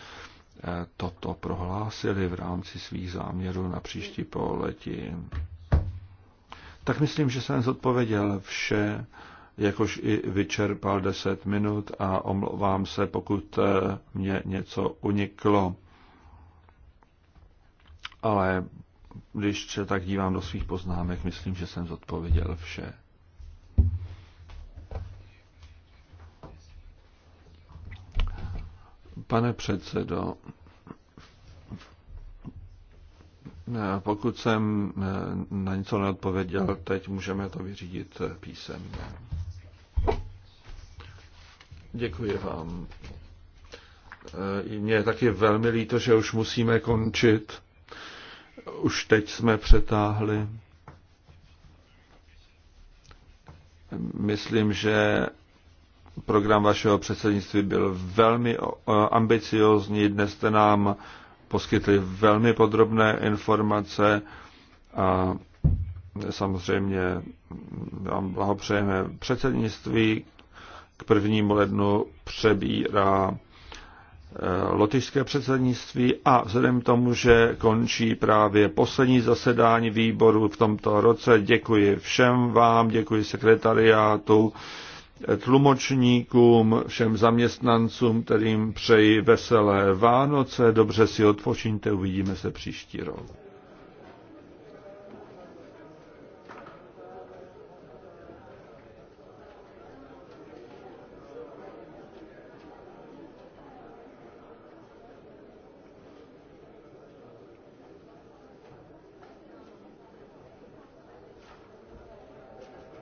eh, toto prohlásili v rámci svých záměrů na příští poletí. Tak myslím, že jsem zodpověděl vše, jakož i vyčerpal deset minut a omlouvám se, pokud eh, mě něco uniklo. Ale když se tak dívám do svých poznámek, myslím, že jsem zodpověděl vše. Pane předsedo, pokud jsem eh, na něco neodpověděl, teď můžeme to vyřídit eh, písemně. Děkuji vám. E, mně je taky velmi líto, že už musíme končit. Už teď jsme přetáhli. Myslím, že program vašeho předsednictví byl velmi e, ambiciozní. Dnes jste nám poskytli velmi podrobné informace a samozřejmě vám blahopřejeme předsednictví k prvnímu lednu přebírá eh, lotyšské předsednictví a vzhledem k tomu, že končí právě poslední zasedání výboru v tomto roce, děkuji všem vám, děkuji sekretariátu, eh, tlumočníkům, všem zaměstnancům, kterým přeji veselé Vánoce, dobře si odpočiňte, uvidíme se příští rok.